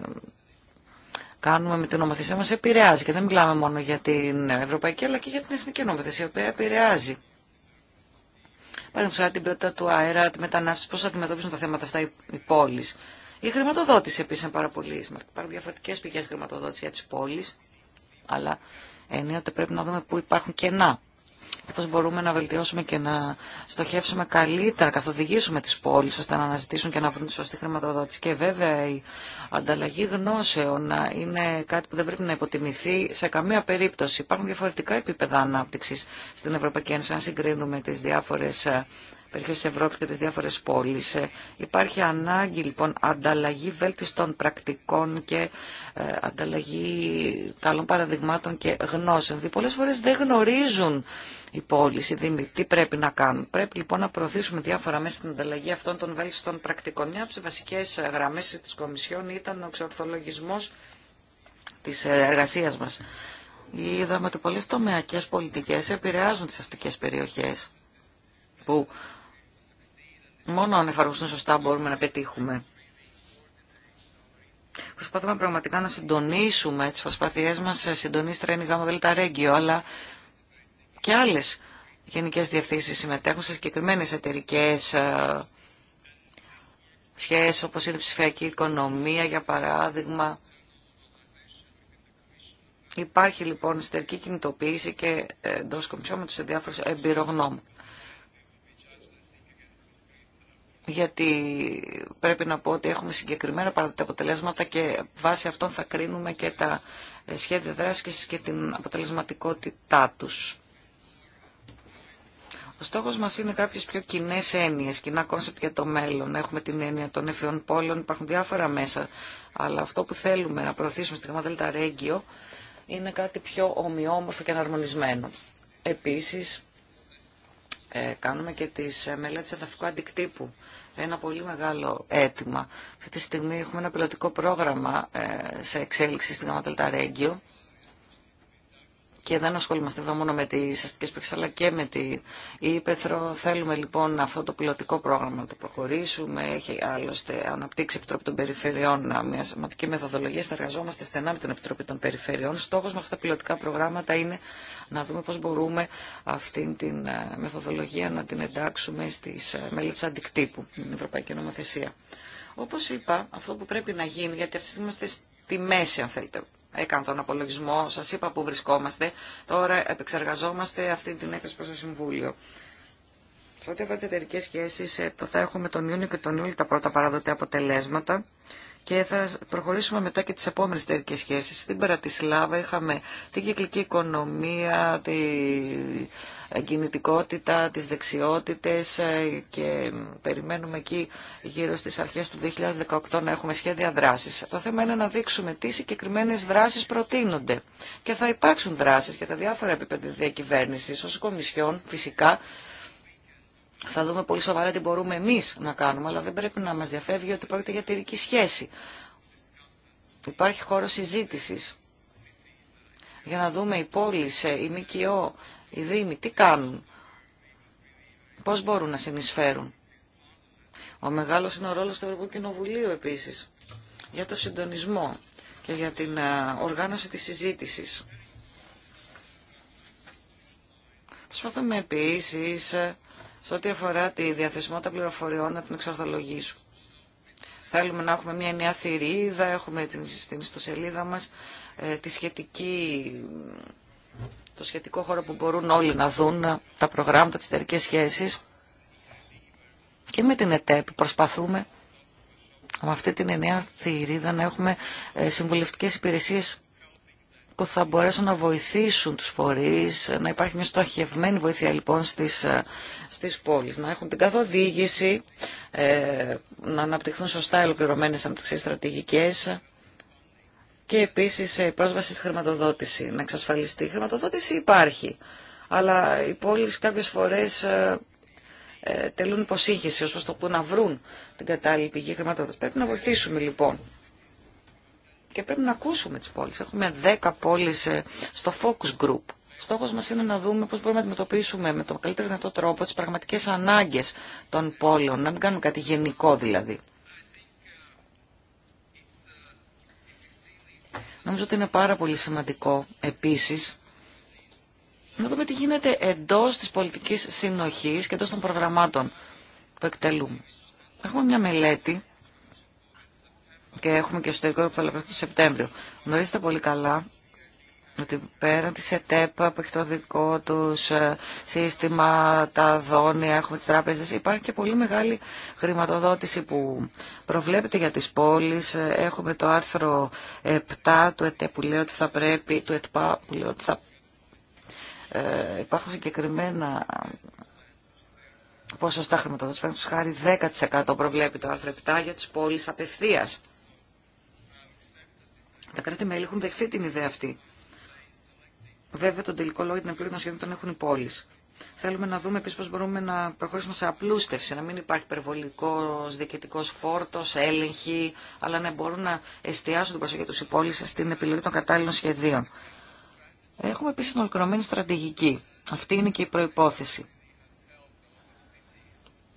κάνουμε με την νομοθεσία μας επηρεάζει και δεν μιλάμε μόνο για την ευρωπαϊκή αλλά και για την εθνική νομοθεσία η οποία επηρεάζει. Παραδείγματο την ποιότητα του αέρα, τη μετανάστευση, πώς αντιμετωπίζουν τα θέματα αυτά οι πόλει. Η χρηματοδότηση επίση είναι πάρα πολύ σημαντική. Υπάρχουν διαφορετικέ πηγέ χρηματοδότηση για τις πόλεις, αλλά ενίοτε πρέπει να δούμε πού υπάρχουν κενά και πώς μπορούμε να βελτιώσουμε και να στοχεύσουμε καλύτερα, καθοδηγήσουμε τις πόλεις ώστε να αναζητήσουν και να βρουν τη σωστή χρηματοδότηση. Και βέβαια η ανταλλαγή γνώσεων είναι κάτι που δεν πρέπει να υποτιμηθεί σε καμία περίπτωση. Υπάρχουν διαφορετικά επίπεδα ανάπτυξης στην Ευρωπαϊκή Ένωση, αν συγκρίνουμε τις διάφορες ε, περιοχές της Ευρώπης και τις διάφορες πόλεις. Ε, υπάρχει ανάγκη λοιπόν ανταλλαγή βέλτιστων πρακτικών και ε, ανταλλαγή καλών παραδειγμάτων και γνώσεων. Δηλαδή πολλές φορές δεν γνωρίζουν οι πόλεις, οι δήμοι, τι πρέπει να κάνουν. Πρέπει λοιπόν να προωθήσουμε διάφορα μέσα στην ανταλλαγή αυτών των βέλτιστων πρακτικών. Μια από τις βασικές ε, γραμμές της Κομισιόν ήταν ο εξορθολογισμός της εργασίας μας. Είδαμε ότι πολλές τομεακές πολιτικές επηρεάζουν τις αστικές περιοχές που Μόνο αν εφαρμοστούν σωστά μπορούμε να πετύχουμε. Προσπαθούμε πραγματικά να συντονίσουμε τις προσπάθειές μας, συντονίσει τρένη γάμα δελτα ρέγγιο, αλλά και άλλες γενικές διευθύνσεις συμμετέχουν σε συγκεκριμένες εταιρικέ ε, σχέσεις, όπως είναι η ψηφιακή οικονομία, για παράδειγμα. Υπάρχει λοιπόν εσωτερική κινητοποίηση και ε, εντό κομψιών με του διάφορου γιατί πρέπει να πω ότι έχουμε συγκεκριμένα αποτελέσματα και βάσει αυτών θα κρίνουμε και τα ε, σχέδια δράσης και την αποτελεσματικότητά τους. Ο στόχο μα είναι κάποιε πιο κοινέ έννοιε, κοινά κόνσεπτ για το μέλλον. Έχουμε την έννοια των εφιών πόλεων, υπάρχουν διάφορα μέσα. Αλλά αυτό που θέλουμε να προωθήσουμε στη ΓΔ Ρέγγιο είναι κάτι πιο ομοιόμορφο και αναρμονισμένο. Επίση, ε, κάνουμε και τις ε, μελέτες εδαφικού αντικτύπου. Ένα πολύ μεγάλο αίτημα. Αυτή τη στιγμή έχουμε ένα πιλωτικό πρόγραμμα ε, σε εξέλιξη στην Γαμματελτα Ρέγγιο και δεν ασχολούμαστε βέβαια μόνο με τις αστικές πρίξεις αλλά και με την Ήπεθρο. Θέλουμε λοιπόν αυτό το πιλωτικό πρόγραμμα να το προχωρήσουμε. Έχει άλλωστε αναπτύξει η Επιτροπή των Περιφερειών μια σημαντική μεθοδολογία. Συνεργαζόμαστε στενά με την Επιτροπή των Περιφερειών. Στόχος με αυτά τα πιλωτικά προγράμματα είναι να δούμε πώς μπορούμε αυτήν την ε, μεθοδολογία να την εντάξουμε στις ε, μελέτες αντικτύπου, την Ευρωπαϊκή Νομοθεσία. Όπως είπα, αυτό που πρέπει να γίνει, γιατί αυτή είμαστε στη μέση, αν θέλετε, έκανα τον απολογισμό, σας είπα που βρισκόμαστε, τώρα επεξεργαζόμαστε αυτή την έκθεση προς το Συμβούλιο. Σε ό,τι αφορά τι εταιρικέ σχέσει, ε, το θα έχουμε τον Ιούνιο και τον Ιούλιο τα πρώτα παραδοτή αποτελέσματα και θα προχωρήσουμε μετά και τις επόμενες εταιρικές σχέσεις. Στην Περατισλάβα είχαμε την κυκλική οικονομία, την κινητικότητα, τις δεξιότητες ε, και περιμένουμε εκεί γύρω στις αρχές του 2018 να έχουμε σχέδια δράσης. Το θέμα είναι να δείξουμε τι συγκεκριμένες δράσεις προτείνονται και θα υπάρξουν δράσεις για τα διάφορα επίπεδα διακυβέρνησης ως Κομισιόν φυσικά θα δούμε πολύ σοβαρά τι μπορούμε εμείς να κάνουμε, αλλά δεν πρέπει να μας διαφεύγει ότι πρόκειται για εταιρική σχέση. Υπάρχει χώρο συζήτησης για να δούμε οι πόλεις, ε, οι ΜΚΟ, οι Δήμοι, τι κάνουν, πώς μπορούν να συνεισφέρουν. Ο μεγάλος είναι ο ρόλος του Ευρωπαϊκού Κοινοβουλίου επίσης, για το συντονισμό και για την ε, οργάνωση της συζήτησης. Προσπαθούμε επίσης ε, σε ό,τι αφορά τη διαθεσιμότητα πληροφοριών να την εξορθολογήσουμε. Θέλουμε να έχουμε μια νέα θηρίδα, έχουμε την, στην ιστοσελίδα μας ε, τη σχετική, το σχετικό χώρο που μπορούν όλοι να δουν ε, τα προγράμματα, τις εταιρικές σχέσεις. Και με την ΕΤΕΠ προσπαθούμε με αυτή την νέα θηρίδα να έχουμε ε, συμβουλευτικές υπηρεσίες που θα μπορέσουν να βοηθήσουν τους φορείς, να υπάρχει μια στοχευμένη βοήθεια λοιπόν στις, ε, στις πόλεις, να έχουν την καθοδήγηση, ε, να αναπτυχθούν σωστά ολοκληρωμένες αναπτυξίες στρατηγικές και επίσης ε, πρόσβαση στη χρηματοδότηση, να εξασφαλιστεί. Η χρηματοδότηση υπάρχει, αλλά οι πόλεις κάποιες φορές τελούν υποσύγχυση, ως προς το που να βρουν την κατάλληλη πηγή χρηματοδότηση. Πρέπει να βοηθήσουμε λοιπόν και πρέπει να ακούσουμε τις πόλεις. Έχουμε 10 πόλεις ε, στο focus group. Στόχος μας είναι να δούμε πώς μπορούμε να αντιμετωπίσουμε με τον καλύτερο δυνατό τρόπο τις πραγματικές ανάγκες των πόλεων, να μην κάνουμε κάτι γενικό δηλαδή. Νομίζω ότι είναι πάρα πολύ σημαντικό επίσης να δούμε τι γίνεται εντός της πολιτικής συνοχής και εντός των προγραμμάτων που εκτελούμε. Έχουμε μια μελέτη και έχουμε και εσωτερικό που θα λαμβάνει το Σεπτέμβριο. Γνωρίζετε πολύ καλά ότι πέραν της ΕΤΕΠΑ που έχει το δικό τους ε, σύστημα, τα δόνια, έχουμε τις τράπεζες, υπάρχει και πολύ μεγάλη χρηματοδότηση που προβλέπεται για τις πόλεις. Ε, έχουμε το άρθρο 7 του ΕΤΕ ότι θα πρέπει, του ΕΤΠΑ που λέει ότι θα ε, υπάρχουν συγκεκριμένα ποσοστά χρηματοδότηση. τους χάρη 10% προβλέπει το άρθρο 7 για τις πόλεις απευθείας. Τα κράτη-μέλη έχουν δεχθεί την ιδέα αυτή. Βέβαια, τον τελικό λόγο για την επιλογή των σχεδίων τον έχουν οι πόλει. Θέλουμε να δούμε επίση πώ μπορούμε να προχωρήσουμε σε απλούστευση, να μην υπάρχει υπερβολικό διοικητικό φόρτο, έλεγχη, αλλά να μπορούν να εστιάσουν την προσοχή του οι πόλει στην επιλογή των κατάλληλων σχεδίων. Έχουμε επίση την ολοκληρωμένη στρατηγική. Αυτή είναι και η προπόθεση.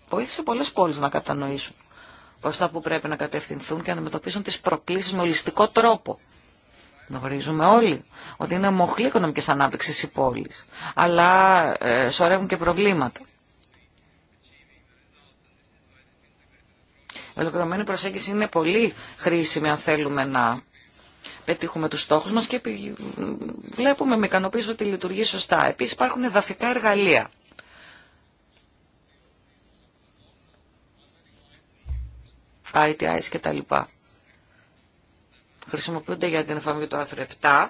Βοήθησε πολλέ πόλει να κατανοήσουν προ τα που πρέπει να κατευθυνθούν και να αντιμετωπίσουν τις προκλήσεις με ολιστικό τρόπο. Γνωρίζουμε όλοι ότι είναι μοχλή οικονομική ανάπτυξη οι πόλη, αλλά ε, σωρεύουν και προβλήματα. Η ολοκληρωμένη προσέγγιση είναι πολύ χρήσιμη αν θέλουμε να πετύχουμε τους στόχους μας και βλέπουμε με ικανοποίηση ότι λειτουργεί σωστά. Επίσης υπάρχουν εδαφικά εργαλεία ITIs κτλ. Χρησιμοποιούνται για την εφαρμογή του άρθρου 7.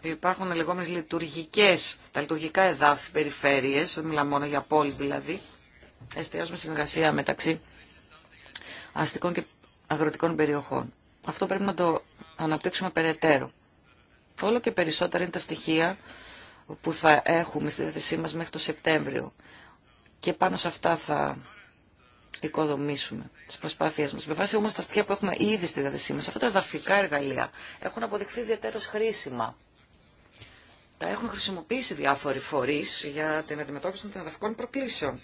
Υπάρχουν λεγόμενες λειτουργικές, τα λειτουργικά εδάφη, περιφέρειες, δεν μιλάμε μόνο για πόλεις δηλαδή. Εστιάζουμε συνεργασία μεταξύ αστικών και αγροτικών περιοχών. Αυτό πρέπει να το αναπτύξουμε περαιτέρω. Όλο και περισσότερα είναι τα στοιχεία που θα έχουμε στη διάθεσή μας μέχρι το Σεπτέμβριο. Και πάνω σε αυτά θα οικοδομήσουμε τι προσπάθειέ μα. Με βάση όμω τα στοιχεία που έχουμε ήδη στη διάθεσή μα, αυτά τα εδαφικά εργαλεία έχουν αποδειχθεί ιδιαίτερω χρήσιμα. Τα έχουν χρησιμοποιήσει διάφοροι φορεί για την αντιμετώπιση των εδαφικών προκλήσεων.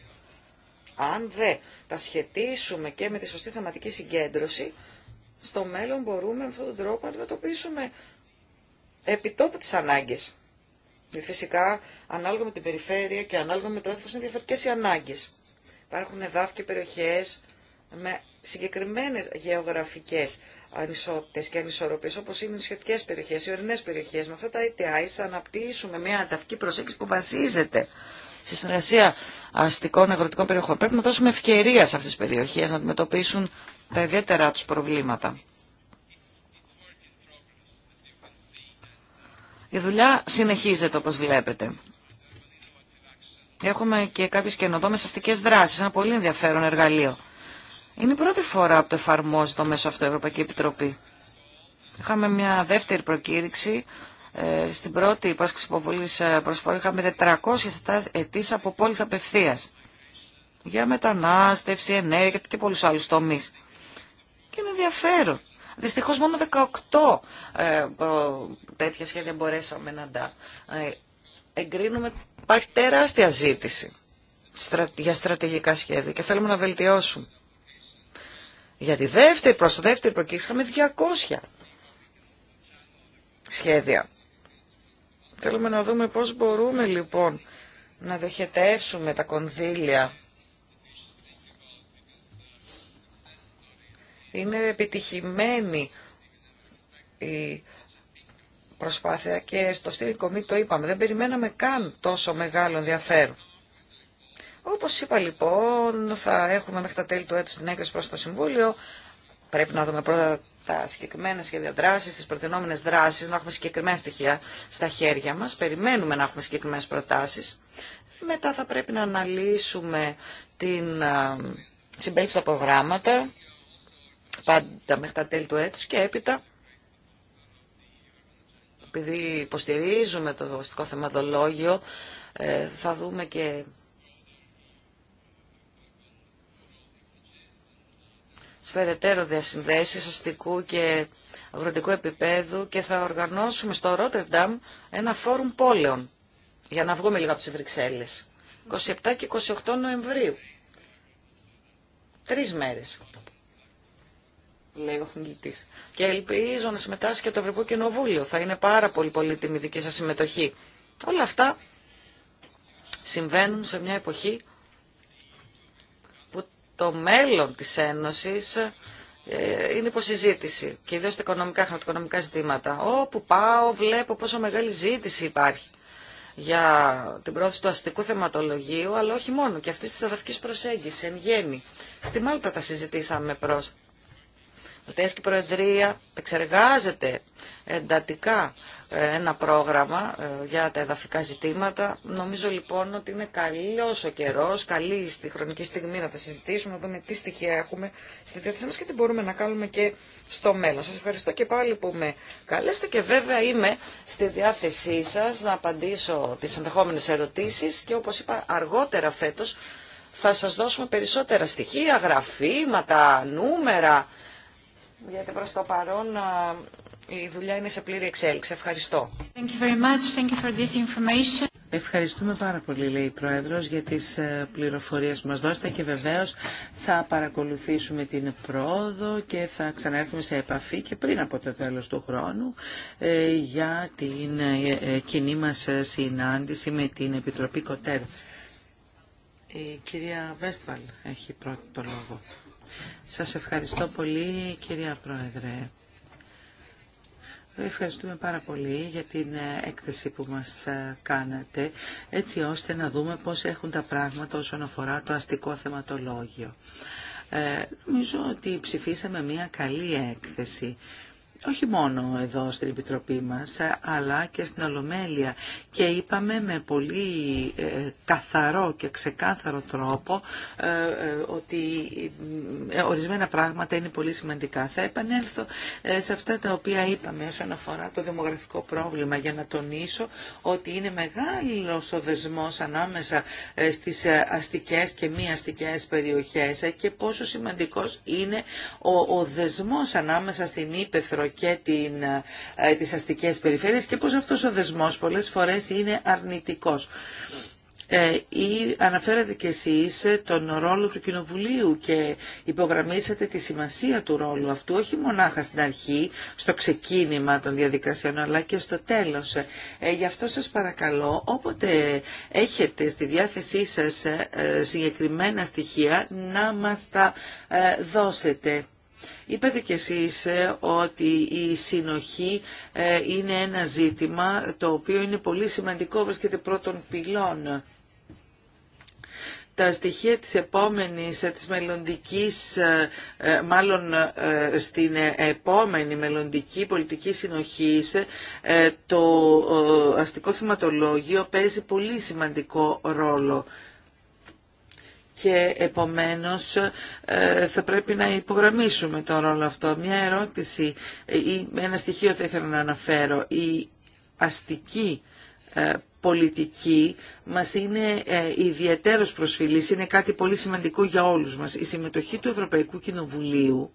Αν δε τα σχετίσουμε και με τη σωστή θεματική συγκέντρωση, στο μέλλον μπορούμε με αυτόν τον τρόπο να αντιμετωπίσουμε επιτόπου τι ανάγκε. Γιατί δηλαδή, φυσικά ανάλογα με την περιφέρεια και ανάλογα με το έθνο είναι διαφορετικέ οι ανάγκε. Υπάρχουν εδάφη και περιοχές με συγκεκριμένες γεωγραφικές ανισότητες και ανισορροπίες, όπως είναι οι νησιωτικές περιοχές, οι ορεινές περιοχές. Με αυτά τα ETIs αναπτύσσουμε μια ανταυτική προσέγγιση που βασίζεται στη συνεργασία αστικών αγροτικών περιοχών. Πρέπει να δώσουμε ευκαιρία σε αυτές τις περιοχές να αντιμετωπίσουν τα ιδιαίτερα τους προβλήματα. Η δουλειά συνεχίζεται όπως βλέπετε. Έχουμε και κάποιες καινοτόμες αστικές δράσεις, ένα πολύ ενδιαφέρον εργαλείο. Είναι η πρώτη φορά που το εφαρμόζει το μέσο αυτό η Ευρωπαϊκή Επιτροπή. Είχαμε μια δεύτερη προκήρυξη. Ε, στην πρώτη υπάσκηση υποβολή ε, προσφορά είχαμε 400 αιτήσει από πόλει απευθεία. Για μετανάστευση, ενέργεια και πολλού άλλου τομεί. Και είναι ενδιαφέρον. Δυστυχώ μόνο 18 ε, τέτοια σχέδια μπορέσαμε να τα εγκρίνουμε Υπάρχει τεράστια ζήτηση για στρατηγικά σχέδια και θέλουμε να βελτιώσουμε. Για τη δεύτερη, προς το δεύτερη προκήρυξη είχαμε 200 σχέδια. Θέλουμε να δούμε πώς μπορούμε λοιπόν να διοχετεύσουμε τα κονδύλια. Είναι επιτυχημένη η προσπάθεια και στο Steering Committee το είπαμε. Δεν περιμέναμε καν τόσο μεγάλο ενδιαφέρον. Όπως είπα λοιπόν, θα έχουμε μέχρι τα τέλη του έτους την έκθεση προς το Συμβούλιο. Πρέπει να δούμε πρώτα τα συγκεκριμένα σχέδια δράση, τι προτινόμενε δράσει, να έχουμε συγκεκριμένα στοιχεία στα χέρια μα. Περιμένουμε να έχουμε συγκεκριμένε προτάσει. Μετά θα πρέπει να αναλύσουμε την συμπέριψη στα προγράμματα, πάντα μέχρι τα τέλη του έτου και έπειτα επειδή υποστηρίζουμε το βασικό θεματολόγιο, ε, θα δούμε και σφαιρετέρω διασυνδέσεις αστικού και αγροτικού επίπεδου και θα οργανώσουμε στο Ρότερνταμ ένα φόρουμ πόλεων για να βγούμε λίγο από τις Βρυξέλλες. 27 και 28 Νοεμβρίου. Τρεις μέρες λέει ο Και ελπίζω να συμμετάσχει και το Ευρωπαϊκό Κοινοβούλιο. Θα είναι πάρα πολύ πολύτιμη η δική σα συμμετοχή. Όλα αυτά συμβαίνουν σε μια εποχή που το μέλλον της Ένωσης ε, είναι υποσυζήτηση και ιδίως τα οικονομικά, χρηματοοικονομικά ζητήματα. Όπου πάω βλέπω πόσο μεγάλη ζήτηση υπάρχει για την πρόθεση του αστικού θεματολογίου, αλλά όχι μόνο, και αυτή τη αδαφική προσέγγιση εν γέννη. Στη Μάλτα τα συζητήσαμε προς Χτες και η Προεδρία εξεργάζεται εντατικά ε, ένα πρόγραμμα ε, για τα εδαφικά ζητήματα. Νομίζω λοιπόν ότι είναι καλό ο καιρό, καλή στη χρονική στιγμή να τα συζητήσουμε, να δούμε τι στοιχεία έχουμε στη διάθεσή μα και τι μπορούμε να κάνουμε και στο μέλλον. Σα ευχαριστώ και πάλι που με καλέστε και βέβαια είμαι στη διάθεσή σα να απαντήσω τι ενδεχόμενε ερωτήσει και όπω είπα αργότερα φέτο θα σας δώσουμε περισσότερα στοιχεία, γραφήματα, νούμερα γιατί προς το παρόν η δουλειά είναι σε πλήρη εξέλιξη. Ευχαριστώ. Thank you very much. Thank you for this information. Ευχαριστούμε πάρα πολύ, λέει η Πρόεδρος, για τις ε, πληροφορίες που μας δώσετε και βεβαίω θα παρακολουθήσουμε την πρόοδο και θα ξαναέρθουμε σε επαφή και πριν από το τέλος του χρόνου ε, για την ε, κοινή μα συνάντηση με την Επιτροπή Κοτέρ. Η κυρία Βέστβαλ έχει πρώτο λόγο. Σας ευχαριστώ πολύ κυρία Πρόεδρε. Ευχαριστούμε πάρα πολύ για την ε, έκθεση που μας ε, κάνατε, έτσι ώστε να δούμε πώς έχουν τα πράγματα όσον αφορά το αστικό θεματολόγιο. Ε, νομίζω ότι ψηφίσαμε μια καλή έκθεση όχι μόνο εδώ στην Επιτροπή μας, ε, αλλά και στην Ολομέλεια. Και είπαμε με πολύ ε, καθαρό και ξεκάθαρο τρόπο ε, ότι ορισμένα πράγματα είναι πολύ σημαντικά. Θα επανέλθω σε αυτά τα οποία είπαμε όσον αφορά το δημογραφικό πρόβλημα για να τονίσω ότι είναι μεγάλος ο δεσμός ανάμεσα στις αστικές και μη αστικές περιοχές και πόσο σημαντικός είναι ο, δεσμός ανάμεσα στην Ήπεθρο και την, ε, τις αστικές περιφέρειες και πώς αυτός ο δεσμός πολλές φορές είναι αρνητικός. Ε, ή αναφέρατε κι εσείς τον ρόλο του Κοινοβουλίου και υπογραμμίσατε τη σημασία του ρόλου αυτού, όχι μονάχα στην αρχή, στο ξεκίνημα των διαδικασιών, αλλά και στο τέλος. Ε, γι' αυτό σας παρακαλώ, όποτε έχετε στη διάθεσή σας ε, συγκεκριμένα στοιχεία, να μας τα δώσετε. Είπατε κι εσείς ε, ότι η συνοχή ε, είναι ένα ζήτημα το οποίο είναι πολύ σημαντικό, βρίσκεται πρώτων πυλών τα στοιχεία της επόμενης, ε, της μελλοντικής, μάλλον στην επόμενη μελλοντική πολιτική συνοχής, το αστικό θυματολόγιο παίζει πολύ σημαντικό ρόλο και επομένως ε, θα πρέπει να υπογραμμίσουμε τον ρόλο αυτό. Μια ερώτηση ή ένα στοιχείο θα ήθελα να αναφέρω. Η αστική ε, πολιτική μας είναι ε, ιδιαίτερος προσφυλής, είναι κάτι πολύ σημαντικό για όλους μας. Η συμμετοχή του Ευρωπαϊκού Κοινοβουλίου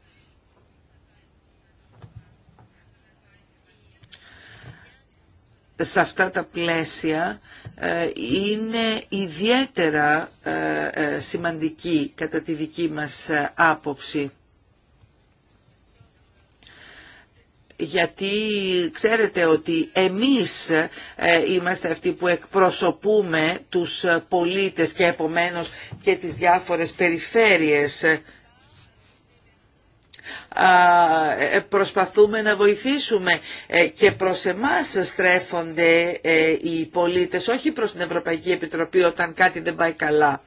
σε αυτά τα πλαίσια ε, είναι ιδιαίτερα ε, ε, σημαντική κατά τη δική μας άποψη. γιατί ξέρετε ότι εμείς είμαστε αυτοί που εκπροσωπούμε τους πολίτες και επομένως και τις διάφορες περιφέρειες ε, προσπαθούμε να βοηθήσουμε ε, και προς εμάς στρέφονται ε, οι πολίτες, όχι προς την Ευρωπαϊκή Επιτροπή όταν κάτι δεν πάει καλά.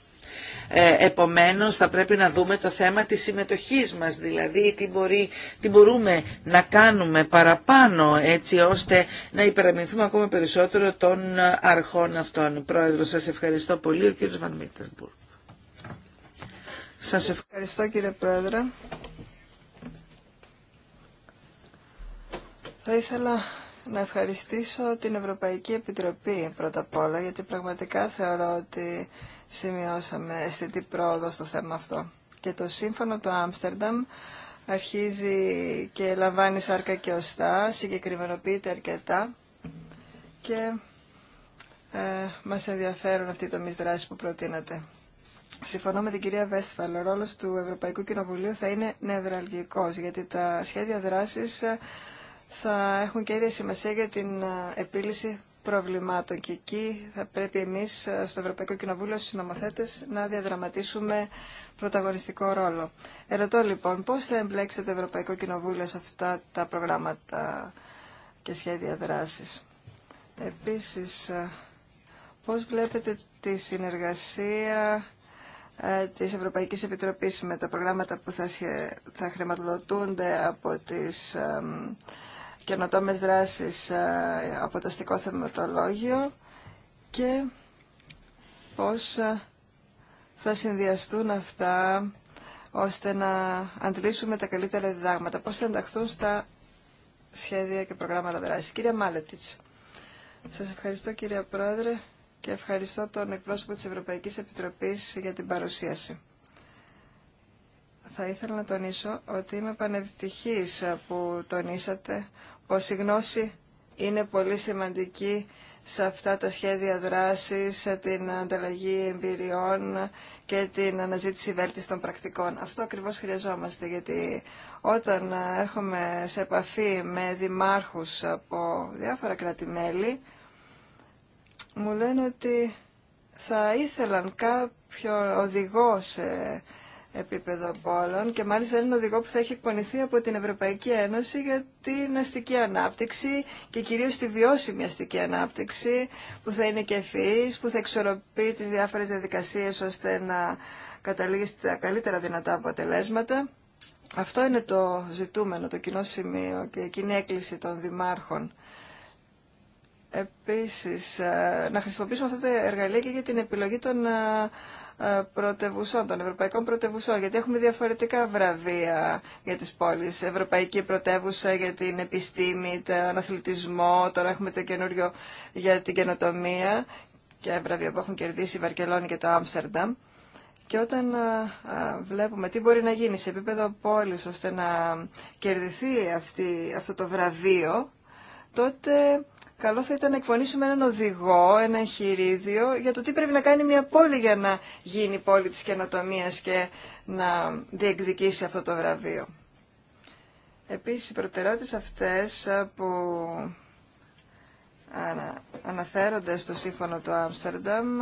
Επομένως θα πρέπει να δούμε το θέμα της συμμετοχής μας, δηλαδή τι, μπορεί, τι μπορούμε να κάνουμε παραπάνω έτσι ώστε να υπεραμεινθούμε ακόμα περισσότερο των αρχών αυτών. Πρόεδρο, σας ευχαριστώ πολύ. Ο κύριος Βαν Σας ευχαριστώ κύριε Πρόεδρε. Θα ήθελα να ευχαριστήσω την Ευρωπαϊκή Επιτροπή πρώτα απ' όλα, γιατί πραγματικά θεωρώ ότι σημειώσαμε αισθητή πρόοδο στο θέμα αυτό. Και το σύμφωνο του Άμστερνταμ αρχίζει και λαμβάνει σάρκα και οστά, συγκεκριμενοποιείται αρκετά και ε, μας ενδιαφέρουν αυτοί οι τομείς δράσης που προτείνατε. Συμφωνώ με την κυρία Βέστφαλ. Ο ρόλος του Ευρωπαϊκού Κοινοβουλίου θα είναι νευραλγικός, γιατί τα σχέδια ε, θα έχουν κέρια σημασία για την ε, επίλυση προβλημάτων και εκεί θα πρέπει εμείς ε, στο Ευρωπαϊκό Κοινοβούλιο στους νομοθέτες να διαδραματίσουμε πρωταγωνιστικό ρόλο. Ερωτώ λοιπόν πώς θα εμπλέξετε το Ευρωπαϊκό Κοινοβούλιο σε αυτά τα προγράμματα και σχέδια δράσης. Επίσης, ε, πώς βλέπετε τη συνεργασία της Ευρωπαϊκής Επιτροπής με τα προγράμματα που θα, θα χρηματοδοτούνται από τις Καινοτόμε δράσεις ε, από το αστικό θεματολόγιο και πώς ε, θα συνδυαστούν αυτά ώστε να αντλήσουμε τα καλύτερα διδάγματα, πώς θα ενταχθούν στα σχέδια και προγράμματα δράση. Κύριε Μάλετιτς, σας ευχαριστώ κύριε Πρόεδρε και ευχαριστώ τον εκπρόσωπο της Ευρωπαϊκής Επιτροπής για την παρουσίαση. Θα ήθελα να τονίσω ότι είμαι πανευτυχής που τονίσατε πως η γνώση είναι πολύ σημαντική σε αυτά τα σχέδια δράσης, σε την ανταλλαγή εμπειριών και την αναζήτηση βέλτιστων πρακτικών. Αυτό ακριβώς χρειαζόμαστε, γιατί όταν έρχομαι σε επαφή με δημάρχους από διάφορα κράτη-μέλη, μου λένε ότι θα ήθελαν κάποιο οδηγό σε επίπεδο πόλων και μάλιστα είναι οδηγό που θα έχει εκπονηθεί από την Ευρωπαϊκή Ένωση για την αστική ανάπτυξη και κυρίως τη βιώσιμη αστική ανάπτυξη που θα είναι και ευφυής, που θα εξορροπεί τις διάφορες διαδικασίες ώστε να καταλήγει στα καλύτερα δυνατά αποτελέσματα. Αυτό είναι το ζητούμενο, το κοινό σημείο και η κοινή έκκληση των δημάρχων. Επίσης, ε, να χρησιμοποιήσουμε αυτά τα εργαλεία και για την επιλογή των ε, ε, πρωτευουσών, των ευρωπαϊκών πρωτευουσών, γιατί έχουμε διαφορετικά βραβεία για τις πόλεις. Ευρωπαϊκή πρωτεύουσα για την επιστήμη, τον αθλητισμό, τώρα έχουμε το καινούριο για την καινοτομία και βραβεία που έχουν κερδίσει η Βαρκελόνη και το Άμστερνταμ. Και όταν ε, ε, βλέπουμε τι μπορεί να γίνει σε επίπεδο πόλης ώστε να κερδιθεί αυτή, αυτό το βραβείο, τότε καλό θα ήταν να εκφωνήσουμε έναν οδηγό, ένα εγχειρίδιο για το τι πρέπει να κάνει μια πόλη για να γίνει πόλη της καινοτομίας και να διεκδικήσει αυτό το βραβείο. Επίσης, οι προτεραιότητες αυτές που αναφέρονται στο σύμφωνο του Άμστερνταμ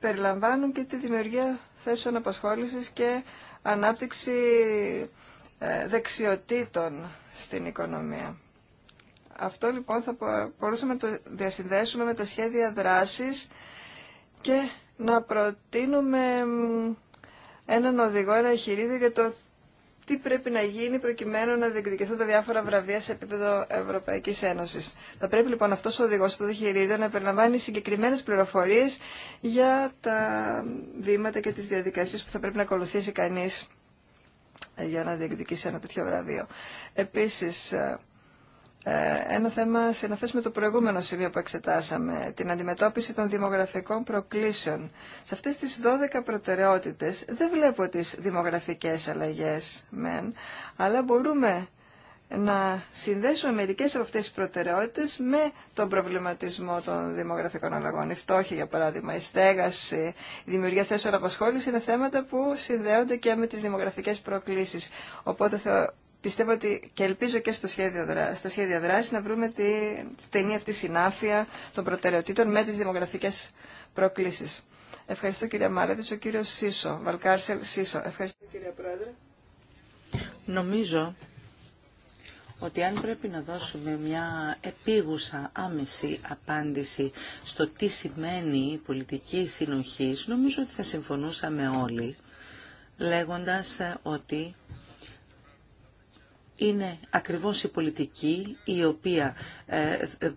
περιλαμβάνουν και τη δημιουργία θέσεων απασχόλησης και ανάπτυξη ε, δεξιοτήτων στην οικονομία. Αυτό λοιπόν θα μπορούσαμε να το διασυνδέσουμε με τα σχέδια δράσης και να προτείνουμε έναν οδηγό, ένα εγχειρίδιο για το τι πρέπει να γίνει προκειμένου να διεκδικηθούν τα διάφορα βραβεία σε επίπεδο Ευρωπαϊκή Ένωση. Θα πρέπει λοιπόν αυτό ο οδηγό το χειρίδιο να περιλαμβάνει συγκεκριμένε πληροφορίε για τα βήματα και τι διαδικασίε που θα πρέπει να ακολουθήσει κανεί για να διεκδικήσει ένα τέτοιο βραβείο. Ε, ε, ένα θέμα συναφέ με το προηγούμενο σημείο που εξετάσαμε, την αντιμετώπιση των δημογραφικών προκλήσεων. Σε αυτέ τι 12 προτεραιότητε, δεν βλέπω τι δημογραφικέ αλλαγέ, μεν, αλλά μπορούμε να συνδέσουμε μερικέ από αυτές τις προτεραιότητες με τον προβληματισμό των δημογραφικών αλλαγών. Η φτώχεια, για παράδειγμα, η στέγαση, η δημιουργία θέσεων απασχόληση είναι θέματα που συνδέονται και με τι δημογραφικέ προκλήσει. Οπότε πιστεύω ότι και ελπίζω και στο σχέδιο στα σχέδια δράση να βρούμε τη στενή αυτή συνάφεια των προτεραιοτήτων με τις δημογραφικές προκλήσεις. Ευχαριστώ κύριε Μάλετης, ο κύριος Σίσο, Βαλκάρσελ Σίσο. Ευχαριστώ κύριε Πρόεδρε. Νομίζω ότι αν πρέπει να δώσουμε μια επίγουσα άμεση απάντηση στο τι σημαίνει η πολιτική συνοχής, νομίζω ότι θα συμφωνούσαμε όλοι λέγοντας ότι είναι ακριβώς η πολιτική η οποία ε, ε,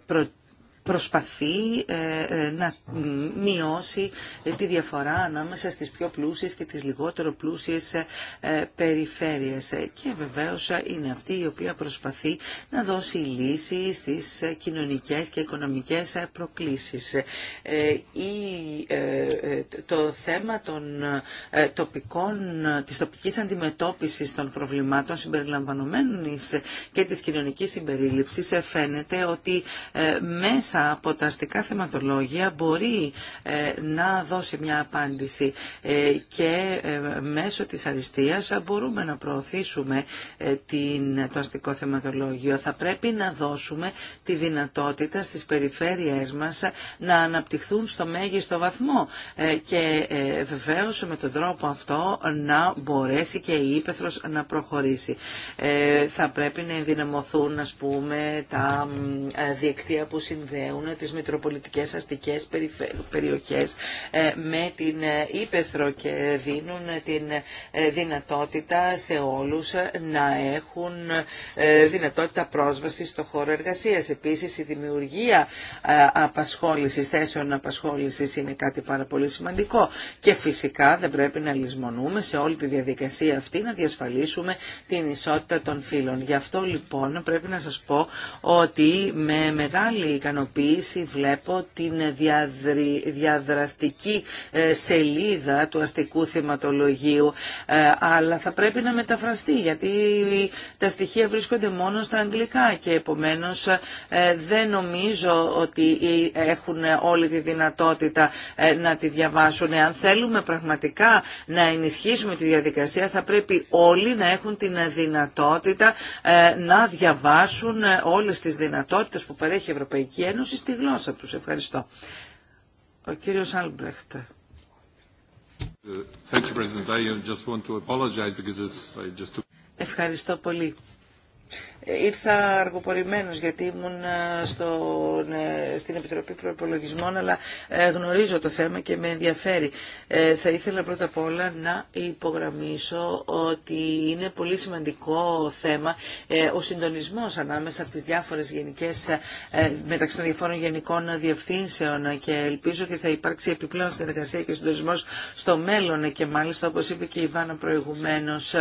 προσπαθεί ε, ε, να μειώσει τη διαφορά ανάμεσα στις πιο πλούσιες και τις λιγότερο πλούσιες ε, περιφέρειες. Και βεβαίως είναι αυτή η οποία προσπαθεί να δώσει λύση στις κοινωνικές και οικονομικές προκλήσεις. Το θέμα των τοπικών, της τοπικής αντιμετώπισης των προβλημάτων συμπεριλαμβανομένων και της κοινωνικής συμπερίληψης φαίνεται ότι μέσα από τα αστικά θεματολόγια μπορεί ε, να δώσει μια απάντηση ε, και ε, μέσω της αριστείας μπορούμε να προωθήσουμε την, το αστικό θεματολόγιο. Θα πρέπει να δώσουμε τη δυνατότητα στις περιφέρειές μας να αναπτυχθούν στο μέγιστο βαθμό και βεβαίως με τον τρόπο αυτό να μπορέσει και η ύπεθρος να προχωρήσει. Θα πρέπει να ενδυναμωθούν πούμε τα δίκτυα που συνδέουν συνδέουν τις Μητροπολιτικές Αστικές Περιοχές ε, με την ε, Ήπεθρο και δίνουν την ε, δυνατότητα σε όλους να έχουν δυνατότητα πρόσβαση στο χώρο εργασίας. Επίσης η δημιουργία απασχόλησης, θέσεων απασχόλησης είναι κάτι πάρα πολύ σημαντικό και φυσικά δεν πρέπει να λησμονούμε σε όλη τη διαδικασία αυτή να διασφαλίσουμε την ισότητα των φύλων. Γι' αυτό λοιπόν πρέπει να σας πω ότι με μεγάλη ικανοποίηση βλέπω την διαδραστική ε, σελίδα του αστικού θεματολογίου ε, αλλά θα πρέπει να μεταφραστεί γιατί τα στοιχεία βρίσκονται μόνο στα αγγλικά και επομένως ε, δεν νομίζω ότι έχουν όλη τη δυνατότητα να τη διαβάσουν. Αν θέλουμε πραγματικά να ενισχύσουμε τη διαδικασία θα πρέπει όλοι να έχουν την δυνατότητα να διαβάσουν όλες τις δυνατότητες που παρέχει η Ευρωπαϊκή Ένωση Ένωση στη γλώσσα τους. Ευχαριστώ. Ο κύριος Άλμπρεχτ. Ευχαριστώ πολύ. Ήρθα αργοπορημένος γιατί ήμουν ε, στον, ε, στην Επιτροπή Προπολογισμών αλλά ε, γνωρίζω το θέμα και με ενδιαφέρει. Θα ήθελα πρώτα απ' όλα να υπογραμμίσω ότι είναι πολύ σημαντικό θέμα ο συντονισμός ανάμεσα από τις διάφορες γενικές μεταξύ των διαφόρων γενικών διευθύνσεων και ελπίζω ότι θα υπάρξει επιπλέον συνεργασία και συντονισμό στο μέλλον και μάλιστα όπως είπε και η Ιβάνα προηγουμένως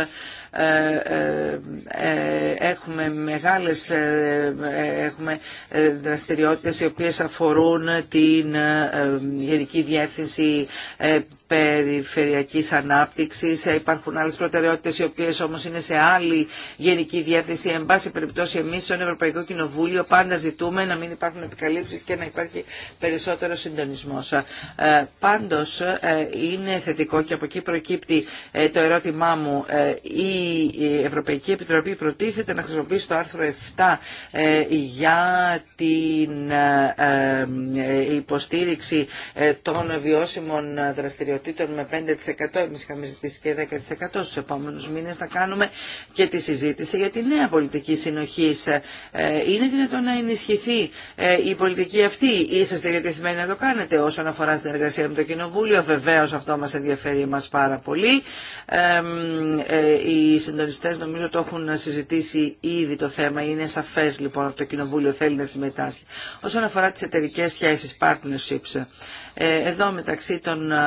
έχουμε μεγάλες ε, ε, έχουμε ε, δραστηριότητες οι οποίες αφορούν την Γενική Διεύθυνση Περιφερειακής Ανάπτυξης. Υπάρχουν άλλες προτεραιότητες οι οποίες όμως είναι σε άλλη Γενική Διεύθυνση. Εν πάση περιπτώσει εμείς στον Ευρωπαϊκό Κοινοβούλιο πάντα ζητούμε να μην υπάρχουν επικαλύψεις και να υπάρχει περισσότερο συντονισμός. Πάντως είναι θετικό και από εκεί προκύπτει το ερώτημά μου. Η Ευρωπαϊκή Επιτροπή προτίθεται να χρησιμοποιήσει στο άρθρο 7 ε, για την ε, ε, υποστήριξη των βιώσιμων δραστηριοτήτων με 5%. Εμείς είχαμε ζητήσει και 10% στους επόμενους μήνες να κάνουμε και τη συζήτηση για τη νέα πολιτική συνοχή. Είναι δυνατόν να ενισχυθεί η πολιτική αυτή. Είσαστε διατεθειμένοι να το κάνετε όσον αφορά στην εργασία με το Κοινοβούλιο. Βεβαίω αυτό μας ενδιαφέρει μας πάρα πολύ. Οι συντονιστές νομίζω το έχουν συζητήσει ήδη το θέμα. Είναι σαφές λοιπόν ότι το Κοινοβούλιο θέλει να συμμετάσχει. Όσον αφορά τις εταιρικέ σχέσεις, partnerships, ε, εδώ μεταξύ των ε,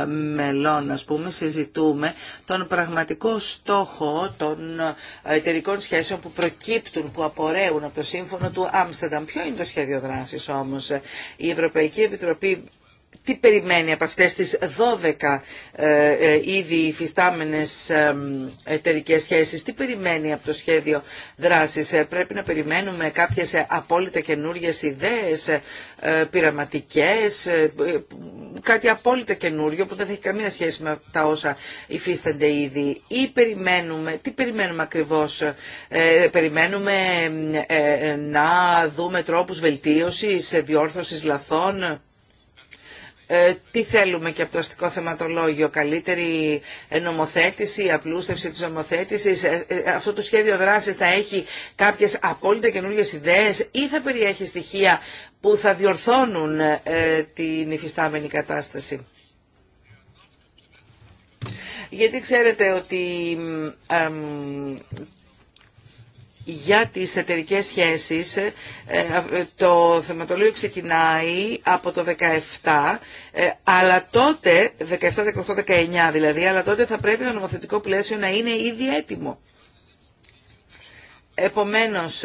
ε, μελών ας πούμε συζητούμε τον πραγματικό στόχο των εταιρικών σχέσεων που προκύπτουν, που απορρέουν από το σύμφωνο του Άμστερνταμ. Ποιο είναι το σχέδιο δράση όμως. Η Ευρωπαϊκή Επιτροπή τι περιμένει από αυτές τις 12 ε, ε, ήδη υφιστάμενες εταιρικέ σχέσεις, τι περιμένει από το σχέδιο δράσης. Ε, πρέπει να περιμένουμε κάποιες απόλυτα καινούριε ιδέες, πειραματικές, κάτι απόλυτα καινούριο που δεν θα έχει καμία σχέση με τα όσα υφίστανται ήδη. Ή περιμένουμε, τι περιμένουμε ακριβώς, περιμένουμε να δούμε τρόπους βελτίωσης, διόρθωσης λαθών, ε, τι θέλουμε και από το αστικό θεματολόγιο, καλύτερη νομοθέτηση, απλούστευση της νομοθέτησης, ε, ε, αυτό το σχέδιο δράσης θα έχει κάποιες απόλυτα καινούργιες ιδέες ή θα περιέχει στοιχεία που θα διορθώνουν την υφιστάμενη κατάσταση. Γιατί ξέρετε ότι για τις εταιρικές σχέσεις ε, ε, το θεματολόγιο ξεκινάει από το 17 ε, αλλά τότε 17, 18, 19 δηλαδή αλλά τότε θα πρέπει το νομοθετικό πλαίσιο να είναι ήδη έτοιμο επομένως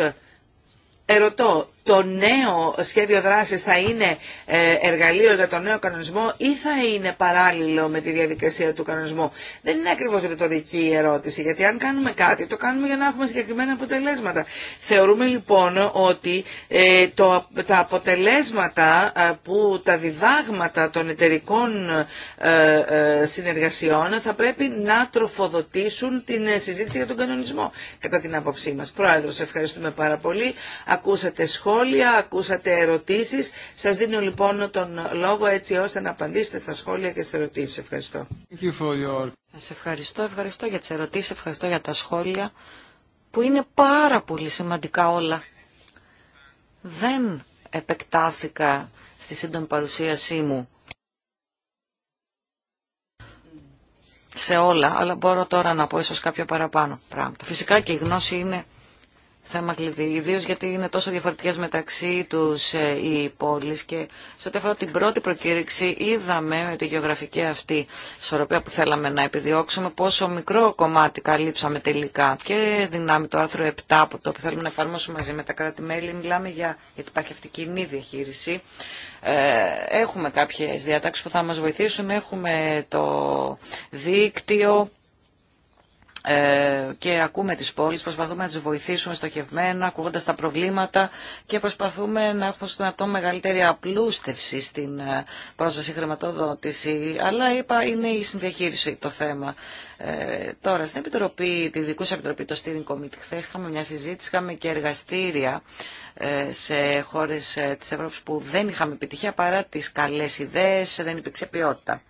ερωτώ το νέο σχέδιο δράσης θα είναι ε, εργαλείο για το νέο κανονισμό ή θα είναι παράλληλο με τη διαδικασία του κανονισμού. Δεν είναι ακριβώς ρητορική η ερώτηση, γιατί αν κάνουμε κάτι, το κάνουμε για να έχουμε συγκεκριμένα αποτελέσματα. Θεωρούμε λοιπόν ότι ε, το, τα αποτελέσματα ε, που τα διδάγματα των εταιρικών ε, συνεργασιών θα πρέπει να τροφοδοτήσουν την συζήτηση για τον κανονισμό, κατά την άποψή μας. Πρόεδρος, ευχαριστούμε πάρα πολύ. Ακούσατε σχόλια, ακούσατε ερωτήσεις. Σας δίνω λοιπόν τον λόγο έτσι ώστε να απαντήσετε στα σχόλια και στις ερωτήσεις. Ευχαριστώ. Σας ευχαριστώ, ευχαριστώ για τις ερωτήσεις, ευχαριστώ για τα σχόλια που είναι πάρα πολύ σημαντικά όλα. Δεν επεκτάθηκα στη σύντομη παρουσίασή μου σε όλα, αλλά μπορώ τώρα να πω ίσως κάποια παραπάνω πράγματα. Φυσικά και η γνώση είναι θέμα κλειδί, ιδίω γιατί είναι τόσο διαφορετικέ μεταξύ του ε, οι πόλει και σε ό,τι αφορά την πρώτη προκήρυξη, είδαμε με τη γεωγραφική αυτή ισορροπία που θέλαμε να επιδιώξουμε πόσο μικρό κομμάτι καλύψαμε τελικά. Και δυνάμει το άρθρο 7 από το που θέλουμε να εφαρμόσουμε μαζί με τα κράτη-μέλη, μιλάμε για, την υπάρχει αυτή κοινή διαχείριση. Ε, έχουμε κάποιε διατάξει που θα μα βοηθήσουν, έχουμε το δίκτυο ε, και ακούμε τις πόλεις, προσπαθούμε να τις βοηθήσουμε στοχευμένα, ακούγοντας τα προβλήματα και προσπαθούμε να έχουμε στον ατόμο μεγαλύτερη απλούστευση στην ε, πρόσβαση χρηματοδότηση. Αλλά είπα είναι η συνδιαχείριση το θέμα. Ε, τώρα, στην Επιτροπή, τη Δικούσα Επιτροπή, το Steering Committee, χθε είχαμε μια συζήτηση, είχαμε και εργαστήρια σε χώρες της Ευρώπης που δεν είχαμε επιτυχία παρά τις καλές ιδέες, δεν υπήρξε ποιότητα.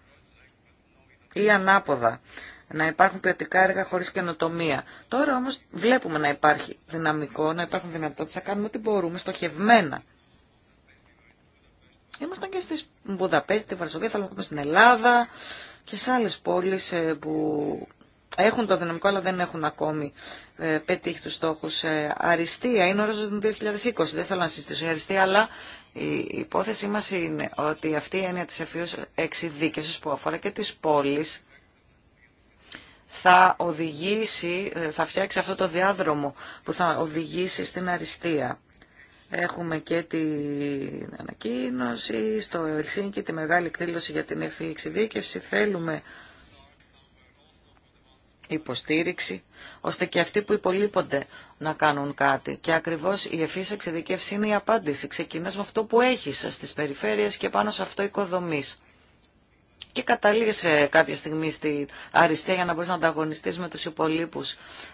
Ή ανάποδα να υπάρχουν ποιοτικά έργα χωρί καινοτομία. Τώρα όμω βλέπουμε να υπάρχει δυναμικό, να υπάρχουν δυνατότητες, να κάνουμε ό,τι μπορούμε στοχευμένα. Ήμασταν και στη Βουδαπέστη, τη Βαρσοβία, θα πούμε στην Ελλάδα και σε άλλες πόλεις ε, που έχουν το δυναμικό αλλά δεν έχουν ακόμη ε, πετύχει τους στόχους. Ε, αριστεία είναι όρος του 2020, δεν θέλω να συζητήσω για αριστεία, αλλά η υπόθεσή μα είναι ότι αυτή η έννοια τη εφηβεία εξειδίκευση που αφορά και τις πόλει θα οδηγήσει, ε, θα φτιάξει αυτό το διάδρομο που θα οδηγήσει στην αριστεία. Έχουμε και την ανακοίνωση στο Ελσίνκι, τη μεγάλη εκδήλωση για την εφή εξειδίκευση. Θέλουμε υποστήριξη, ώστε και αυτοί που υπολείπονται να κάνουν κάτι. Και ακριβώς η εφής εξειδικεύση είναι η απάντηση. Ξεκινάς με αυτό που έχεις στις περιφέρειες και πάνω σε αυτό οικοδομής και σε κάποια στιγμή στην αριστεία για να μπορεί να ανταγωνιστεί με του υπολείπου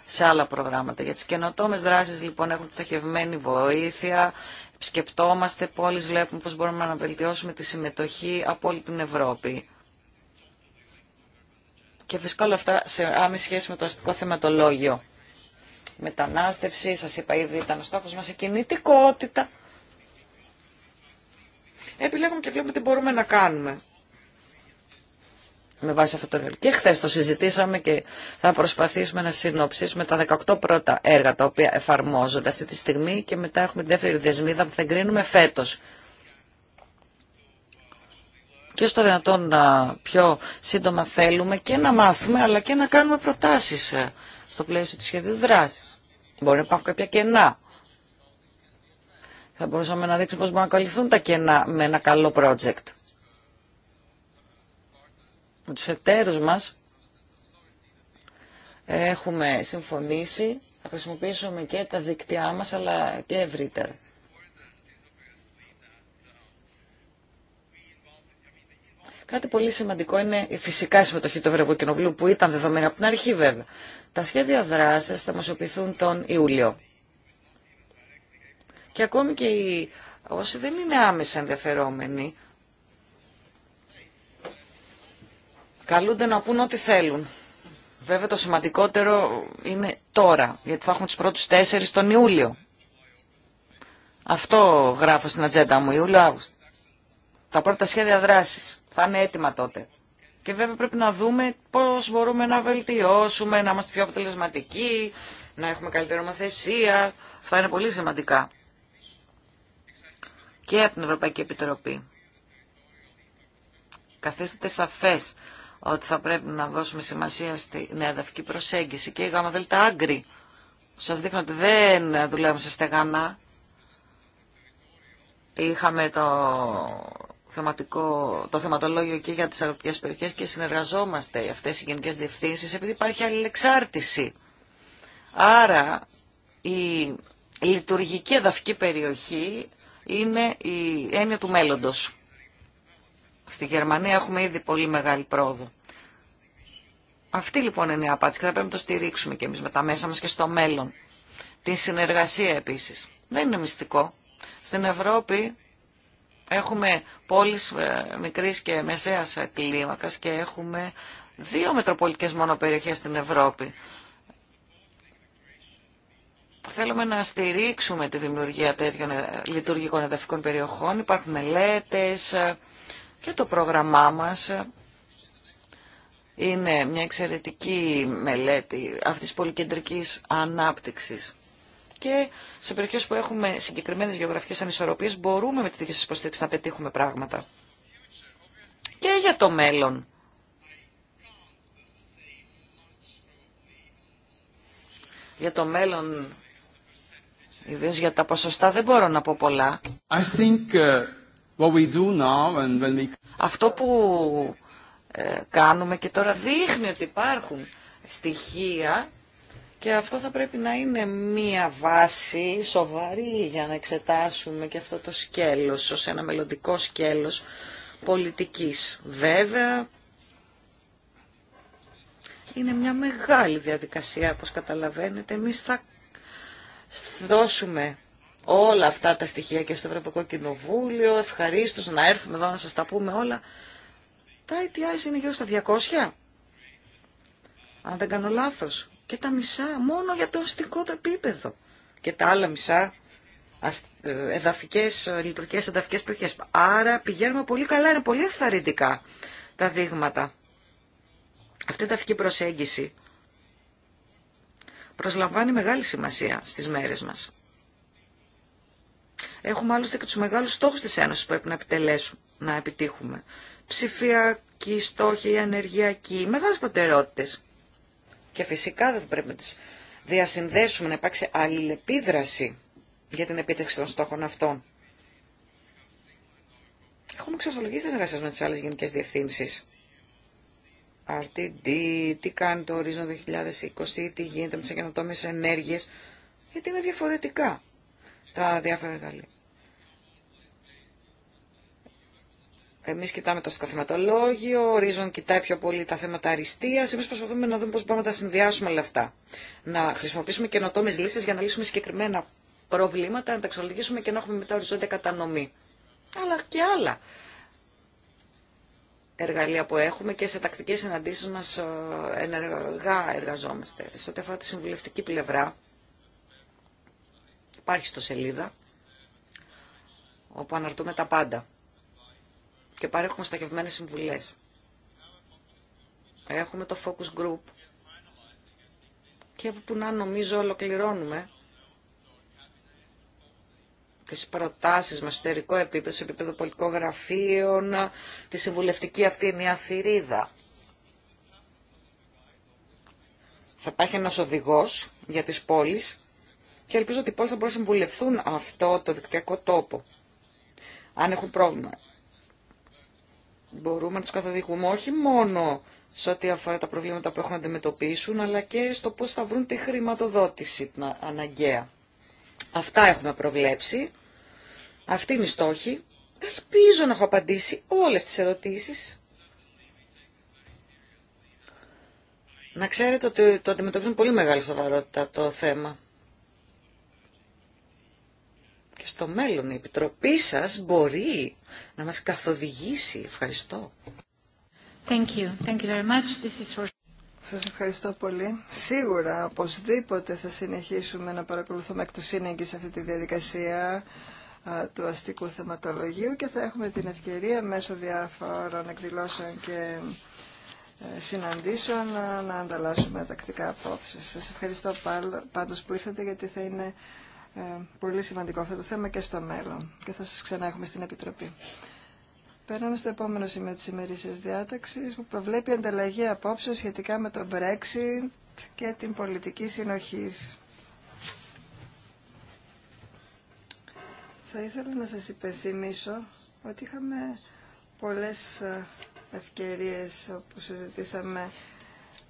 σε άλλα προγράμματα. Για τι καινοτόμε δράσει, λοιπόν έχουν στοχευμένη βοήθεια, σκεπτόμαστε πόλεις, βλέπουμε πώς μπορούμε να βελτιώσουμε τη συμμετοχή από όλη την Ευρώπη. Και φυσικά όλα αυτά σε άμεση σχέση με το αστικό θεματολόγιο. Μετανάστευση, σας είπα ήδη ήταν ο στόχος μας, η κινητικότητα. Επιλέγουμε και βλέπουμε τι μπορούμε να κάνουμε με βάση αυτό το Και χθε το συζητήσαμε και θα προσπαθήσουμε να συνοψίσουμε τα 18 πρώτα έργα τα οποία εφαρμόζονται αυτή τη στιγμή και μετά έχουμε τη δεύτερη δεσμίδα που θα εγκρίνουμε φέτο. Και στο δυνατόν πιο σύντομα θέλουμε και να μάθουμε αλλά και να κάνουμε προτάσεις στο πλαίσιο της σχεδίου δράσης. Μπορεί να υπάρχουν κάποια κενά. Θα μπορούσαμε να δείξουμε πώς μπορούν να καλυφθούν τα κενά με ένα καλό project με τους εταίρους μας έχουμε συμφωνήσει να χρησιμοποιήσουμε και τα δίκτυά μας αλλά και ευρύτερα. Κάτι πολύ σημαντικό είναι η φυσικά συμμετοχή του Ευρωπαϊκού Κοινοβουλίου που ήταν δεδομένη από την αρχή βέβαια. Τα σχέδια δράσης θα δημοσιοποιηθούν τον Ιούλιο. Και ακόμη και οι όσοι δεν είναι άμεσα ενδιαφερόμενοι καλούνται να πούν ό,τι θέλουν. Βέβαια το σημαντικότερο είναι τώρα, γιατί θα έχουμε τους πρώτους τέσσερις τον Ιούλιο. Αυτό γράφω στην ατζέντα μου, Ιούλιο-Αύγουστο. Τα πρώτα σχέδια δράσης θα είναι έτοιμα τότε. Και βέβαια πρέπει να δούμε πώς μπορούμε να βελτιώσουμε, να είμαστε πιο αποτελεσματικοί, να έχουμε καλύτερη ομοθεσία. Αυτά είναι πολύ σημαντικά. Και από την Ευρωπαϊκή Επιτροπή. Καθίστεται σαφές ότι θα πρέπει να δώσουμε σημασία στην εδαφική προσέγγιση και η γάμα δελτα άγκρη. Σας δείχνω ότι δεν δουλεύουμε σε στεγανά. Είχαμε το, θεματικό, το θεματολόγιο και για τις αγροτικές περιοχές και συνεργαζόμαστε αυτές οι γενικές διευθύνσεις επειδή υπάρχει αλληλεξάρτηση. Άρα η λειτουργική εδαφική περιοχή είναι η έννοια του μέλλοντος. Στη Γερμανία έχουμε ήδη πολύ μεγάλη πρόοδο. Αυτή λοιπόν είναι η απάντηση και θα πρέπει να το στηρίξουμε και εμείς με τα μέσα μας και στο μέλλον. Την συνεργασία επίσης. Δεν είναι μυστικό. Στην Ευρώπη έχουμε πόλεις ε, μικρής και μεσαίας κλίμακας και έχουμε δύο μετροπολικές μόνο περιοχές στην Ευρώπη. Θέλουμε να στηρίξουμε τη δημιουργία τέτοιων ε, λειτουργικών εδαφικών περιοχών. Υπάρχουν μελέτες και το πρόγραμμά μας είναι μια εξαιρετική μελέτη αυτής της πολυκεντρικής ανάπτυξης. Και σε περιοχές που έχουμε συγκεκριμένες γεωγραφικές ανισορροπίες μπορούμε με τη δική σας υποστήριξη να πετύχουμε πράγματα. Και για το μέλλον. Για το μέλλον, ιδίως για τα ποσοστά, δεν μπορώ να πω πολλά. Uh, αυτό που ε, κάνουμε και τώρα δείχνει ότι υπάρχουν στοιχεία και αυτό θα πρέπει να είναι μία βάση σοβαρή για να εξετάσουμε και αυτό το σκέλος ως ένα μελλοντικό σκέλος πολιτικής. Βέβαια, είναι μια μεγάλη διαδικασία, όπως καταλαβαίνετε. Εμείς θα δώσουμε όλα αυτά τα στοιχεία και στο Ευρωπαϊκό Κοινοβούλιο. Ευχαρίστω να έρθουμε εδώ να σα τα πούμε όλα. Τα ETIs είναι γύρω στα 200. Αν δεν κάνω λάθο. Και τα μισά μόνο για το αστικό το επίπεδο. Και τα άλλα μισά ε, εδαφικές, ε, λειτουργικές εδαφικές περιοχές. Άρα πηγαίνουμε πολύ καλά, είναι πολύ ενθαρρυντικά τα δείγματα. Αυτή η ταφική προσέγγιση προσλαμβάνει μεγάλη σημασία στις μέρες μας. Έχουμε άλλωστε και τους μεγάλους στόχους της Ένωσης που πρέπει να επιτελέσουν, να επιτύχουμε. Ψηφιακοί στόχοι, ενεργειακοί, μεγάλες προτεραιότητες. Και φυσικά δεν πρέπει να τις διασυνδέσουμε, να υπάρξει αλληλεπίδραση για την επίτευξη των στόχων αυτών. Έχουμε ξεφολογήσει τι εργασίε με τι άλλε γενικέ διευθύνσει. RTD, τι κάνει το ορίζον 2020, τι γίνεται με τι καινοτόμε ενέργειε, γιατί είναι διαφορετικά τα διάφορα εργαλεία. Εμεί κοιτάμε το στο ο Ρίζον κοιτάει πιο πολύ τα θέματα αριστεία. Εμεί προσπαθούμε να δούμε πώ μπορούμε να τα συνδυάσουμε όλα αυτά. Να χρησιμοποιήσουμε καινοτόμε λύσει για να λύσουμε συγκεκριμένα προβλήματα, να τα εξολογήσουμε και να έχουμε μετά οριζόντια κατανομή. Αλλά και άλλα εργαλεία που έχουμε και σε τακτικές συναντήσεις μας ε, ενεργά εργαζόμαστε. Σε ό,τι αφορά τη συμβουλευτική πλευρά, υπάρχει στο σελίδα, όπου αναρτούμε τα πάντα και παρέχουμε στοχευμένες συμβουλές. Έχουμε το focus group και από που να νομίζω ολοκληρώνουμε τις προτάσεις με εσωτερικό επίπεδο, σε επίπεδο πολιτικών γραφείων, τη συμβουλευτική αυτή μια θηρίδα. Θα υπάρχει ένας οδηγός για τις πόλεις και ελπίζω ότι οι πόλεις θα μπορούν να συμβουλευθούν αυτό το δικτυακό τόπο. Αν έχουν πρόβλημα μπορούμε να τους καθοδηγούμε όχι μόνο σε ό,τι αφορά τα προβλήματα που έχουν να αντιμετωπίσουν, αλλά και στο πώς θα βρουν τη χρηματοδότηση την αναγκαία. Αυτά έχουμε προβλέψει. Αυτή είναι η στόχη. Ελπίζω να έχω απαντήσει όλες τις ερωτήσεις. Να ξέρετε ότι το αντιμετωπίζουν πολύ μεγάλη σοβαρότητα το θέμα και στο μέλλον η Επιτροπή σας μπορεί να μας καθοδηγήσει. Ευχαριστώ. Thank you. Thank you very much. This is for... Σας ευχαριστώ πολύ. Σίγουρα, οπωσδήποτε θα συνεχίσουμε να παρακολουθούμε εκ του σύνεγγυς αυτή τη διαδικασία του αστικού θεματολογίου και θα έχουμε την ευκαιρία μέσω διάφορων εκδηλώσεων και ε, συναντήσεων να, ανταλλάσσουμε τακτικά απόψεις. Σας ευχαριστώ πάντως που ήρθατε γιατί θα είναι ε, πολύ σημαντικό αυτό το θέμα και στο μέλλον και θα σας ξανά έχουμε στην Επιτροπή. Περνάμε στο επόμενο σημείο της ημερήσιας διάταξης που προβλέπει ανταλλαγή απόψεων σχετικά με το Brexit και την πολιτική συνοχής. Θα ήθελα να σας υπενθυμίσω ότι είχαμε πολλές ε, ευκαιρίες όπου συζητήσαμε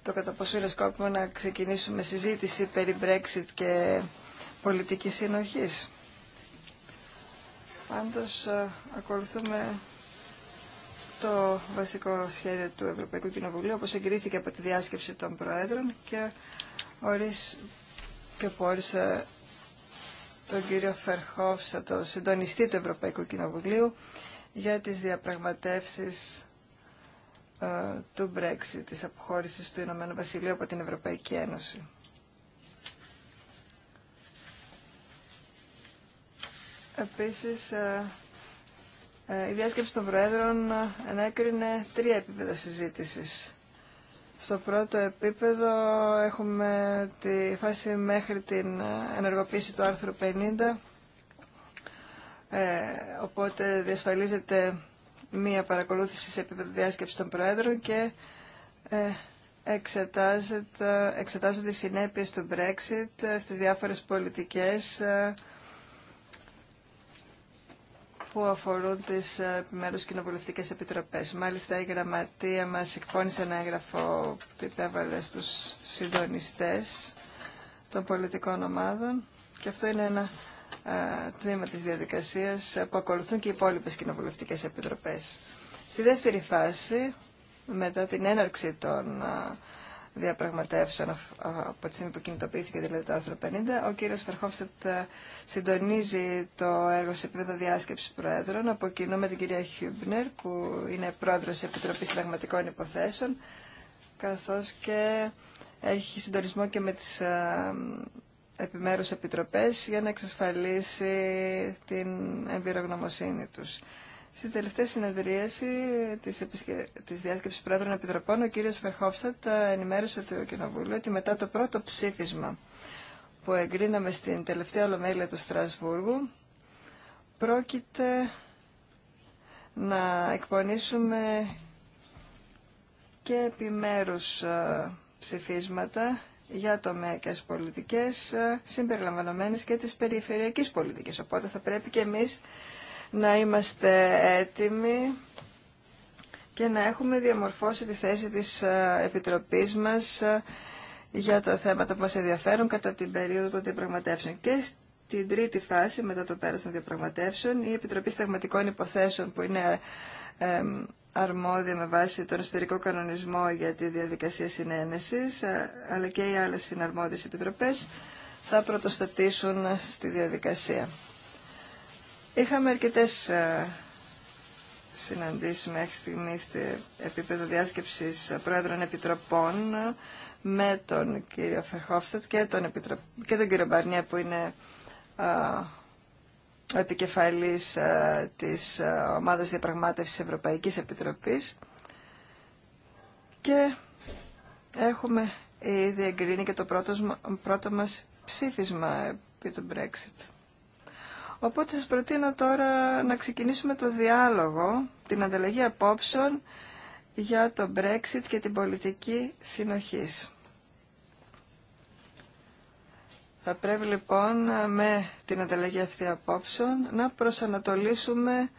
το κατά πόσο είναι σκόπιμο να ξεκινήσουμε συζήτηση περί Brexit και Πολιτική συνοχής. Πάντως ε, ακολουθούμε το βασικό σχέδιο του Ευρωπαϊκού Κοινοβουλίου όπως εγκρίθηκε από τη διάσκεψη των Προέδρων και ορίς και πόρισε τον κύριο Φερχόφσα, το συντονιστή του Ευρωπαϊκού Κοινοβουλίου για τις διαπραγματεύσεις ε, του Brexit, της αποχώρησης του Ηνωμένου Βασιλείου από την Ευρωπαϊκή Ένωση. Επίσης, ε, ε, η διάσκεψη των Προέδρων ε, ενέκρινε τρία επίπεδα συζήτησης. Στο πρώτο επίπεδο έχουμε τη φάση μέχρι την ενεργοποίηση του άρθρου 50, οπότε διασφαλίζεται μία παρακολούθηση σε επίπεδο διάσκεψη των Προέδρων και εξετάζονται οι συνέπειες του Brexit στις διάφορες πολιτικές που αφορούν τι ε, επιμέρου κοινοβουλευτικέ επιτροπές. Μάλιστα η γραμματεία μας εκπώνησε ένα έγγραφο που το υπέβαλε στου συντονιστές των πολιτικών ομάδων και αυτό είναι ένα ε, τμήμα της διαδικασίας που ακολουθούν και οι υπόλοιπε κοινοβουλευτικέ επιτροπές. Στη δεύτερη φάση, μετά την έναρξη των ε, διαπραγματεύσεων από τη στιγμή που κινητοποιήθηκε δηλαδή το άρθρο 50. Ο κύριος Φερχόφστατ ε, συντονίζει το έργο σε επίπεδο διάσκεψη Προέδρων. Από κοινού με την κυρία Χιούμπνερ που είναι πρόεδρος της Επιτροπής Συνταγματικών Υποθέσεων καθώς και έχει συντονισμό και με τις ε, επιμέρους επιτροπές για να εξασφαλίσει την εμπειρογνωμοσύνη τους. Στη τελευταία συνεδρίαση της, επισκε... της διάσκεψης Πρόεδρων Επιτροπών, ο κύριος Φερχόφστατ ε, ενημέρωσε το Κοινοβούλιο ότι μετά το πρώτο ψήφισμα που εγκρίναμε στην τελευταία ολομέλεια του Στρασβούργου, πρόκειται να εκπονήσουμε και επιμέρους ε, ψηφίσματα για τομέακες πολιτικές ε, συμπεριλαμβανομένες και τις περιφερειακές πολιτικές. Οπότε θα πρέπει και εμείς να είμαστε έτοιμοι και να έχουμε διαμορφώσει τη θέση της ε, Επιτροπής μας ε, για τα θέματα που μας ενδιαφέρουν κατά την περίοδο των διαπραγματεύσεων. Και στην τρίτη φάση, μετά το πέρας των διαπραγματεύσεων, η Επιτροπή Σταγματικών Υποθέσεων, που είναι αρμόδια με βάση τον ιστορικό κανονισμό για τη διαδικασία συνένεσης, ε, αλλά και οι άλλες συναρμόδιες επιτροπές, θα πρωτοστατήσουν στη διαδικασία. Είχαμε αρκετέ ε, συναντήσεις μέχρι στιγμή στο επίπεδο διάσκεψης πρόεδρων επιτροπών ε, με τον κύριο Φερχόφστατ και τον, και τον κύριο Μπαρνιέ που είναι ε, ο επικεφαλής της ομάδας διαπραγμάτευσης Ευρωπαϊκής Επιτροπής και έχουμε ήδη εγκρίνει και το πρώτο, πρώτο μας ψήφισμα επί του Brexit. Οπότε σας προτείνω τώρα να ξεκινήσουμε το διάλογο, την ανταλλαγή απόψεων για το Brexit και την πολιτική συνοχής. Θα πρέπει λοιπόν με την ανταλλαγή αυτή απόψεων να προσανατολίσουμε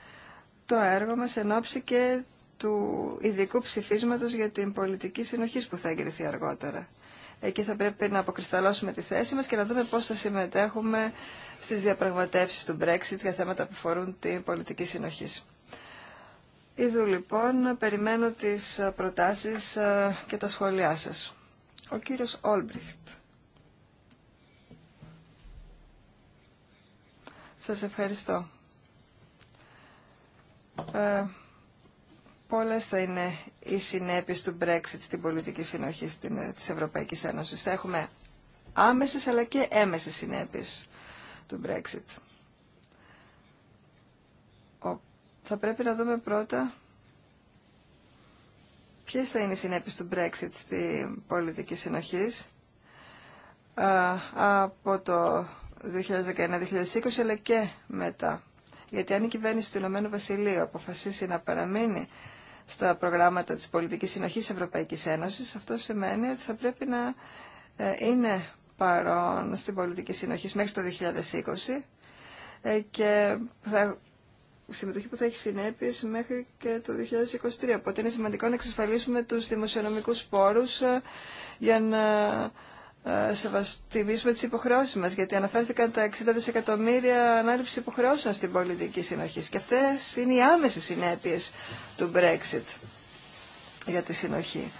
το έργο μας εν ώψη και του ειδικού ψηφίσματος για την πολιτική συνοχής που θα εγκριθεί αργότερα. Εκεί θα πρέπει να αποκρισταλώσουμε τη θέση μας και να δούμε πώς θα συμμετέχουμε στις διαπραγματεύσεις του Brexit για θέματα που φορούν την πολιτική συνοχή. Είδου λοιπόν, περιμένω τις προτάσεις ε, και τα σχόλιά σας. Ο κύριος Όλμπριχτ. Σας ευχαριστώ. Ε, πολλές θα είναι οι συνέπειες του Brexit στην πολιτική συνοχή ε, της Ευρωπαϊκής Ένωσης. Θα έχουμε άμεσες αλλά και έμεσες συνέπειες του Brexit. Θα πρέπει να δούμε πρώτα ποιες θα είναι οι συνέπειες του Brexit στην πολιτική συνοχή από το 2019-2020 αλλά και μετά. Γιατί αν η κυβέρνηση του Ηνωμένου Βασιλείου αποφασίσει να παραμείνει στα προγράμματα της πολιτικής συνοχής Ευρωπαϊκής Ένωσης, αυτό σημαίνει ότι θα πρέπει να ε, είναι παρόν στην πολιτική συνοχής μέχρι το 2020 ε, και θα συμμετοχή που θα έχει συνέπειες μέχρι και το 2023. Οπότε είναι σημαντικό να εξασφαλίσουμε τους δημοσιονομικούς πόρους ε, για να ε, βαστιμίσουμε τις υποχρεώσεις μας, γιατί αναφέρθηκαν τα 60 δισεκατομμύρια ανάληψη υποχρεώσεων στην πολιτική συνοχή. Και αυτές είναι οι άμεσες συνέπειες του Brexit για τη συνοχή.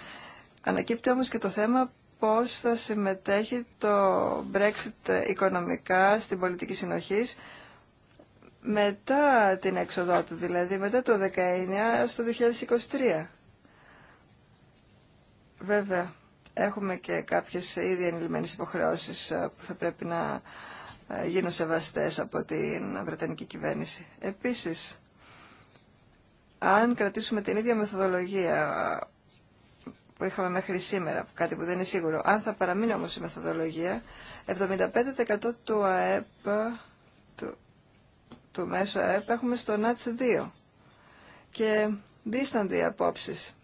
Ανακύπτει όμως και το θέμα πώς θα συμμετέχει το Brexit οικονομικά στην πολιτική συνοχή μετά την έξοδό του, δηλαδή μετά το 19 έως το 2023. Βέβαια, έχουμε και κάποιες ήδη ενηλυμένες υποχρεώσεις ε, που θα πρέπει να ε, γίνουν σεβαστές από την Βρετανική κυβέρνηση. Επίσης, αν κρατήσουμε την ίδια μεθοδολογία ε, που είχαμε μέχρι σήμερα, κάτι που δεν είναι σίγουρο, αν θα παραμείνει όμως η μεθοδολογία, 75% του ΑΕΠ, του, του μέσου ΑΕΠ, έχουμε στο ΝΑΤΣ 2. Και δίστανται οι απόψεις.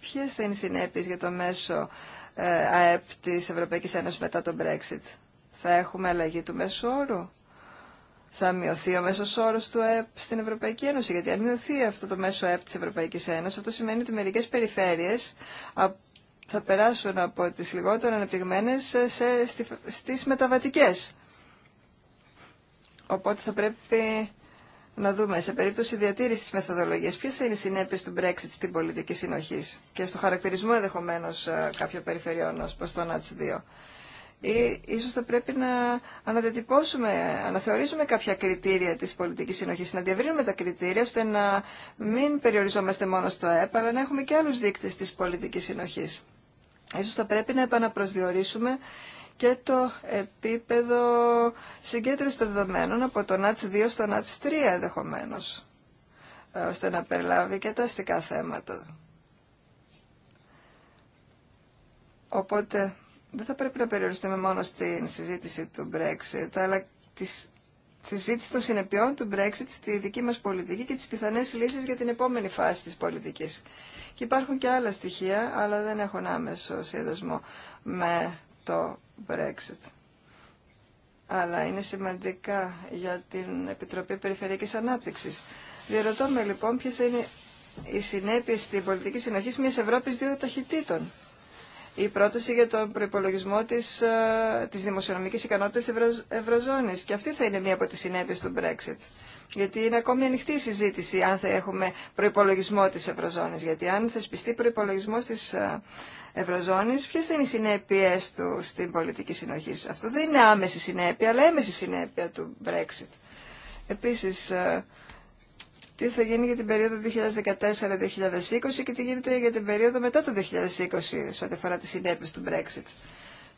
Ποιες θα είναι οι συνέπειες για το μέσο ε, ΑΕΠ της Ευρωπαϊκής Ένωσης μετά τον Brexit. Θα έχουμε αλλαγή του μέσου όρου. Θα μειωθεί ο μέσο όρο του ΑΕΠ στην Ευρωπαϊκή Ένωση. Γιατί αν μειωθεί αυτό το μέσο ΑΕΠ τη Ευρωπαϊκή Ένωση, αυτό σημαίνει ότι μερικέ περιφέρειε θα περάσουν από τι λιγότερο αναπτυγμένες στι στις μεταβατικές. Οπότε θα πρέπει να δούμε σε περίπτωση διατήρηση τη μεθοδολογίας ποιε θα είναι οι συνέπειε του Brexit στην πολιτική συνοχή και στο χαρακτηρισμό ενδεχομένω ε, κάποιων περιφερειών ω προ τον ΝΑΤΣ 2 Ή, ίσως θα πρέπει να να αναθεωρήσουμε κάποια κριτήρια της πολιτικής συνοχής, να διαβρύνουμε τα κριτήρια ώστε να μην περιοριζόμαστε μόνο στο ΕΠ, αλλά να έχουμε και άλλους δείκτες της πολιτικής συνοχής. Ίσως θα πρέπει να επαναπροσδιορίσουμε και το επίπεδο συγκέντρωση των δεδομένων από το ΝΑΤΣ 2 στο ΝΑΤΣ 3 ενδεχομένω, ε, ώστε να περιλάβει και τα αστικά θέματα. Οπότε δεν θα πρέπει να περιοριστούμε μόνο στην συζήτηση του Brexit, αλλά τη συζήτηση των συνεπειών του Brexit στη δική μας πολιτική και τις πιθανές λύσεις για την επόμενη φάση της πολιτικής. Και υπάρχουν και άλλα στοιχεία, αλλά δεν έχουν άμεσο σύνδεσμο με το Brexit. Αλλά είναι σημαντικά για την Επιτροπή Περιφερειακής Ανάπτυξης. Διερωτώ με λοιπόν ποιες θα είναι οι συνέπειες στην πολιτική συνοχή μιας Ευρώπης δύο ταχυτήτων. Η πρόταση για τον προπολογισμό της, ε, της δημοσιονομικής ικανότητας Ευρωζώνης. Και αυτή θα είναι μία από τις συνέπειες του Brexit. Γιατί είναι ακόμη ανοιχτή η συζήτηση αν θα έχουμε προπολογισμό τη Ευρωζώνη. Γιατί αν θεσπιστεί προπολογισμό τη ε, Ευρωζώνη, ποιε θα είναι οι συνέπειε του στην πολιτική συνοχή. Αυτό δεν είναι άμεση συνέπεια, αλλά έμεση συνέπεια του Brexit. Επίση, ε, τι θα γίνει για την περίοδο 2014-2020 και τι γίνεται για την περίοδο μετά το 2020 σε ό,τι αφορά τι συνέπειε του Brexit.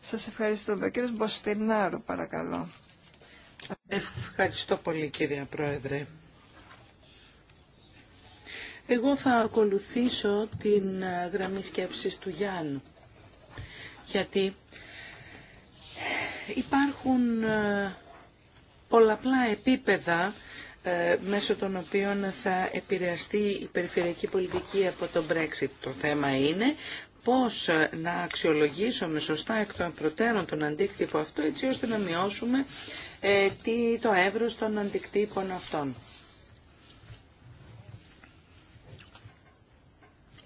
Σα ευχαριστούμε. Ο κύριος Μποστινάρου, παρακαλώ. Ευχαριστώ πολύ κύριε Πρόεδρε. Εγώ θα ακολουθήσω την ε, γραμμή σκέψης του Γιάννου. Γιατί υπάρχουν ε, πολλαπλά επίπεδα ε, μέσω των οποίων θα επηρεαστεί η περιφερειακή πολιτική από το Brexit. Το θέμα είναι πώς να αξιολογήσουμε σωστά εκ των προτέρων τον αντίκτυπο αυτό έτσι ώστε να μειώσουμε ε, τι το εύρος των αντικτύπων αυτών.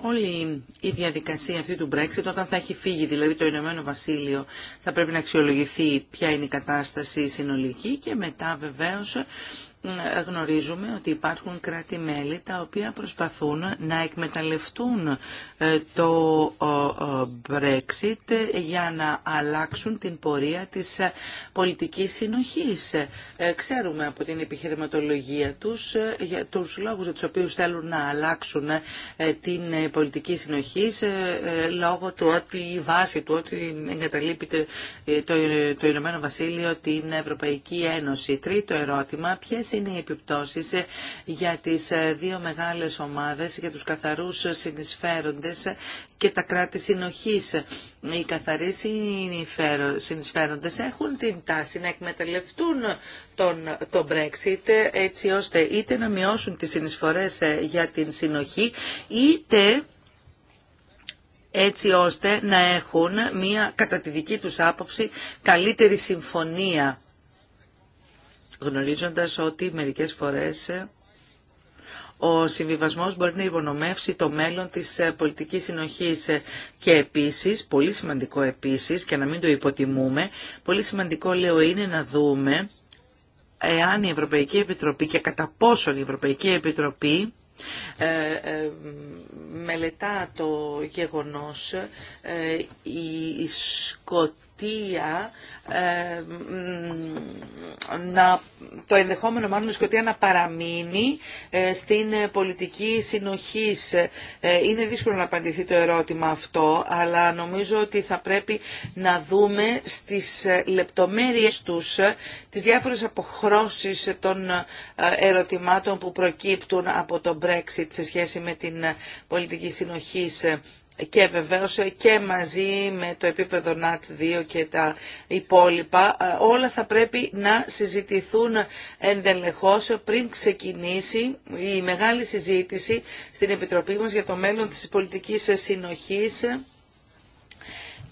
Όλη η διαδικασία αυτή του Brexit, όταν θα έχει φύγει δηλαδή το Ηνωμένο Βασίλειο, θα πρέπει να αξιολογηθεί ποια είναι η κατάσταση συνολική και μετά βεβαίως γνωρίζουμε ότι υπάρχουν κράτη-μέλη τα οποία προσπαθούν να εκμεταλλευτούν ε, το ε, ε, Brexit για να αλλάξουν την πορεία της πολιτικής συνοχής. Ξέρουμε από την επιχειρηματολογία τους για τους λόγους για τους οποίους θέλουν να αλλάξουν την πολιτική συνοχής λόγω του ότι η βάση του ότι εγκαταλείπεται το Ηνωμένο Βασίλειο την Ευρωπαϊκή Ένωση. Τρίτο ερώτημα, ποιες είναι οι επιπτώσεις ε, για τις ε, δύο μεγάλες ομάδες, για τους καθαρούς συνεισφέροντες και τα κράτη συνοχής. Οι καθαροί συνεισφέροντες έχουν την τάση να εκμεταλλευτούν τον, το Brexit ε, έτσι ώστε είτε να μειώσουν τις συνεισφορές για την συνοχή είτε έτσι ώστε να έχουν μια κατά τη δική τους άποψη καλύτερη συμφωνία γνωρίζοντας ότι μερικές φορές ε, ο συμβιβασμός μπορεί να υπονομεύσει το μέλλον της ε, πολιτικής συνοχής ε, και επίσης, πολύ σημαντικό επίσης και να μην το υποτιμούμε, πολύ σημαντικό λέω είναι να δούμε εάν η Ευρωπαϊκή Επιτροπή και κατά πόσον η Ευρωπαϊκή Επιτροπή μελετά το γεγονός ε, η σκοτή σκοτία ε, να, το ενδεχόμενο μάλλον η σκοτία να παραμείνει ε, στην πολιτική συνοχής. Ε, είναι δύσκολο να απαντηθεί το ερώτημα αυτό, αλλά νομίζω ότι θα πρέπει να δούμε στις λεπτομέρειες τους τις διάφορες αποχρώσεις των ερωτημάτων που προκύπτουν από το Brexit σε σχέση με την πολιτική συνοχής και βεβαίως και μαζί με το επίπεδο ΝΑΤΣ 2 και τα υπόλοιπα ε, όλα θα πρέπει να συζητηθούν εντελεχώς πριν ξεκινήσει η μεγάλη συζήτηση στην Επιτροπή μας για το μέλλον της πολιτικής συνοχής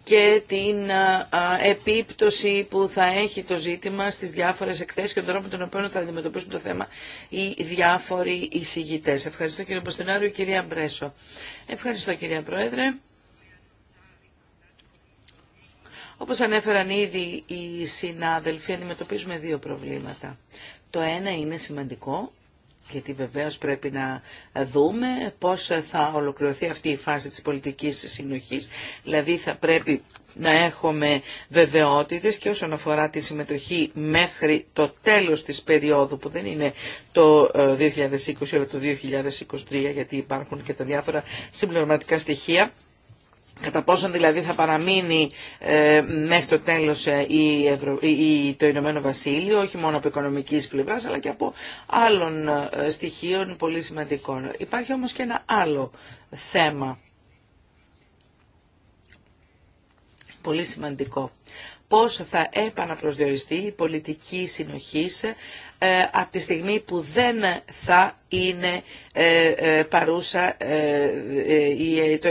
και την επίπτωση που θα έχει το ζήτημα στις διάφορες εκθέσεις και τον τρόπο με τον οποίο θα αντιμετωπίσουν το θέμα οι διάφοροι εισηγητές. Ευχαριστώ κύριε Μποστινάριο, κυρία Μπρέσο. Ευχαριστώ κυρία Πρόεδρε. Όπως ανέφεραν ήδη οι συνάδελφοι, αντιμετωπίζουμε δύο προβλήματα. Το ένα είναι σημαντικό, γιατί βεβαίως πρέπει να δούμε πώς θα ολοκληρωθεί αυτή η φάση της πολιτικής συνοχής, δηλαδή θα πρέπει να έχουμε βεβαιότητες και όσον αφορά τη συμμετοχή μέχρι το τέλος της περίοδου που δεν είναι το 2020 ε, αλλά το 2023 γιατί υπάρχουν και τα διάφορα συμπληρωματικά στοιχεία Κατά πόσον δηλαδή θα παραμείνει ε, μέχρι το τέλος ε, η η... το Ηνωμένο Βασίλειο, όχι μόνο από οικονομικής πλευράς, αλλά και από άλλων ε, στοιχείων πολύ σημαντικών. Υπάρχει όμως και ένα άλλο θέμα, πολύ σημαντικό πώς θα επαναπροσδιοριστεί η πολιτική συνοχής ε, από τη στιγμή που δεν θα είναι ε, ε, παρούσα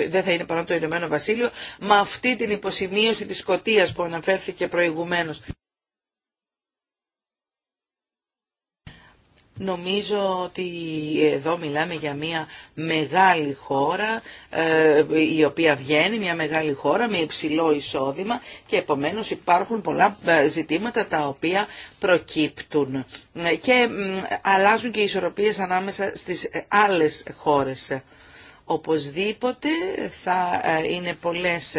δεν θα είναι παρόν το Ηνωμένο Βασίλειο με αυτή την υποσημείωση της Σκοτίας που αναφέρθηκε προηγουμένως. Νομίζω ότι εδώ μιλάμε για μια μεγάλη χώρα ε, η οποία βγαίνει, μια μεγάλη χώρα με υψηλό εισόδημα και επομένως υπάρχουν πολλά ε, ζητήματα τα οποία προκύπτουν ε, και αλλάζουν και οι ισορροπίες ανάμεσα στις άλλες χώρες. Οπωσδήποτε θα είναι πολλές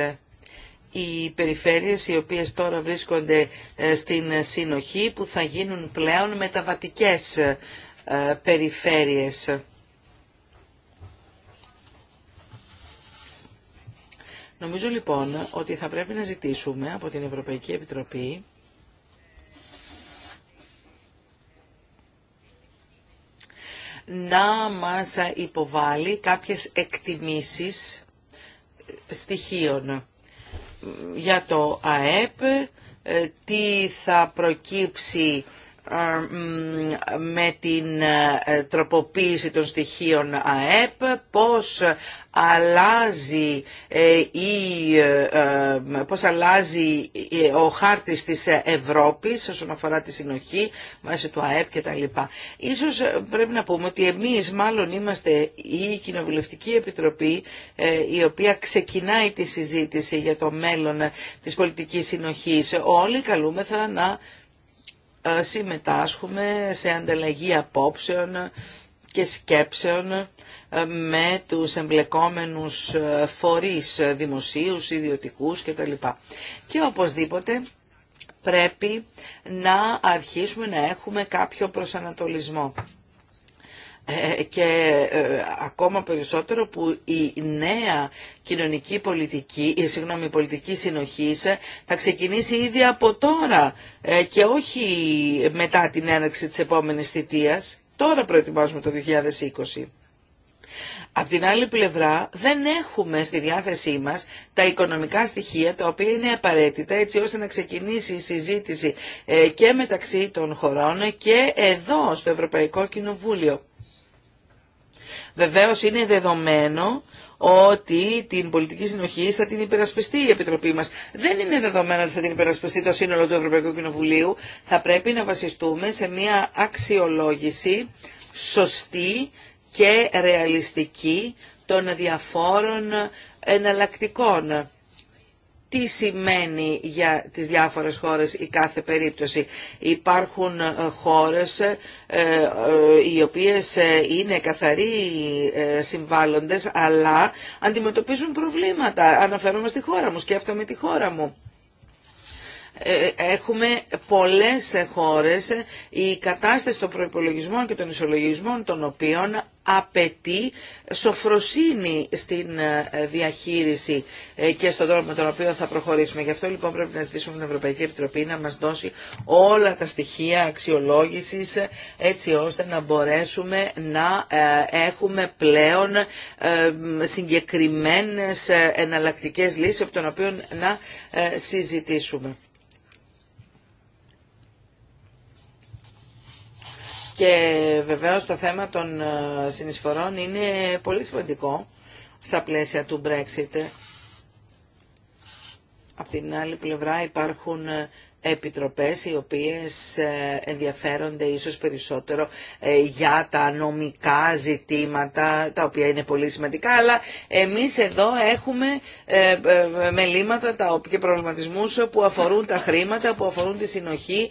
οι περιφέρειες οι οποίες τώρα βρίσκονται ε, στην συνοχή που θα γίνουν πλέον μεταβατικές ε, περιφέρειες. Νομίζω λοιπόν ότι θα πρέπει να ζητήσουμε από την Ευρωπαϊκή Επιτροπή να μας υποβάλει κάποιες εκτιμήσεις στοιχείων για το ΑΕΠ, ε, τι θα προκύψει με την τροποποίηση των στοιχείων ΑΕΠ, πώς αλλάζει, ε, η, ε, ε, πώς αλλάζει ο χάρτης της Ευρώπης όσον αφορά τη συνοχή μέσα του ΑΕΠ και τα Ίσως πρέπει να πούμε ότι εμείς μάλλον είμαστε η Κοινοβουλευτική Επιτροπή η οποία ξεκινάει τη συζήτηση για το μέλλον της πολιτικής συνοχής. Όλοι καλούμεθα να συμμετάσχουμε σε ανταλλαγή απόψεων και σκέψεων ε, με τους εμπλεκόμενους ε, φορείς δημοσίους, ιδιωτικούς κτλ. Και οπωσδήποτε πρέπει να αρχίσουμε να έχουμε κάποιο προσανατολισμό. Ε, και ε, ακόμα περισσότερο που η νέα κοινωνική πολιτική, ε, η συγγνώμη, πολιτική συνοχής θα ξεκινήσει ήδη από τώρα και όχι μετά την έναρξη της επόμενης θητείας. Τώρα προετοιμάζουμε το 2020. Απ' την άλλη πλευρά δεν έχουμε στη διάθεσή μας τα οικονομικά στοιχεία τα οποία είναι απαραίτητα έτσι ώστε να ξεκινήσει η συζήτηση και μεταξύ των χωρών και εδώ στο Ευρωπαϊκό Κοινοβούλιο. Βεβαίω, είναι δεδομένο ότι την πολιτική συνοχή θα την υπερασπιστεί η Επιτροπή μας. Δεν είναι δεδομένο ότι θα την υπερασπιστεί το σύνολο του Ευρωπαϊκού Κοινοβουλίου. Θα πρέπει να βασιστούμε σε μια αξιολόγηση σωστή και ρεαλιστική των διαφόρων εναλλακτικών τι σημαίνει για τις διάφορες χώρες η κάθε περίπτωση. Υπάρχουν ε, χώρες ε, ε, οι οποίες είναι καθαροί συμβάλλοντες αλλά αντιμετωπίζουν προβλήματα. Αναφέρομαι στη χώρα μου, σκέφτομαι τη χώρα μου. Ε, έχουμε πολλές χώρες η κατάσταση των προϋπολογισμών και των ισολογισμών των οποίων απαιτεί σοφροσύνη στην ε, διαχείριση ε, και στον τρόπο με τον οποίο θα προχωρήσουμε. Γι' αυτό λοιπόν πρέπει να ζητήσουμε την Ευρωπαϊκή Επιτροπή να μας δώσει όλα τα στοιχεία αξιολόγησης έτσι ώστε να μπορέσουμε να έχουμε πλέον συγκεκριμένες εναλλακτικές λύσεις από τον οποίο να συζητήσουμε. Και βεβαίως το θέμα των ε, συνεισφορών είναι πολύ σημαντικό στα πλαίσια του Brexit. Απ' την άλλη πλευρά υπάρχουν ε, επιτροπές οι οποίες ε, ενδιαφέρονται ίσως περισσότερο για τα νομικά ζητήματα τα οποία είναι πολύ σημαντικά αλλά εμείς εδώ έχουμε μελήματα και προβληματισμούς που αφορούν τα χρήματα, που αφορούν τη συνοχή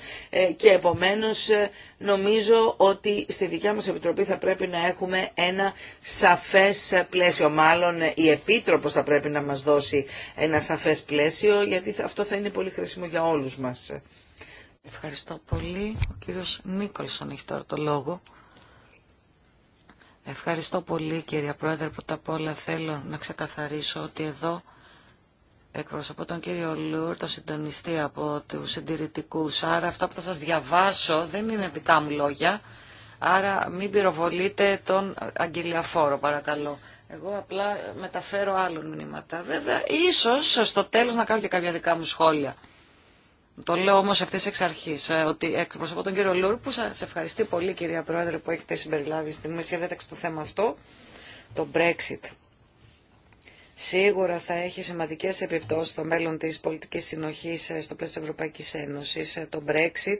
και επομένως νομίζω ότι στη δικιά μας Επιτροπή θα πρέπει να έχουμε ένα σαφές πλαίσιο. Μάλλον η Επίτροπος θα πρέπει να μας δώσει ένα σαφές πλαίσιο, γιατί αυτό θα είναι πολύ χρήσιμο για όλους μας. Ευχαριστώ πολύ. Ο κύριος Νίκολσον έχει τώρα το λόγο. Ευχαριστώ πολύ κυρία Πρόεδρε. Πρώτα απ' όλα θέλω να ξεκαθαρίσω ότι εδώ εκπροσωπώ τον κύριο Λούρ, το συντονιστή από του συντηρητικού. Άρα αυτά που θα σας διαβάσω δεν είναι δικά μου λόγια. Άρα μην πυροβολείτε τον αγγελιαφόρο παρακαλώ. Εγώ απλά μεταφέρω άλλων μηνύματα. Βέβαια, ίσως στο τέλος να κάνω και κάποια δικά μου σχόλια. Το λέω όμως ευθύς εξ αρχής, ε, ότι εκπροσωπώ τον κύριο Λούρ που σας ευχαριστεί πολύ κυρία Πρόεδρε που έχετε συμπεριλάβει στη μέση διάταξη του θέμα αυτό, το Brexit σίγουρα θα έχει σημαντικές επιπτώσεις στο μέλλον της πολιτικής συνοχής ε, στο πλαίσιο Ευρωπαϊκής Ένωσης. Ε, το Brexit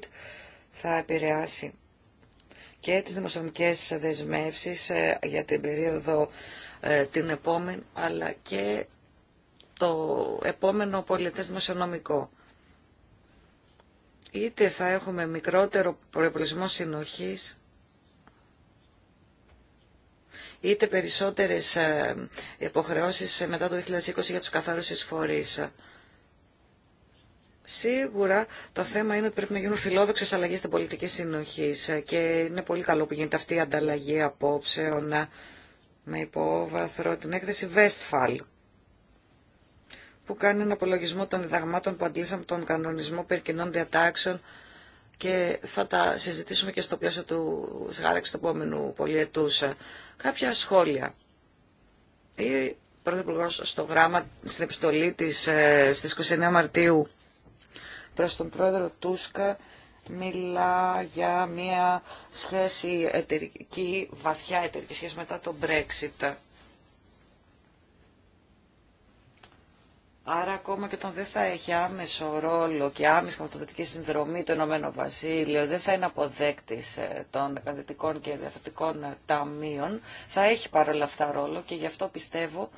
θα επηρεάσει και τις δημοσιονομικές δεσμεύσεις ε, για την περίοδο την επόμενη, αλλά και το επόμενο πολιτές δημοσιονομικό. Είτε θα έχουμε μικρότερο προϋπολογισμό συνοχής, είτε περισσότερες ε, υποχρεώσεις μετά το 2020 για τους καθαρούς εισφορείς. Σίγουρα το θέμα είναι ότι πρέπει να γίνουν φιλόδοξε αλλαγέ στην πολιτική συνοχή ε, και είναι πολύ καλό που γίνεται αυτή η ανταλλαγή απόψεων ε, με υπόβαθρο την έκθεση Westphal που κάνει ένα απολογισμό των διδαγμάτων που αντλήσαμε τον κανονισμό περικοινών διατάξεων και θα τα συζητήσουμε και στο πλαίσιο του ΣΓΑΡΕΚ του επόμενου πολιετούς. Κάποια σχόλια. Η Πρωθυπουργός στο γράμμα, στην επιστολή της ε, στις 29 Μαρτίου προς τον Πρόεδρο Τούσκα μιλά για μια σχέση εταιρική, βαθιά εταιρική σχέση μετά το Brexit. Άρα ακόμα και όταν δεν θα έχει άμεσο ρόλο και άμεση χρηματοδοτική συνδρομή το Ηνωμένο Βασίλειο, δεν θα είναι αποδέκτης ε, των επενδυτικών και διαφορετικών ε, ταμείων, θα έχει παρόλα αυτά ρόλο και γι' αυτό πιστεύω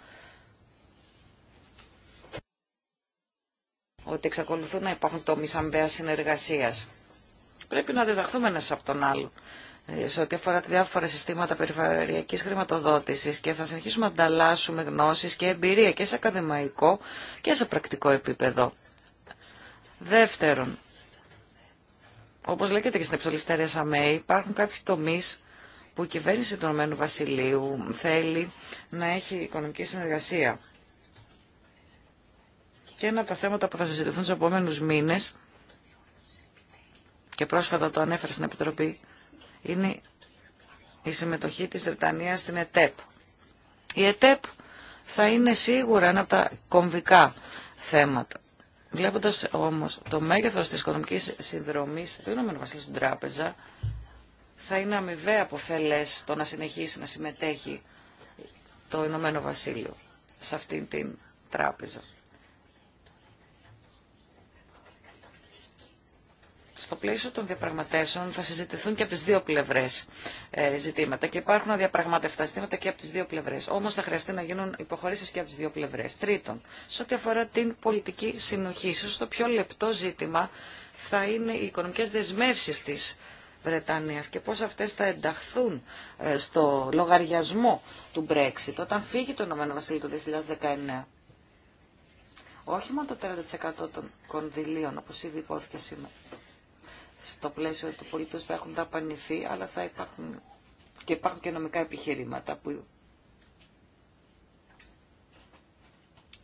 ότι εξακολουθούν να υπάρχουν τομείς αμπέας συνεργασίας. Πρέπει να διδαχθούμε ένας από τον άλλο. Ε, σε ό,τι αφορά τα διάφορα συστήματα περιφερειακής χρηματοδότηση και θα συνεχίσουμε να ανταλλάσσουμε γνώσει και εμπειρία και σε ακαδημαϊκό και σε πρακτικό επίπεδο. Δεύτερον, όπω λέγεται και στην επιστολή ΣΑΜΕΗ, υπάρχουν κάποιοι τομεί που η κυβέρνηση του Ηνωμένου Βασιλείου θέλει να έχει οικονομική συνεργασία. Και ένα από τα θέματα που θα συζητηθούν στους επόμενους μήνες και πρόσφατα το ανέφερα στην Επιτροπή είναι η συμμετοχή της Βρετανία στην ΕΤΕΠ. Η ΕΤΕΠ θα είναι σίγουρα ένα από τα κομβικά θέματα. Βλέποντας όμως το μέγεθος της οικονομικής συνδρομής του Ηνωμένου Βασιλείου στην τράπεζα, θα είναι αμοιβαία αποφελές το να συνεχίσει να συμμετέχει το Ηνωμένο Βασίλειο σε αυτήν την τράπεζα. Στο πλαίσιο των διαπραγματεύσεων θα συζητηθούν και από τι δύο πλευρές ε, ζητήματα και υπάρχουν διαπραγματευτά ζητήματα και από τι δύο πλευρέ, όμω θα χρειαστεί να γίνουν υποχωρήσει και από τι δύο πλευρέ. Τρίτον, σε ό,τι αφορά την πολιτική συνοχή, ίσω το πιο λεπτό ζήτημα θα είναι οι οικονομικέ δεσμεύσει τη Βρετανίας και πώς αυτές θα ενταχθούν ε, στο λογαριασμό του Brexit όταν φύγει το Ηνωμένο Βασίλειο το 2019. Όχι μόνο το 30% των κονδυλίων, όπως ήδη υπόθηκε σήμερα, στο πλαίσιο του πολίτου θα έχουν δαπανηθεί, αλλά θα υπάρχουν και υπάρχουν και νομικά επιχειρήματα που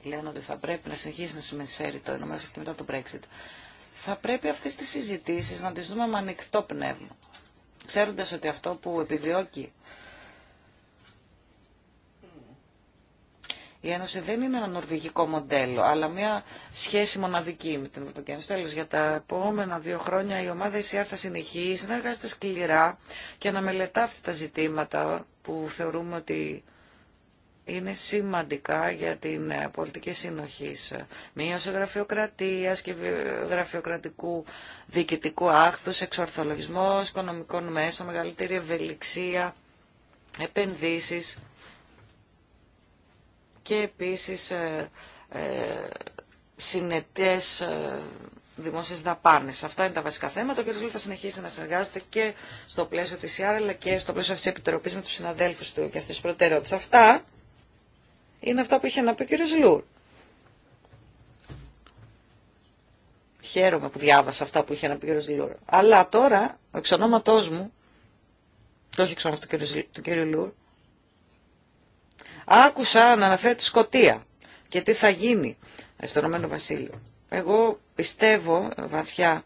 λένε ότι θα πρέπει να συνεχίσει να συμμεσφέρει το ΕΕ και μετά το Brexit. Θα πρέπει αυτέ τι συζητήσεις να τι δούμε με ανοιχτό πνεύμα, Ξέροντα ότι αυτό που επιδιώκει η Ένωση δεν είναι ένα νορβηγικό μοντέλο, αλλά μια σχέση μοναδική με την Ευρωπαϊκή Ένωση. Τέλος, για τα επόμενα δύο χρόνια η ομάδα ECR θα συνεχίσει να εργάζεται σκληρά και να μελετά αυτά τα ζητήματα που θεωρούμε ότι είναι σημαντικά για την ε, πολιτική συνοχή. Μείωση γραφειοκρατία και γραφειοκρατικού διοικητικού άχθου, εξορθολογισμό, οικονομικών μέσων, μεγαλύτερη ευελιξία, επενδύσει και επίσης ε, ε, συνετές ε, δημόσιες δαπάνες. Αυτά είναι τα βασικά θέματα. Ο κ. Λούρ θα συνεχίσει να συνεργάζεται και στο πλαίσιο της ΙΑΡ αλλά και στο πλαίσιο αυτής της Επιτροπής με τους συναδέλφους του και αυτές τις προτεραιότητες. Αυτά είναι αυτά που είχε να πει ο κ. Λούρ. Χαίρομαι που διάβασα αυτά που είχε να πει ο κ. Λούρ. Αλλά τώρα, εξ ονόματός μου, και όχι εξ ονόματος του κ. Λούρ, Άκουσα να αναφέρει τη Σκοτία και τι θα γίνει στο Ηνωμένο Βασίλειο. Εγώ πιστεύω βαθιά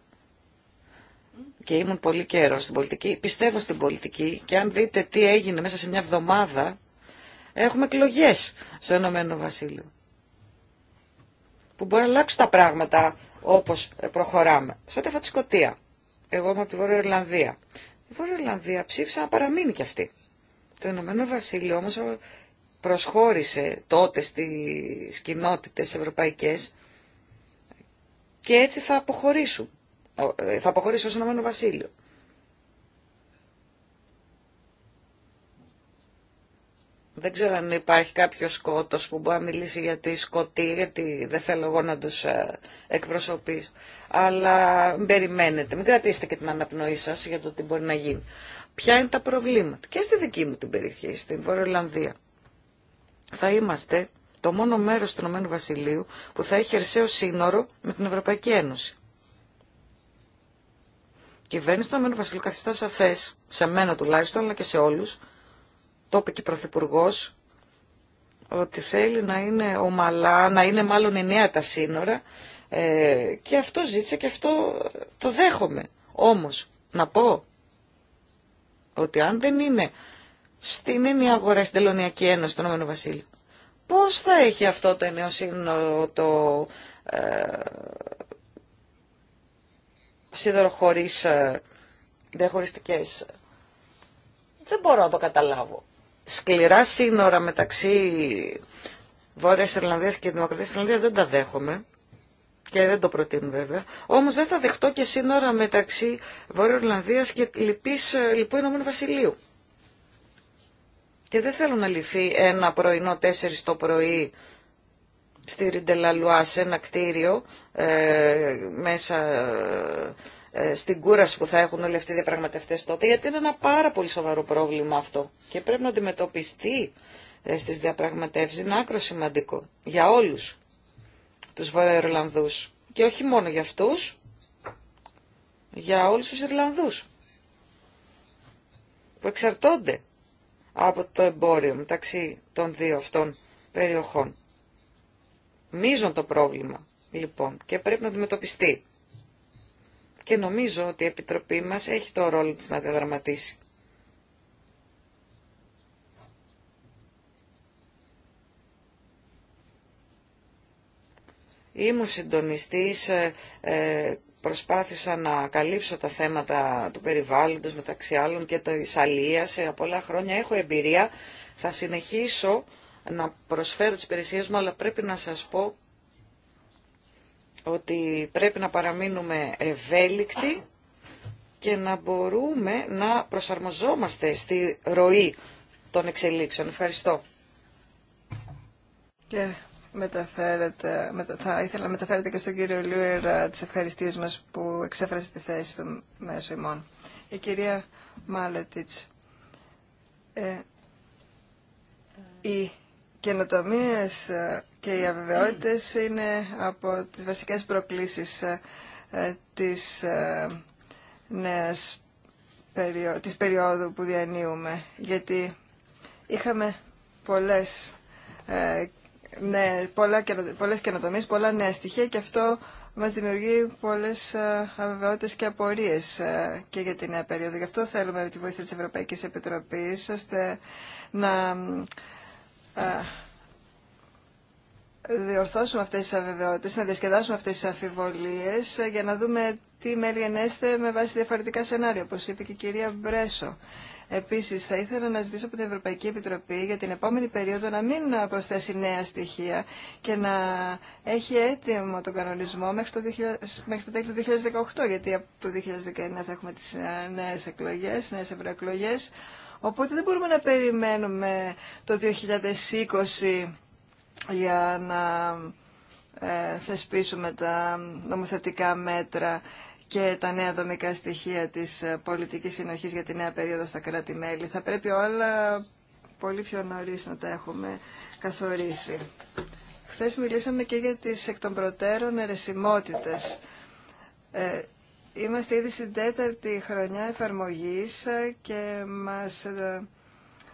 και ήμουν πολύ καιρό στην πολιτική, πιστεύω στην πολιτική και αν δείτε τι έγινε μέσα σε μια εβδομάδα, έχουμε εκλογέ στο Ηνωμένο Βασίλειο. Που μπορεί να αλλάξουν τα πράγματα όπω προχωράμε. Σε ό,τι αφορά τη Σκωτία. Εγώ είμαι από τη Βόρεια Ιρλανδία. Η Βόρεια Ιρλανδία ψήφισε να παραμείνει κι αυτή. Το ενωμένο Βασίλειο όμω προσχώρησε τότε στις κοινότητες ευρωπαϊκές και έτσι θα αποχωρήσουν. Ε, θα αποχωρήσει ως Ηνωμένο Βασίλειο. Δεν ξέρω αν υπάρχει κάποιο σκότος που μπορεί να μιλήσει για τη σκοτή, γιατί δεν θέλω εγώ να τους ε, εκπροσωπήσω. Αλλά μην περιμένετε, μην κρατήσετε και την αναπνοή σας για το τι μπορεί να γίνει. Ποια είναι τα προβλήματα και στη δική μου την περιοχή, στην Βορειοελλανδία θα είμαστε το μόνο μέρος του Ηνωμένου Βασιλείου που θα έχει ερσαίο σύνορο με την Ευρωπαϊκή Ένωση. Η κυβέρνηση του Ηνωμένου Βασιλείου καθιστά σαφέ, σε μένα τουλάχιστον, αλλά και σε όλους, το είπε και η Πρωθυπουργό, ότι θέλει να είναι ομαλά, να είναι μάλλον ενιαία τα σύνορα ε, και αυτό ζήτησε και αυτό το δέχομαι. Όμως, να πω ότι αν δεν είναι στην ενιαία αγορά στην Τελωνιακή Ένωση του Ενωμένου Βασίλειου. Πώς θα έχει αυτό το ενιαίο σύνολο το ε, σίδερο χωρίς ε, Δεν μπορώ να το καταλάβω. Σκληρά σύνορα μεταξύ Βόρειας Ιρλανδίας και Δημοκρατίας Ιρλανδίας δεν τα δέχομαι και δεν το προτείνουν βέβαια. Όμως δεν θα δεχτώ και σύνορα μεταξύ Βόρειο Ιρλανδίας και λοιπού ε, Ηνωμένου Βασιλείου. Και δεν θέλω να λυθεί ένα πρωινό 4 το πρωί στη Ριντελαλουά σε ένα κτίριο ε, μέσα ε, στην κούραση που θα έχουν όλοι αυτοί οι διαπραγματευτές τότε γιατί είναι ένα πάρα πολύ σοβαρό πρόβλημα αυτό και πρέπει να αντιμετωπιστεί ε, στις διαπραγματεύσεις είναι άκρο σημαντικό για όλους τους Βορειοϊρλανδούς και όχι μόνο για αυτούς για όλους τους Ιρλανδούς που εξαρτώνται από το εμπόριο μεταξύ των δύο αυτών περιοχών. Μίζον το πρόβλημα, λοιπόν, και πρέπει να αντιμετωπιστεί. Και νομίζω ότι η Επιτροπή μας έχει το ρόλο της να διαδραματίσει. Ήμουν συντονιστής ε, ε προσπάθησα να καλύψω τα θέματα του περιβάλλοντος μεταξύ άλλων και το αλίας. Σε πολλά χρόνια έχω εμπειρία. Θα συνεχίσω να προσφέρω τις υπηρεσίες μου, αλλά πρέπει να σας πω ότι πρέπει να παραμείνουμε ευέλικτοι και να μπορούμε να προσαρμοζόμαστε στη ροή των εξελίξεων. Ευχαριστώ μεταφέρετε, θα ήθελα να μεταφέρετε και στον κύριο Λούερ ε, τις ευχαριστίες μας που εξέφρασε τη θέση του μέσω ημών. Η κυρία Μάλετιτς, ε, οι καινοτομίες ε, και οι αβεβαιότητες είναι από τις βασικές προκλήσεις της νέας της περίοδου που διανύουμε, γιατί είχαμε πολλές ναι, πολλά, πολλές πολλά νέα στοιχεία και αυτό μα δημιουργεί πολλέ ε, αβεβαιότητε και απορίε ε, και για τη νέα περίοδο. Γι' αυτό θέλουμε τη βοήθεια τη Ευρωπαϊκή Επιτροπή, ώστε να ε, διορθώσουμε αυτές τις αβεβαιότητες, να διασκεδάσουμε αυτές τις αφιβολίες για να δούμε τι μέλη ενέστε με βάση διαφορετικά σενάρια, όπως είπε και η κυρία Μπρέσο. Επίσης, θα ήθελα να ζητήσω από την Ευρωπαϊκή Επιτροπή για την επόμενη περίοδο να μην προσθέσει νέα στοιχεία και να έχει έτοιμο τον κανονισμό μέχρι το, του 2018, γιατί από το 2019 θα έχουμε τις ε, νέες εκλογές, νέες ευρωεκλογές. Οπότε δεν μπορούμε να περιμένουμε το 2020 για να ε, θεσπίσουμε τα νομοθετικά μέτρα και τα νέα δομικά στοιχεία της ε, πολιτικής συνοχής για τη νέα περίοδο στα κράτη-μέλη. Θα πρέπει όλα πολύ πιο νωρίς να τα έχουμε καθορίσει. Χθες μιλήσαμε και για τις εκ των προτέρων ερεσιμότητες. Ε, είμαστε ήδη στην τέταρτη χρονιά εφαρμογής ε, και μας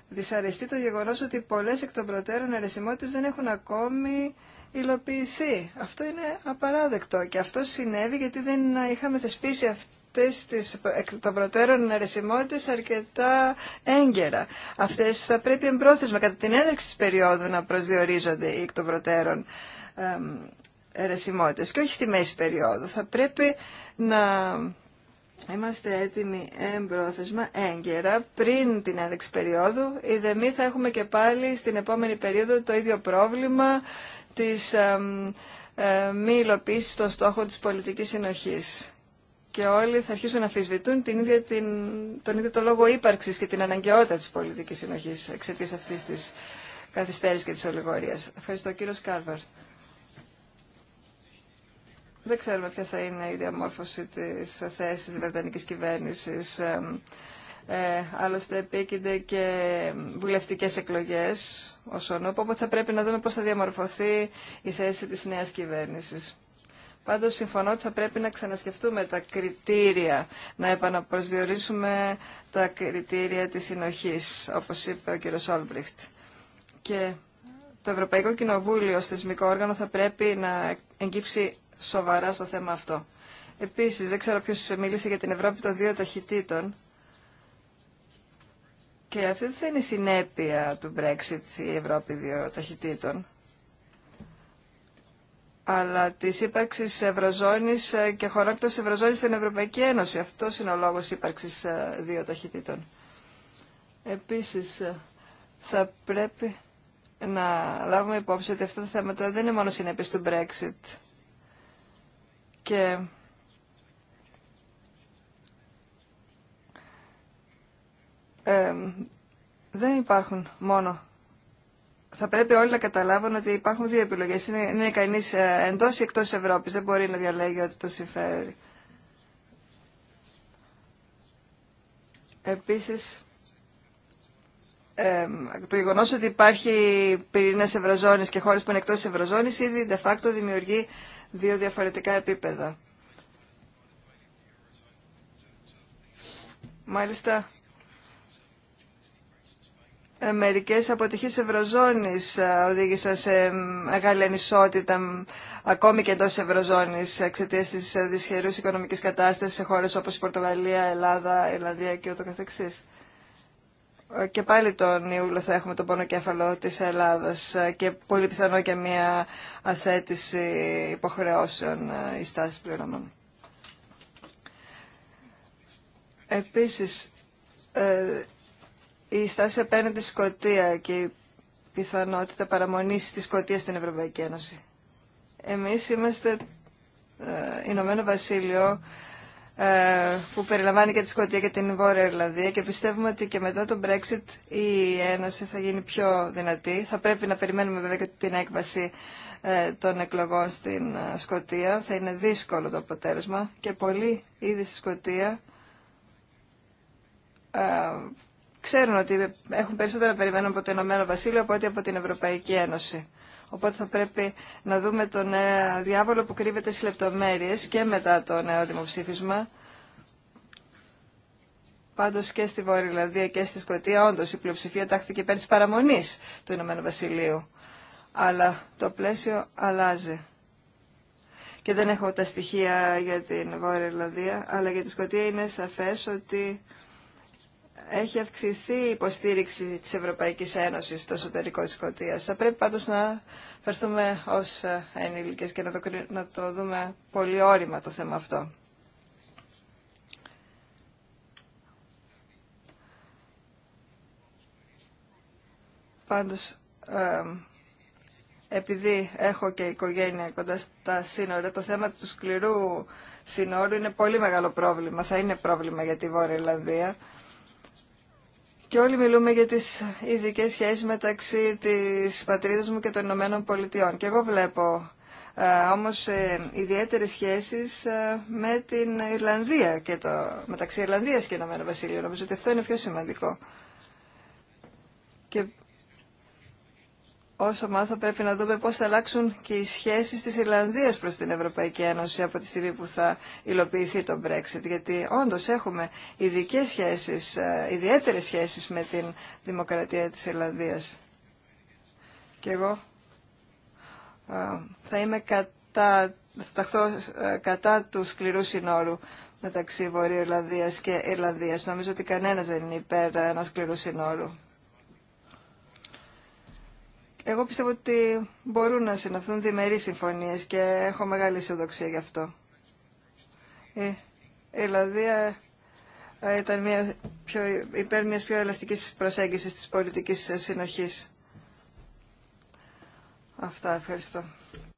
δυσαρεστεί το γεγονός ότι πολλές εκ των προτέρων ερεσιμότητες δεν έχουν ακόμη αυτό είναι απαράδεκτο και αυτό συνέβη γιατί δεν είχαμε θεσπίσει αυτές τις των προτέρων αρεσιμότητες αρκετά έγκαιρα. Αυτές θα πρέπει εμπρόθεσμα κατά την έναρξη της περίοδου να προσδιορίζονται οι εκ των προτέρων αρεσιμότητες και όχι στη μέση περίοδου. Θα πρέπει να... Είμαστε έτοιμοι εμπρόθεσμα έγκαιρα πριν την έναρξη περίοδου. δε μη θα έχουμε και πάλι στην επόμενη περίοδο το ίδιο πρόβλημα της ε, ε, μη υλοποίηση των στόχων της πολιτικής συνοχής. Και όλοι θα αρχίσουν να αφισβητούν την ίδια τον ίδιο το λόγο ύπαρξης και την αναγκαιότητα της πολιτικής συνοχής εξαιτίας αυτής της καθυστέρησης και της ολιγορίας. Ευχαριστώ κύριο Σκάρβαρ. Δεν ξέρουμε ποια θα είναι η διαμόρφωση της θέσης της Βρετανικής κυβέρνησης ε, άλλωστε επίκυνται και βουλευτικές εκλογές όσον όπου θα πρέπει να δούμε πώς θα διαμορφωθεί η θέση της νέας κυβέρνησης. Πάντως συμφωνώ ότι θα πρέπει να ξανασκεφτούμε τα κριτήρια, να επαναπροσδιορίσουμε τα κριτήρια της συνοχής, όπως είπε ο κ. Σόλμπριχτ. Και το Ευρωπαϊκό Κοινοβούλιο ως θεσμικό όργανο θα πρέπει να εγκύψει σοβαρά στο θέμα αυτό. Επίσης, δεν ξέρω ποιος μίλησε για την Ευρώπη των δύο ταχυτήτων, και αυτή δεν θα είναι η συνέπεια του Brexit η Ευρώπη δύο ταχυτήτων αλλά τη ύπαρξη Ευρωζώνη ε, και χωρών εκτό Ευρωζώνη στην Ευρωπαϊκή Ένωση. Αυτό είναι ο λόγο ύπαρξη ε, δύο ταχυτήτων. Επίση, ε, θα πρέπει να λάβουμε υπόψη ότι αυτά τα θέματα δεν είναι μόνο συνέπειε του Brexit. Και δεν υπάρχουν μόνο. Θα πρέπει όλοι να καταλάβουν ότι υπάρχουν δύο επιλογές. Είναι, είναι κανείς ε, εντός ή εκτός Ευρώπης. Δεν μπορεί να διαλέγει ότι το συμφέρει. Επίσης, ε, το γεγονό ότι υπάρχει πυρήνες Ευρωζώνης και χώρες που είναι εκτός Ευρωζώνης ήδη de facto δημιουργεί δύο διαφορετικά επίπεδα. Μάλιστα, ε, μερικές αποτυχίες ευρωζώνης ε, οδήγησαν σε μεγάλη ανισότητα ακόμη και εντός ευρωζώνης εξαιτία της ε, δυσχερούς οικονομικής κατάστασης σε χώρες όπως η Πορτογαλία, Ελλάδα, Ιρλανδία και ούτω καθεξής. Και πάλι τον Ιούλιο θα έχουμε τον πονοκέφαλο της Ελλάδας και πολύ πιθανό και μια αθέτηση υποχρεώσεων η πληρωμών. Επίσης, η στάση απέναντι στη Σκοτία και η πιθανότητα παραμονή της Σκωτία στην Ευρωπαϊκή Ένωση. Εμείς είμαστε ε, Ηνωμένο Βασίλειο ε, που περιλαμβάνει και τη Σκοτία και την Βόρεια Ιρλανδία και πιστεύουμε ότι και μετά τον Brexit η Ένωση θα γίνει πιο δυνατή. Θα πρέπει να περιμένουμε βέβαια και την έκβαση ε, των εκλογών στην ε, Σκοτία. Θα είναι δύσκολο το αποτέλεσμα και πολλοί ήδη στη Σκοτία ξέρουν ότι έχουν περισσότερα περιμένουν από το Ηνωμένο Βασίλειο από ότι από την Ευρωπαϊκή Ένωση. Οπότε θα πρέπει να δούμε τον διάβολο που κρύβεται στι λεπτομέρειε και μετά το νέο δημοψήφισμα. Πάντω και στη Βόρεια Ιρλανδία και στη Σκωτία, όντω η πλειοψηφία τάχθηκε υπέρ τη παραμονή του Ηνωμένου Βασιλείου. Αλλά το πλαίσιο αλλάζει. Και δεν έχω τα στοιχεία για την Βόρεια Ιρλανδία, αλλά για τη Σκωτία είναι σαφέ ότι έχει αυξηθεί η υποστήριξη της Ευρωπαϊκής Ένωσης στο εσωτερικό της Σκοτίας. Θα πρέπει πάντως να φερθούμε ως ε, ενήλικες και να το, να το δούμε πολύ όρημα το θέμα αυτό. Πάντως, επειδή έχω και οικογένεια κοντά στα σύνορα, το θέμα του σκληρού σύνορου είναι πολύ μεγάλο πρόβλημα. Θα είναι πρόβλημα για τη Βόρεια Ιρλανδία. Και όλοι μιλούμε για τις ειδικέ σχέσεις μεταξύ της πατρίδας μου και των Ηνωμένων Πολιτειών. Και εγώ βλέπω ε, όμως ε, ιδιαίτερες σχέσεις ε, με την Ιρλανδία και το, μεταξύ Ιρλανδίας και Ηνωμένου Βασίλειου. Νομίζω ότι αυτό είναι πιο σημαντικό. Και Όσο μάθα πρέπει να δούμε πώς θα αλλάξουν και οι σχέσεις της Ιρλανδίας προς την Ευρωπαϊκή Ένωση από τη στιγμή που θα υλοποιηθεί το Brexit. Γιατί όντως έχουμε ειδικέ σχέσεις, ε, ιδιαίτερες σχέσεις με την δημοκρατία της Ιρλανδίας. Και εγώ ε, θα είμαι κατά, θα ε, κατά του σκληρού συνόρου μεταξύ Βορείου Ιρλανδίας και Ιρλανδίας. Νομίζω ότι κανένας δεν είναι υπέρ ενός σκληρού συνόρου. Εγώ πιστεύω ότι μπορούν να συναυθούν διμερείς συμφωνίες και έχω μεγάλη αισιοδοξία γι' αυτό. Η Ελλαδία ε, ήταν μια πιο, υπέρ μιας πιο ελαστικής προσέγγισης της πολιτικής συνοχής. Αυτά, ευχαριστώ.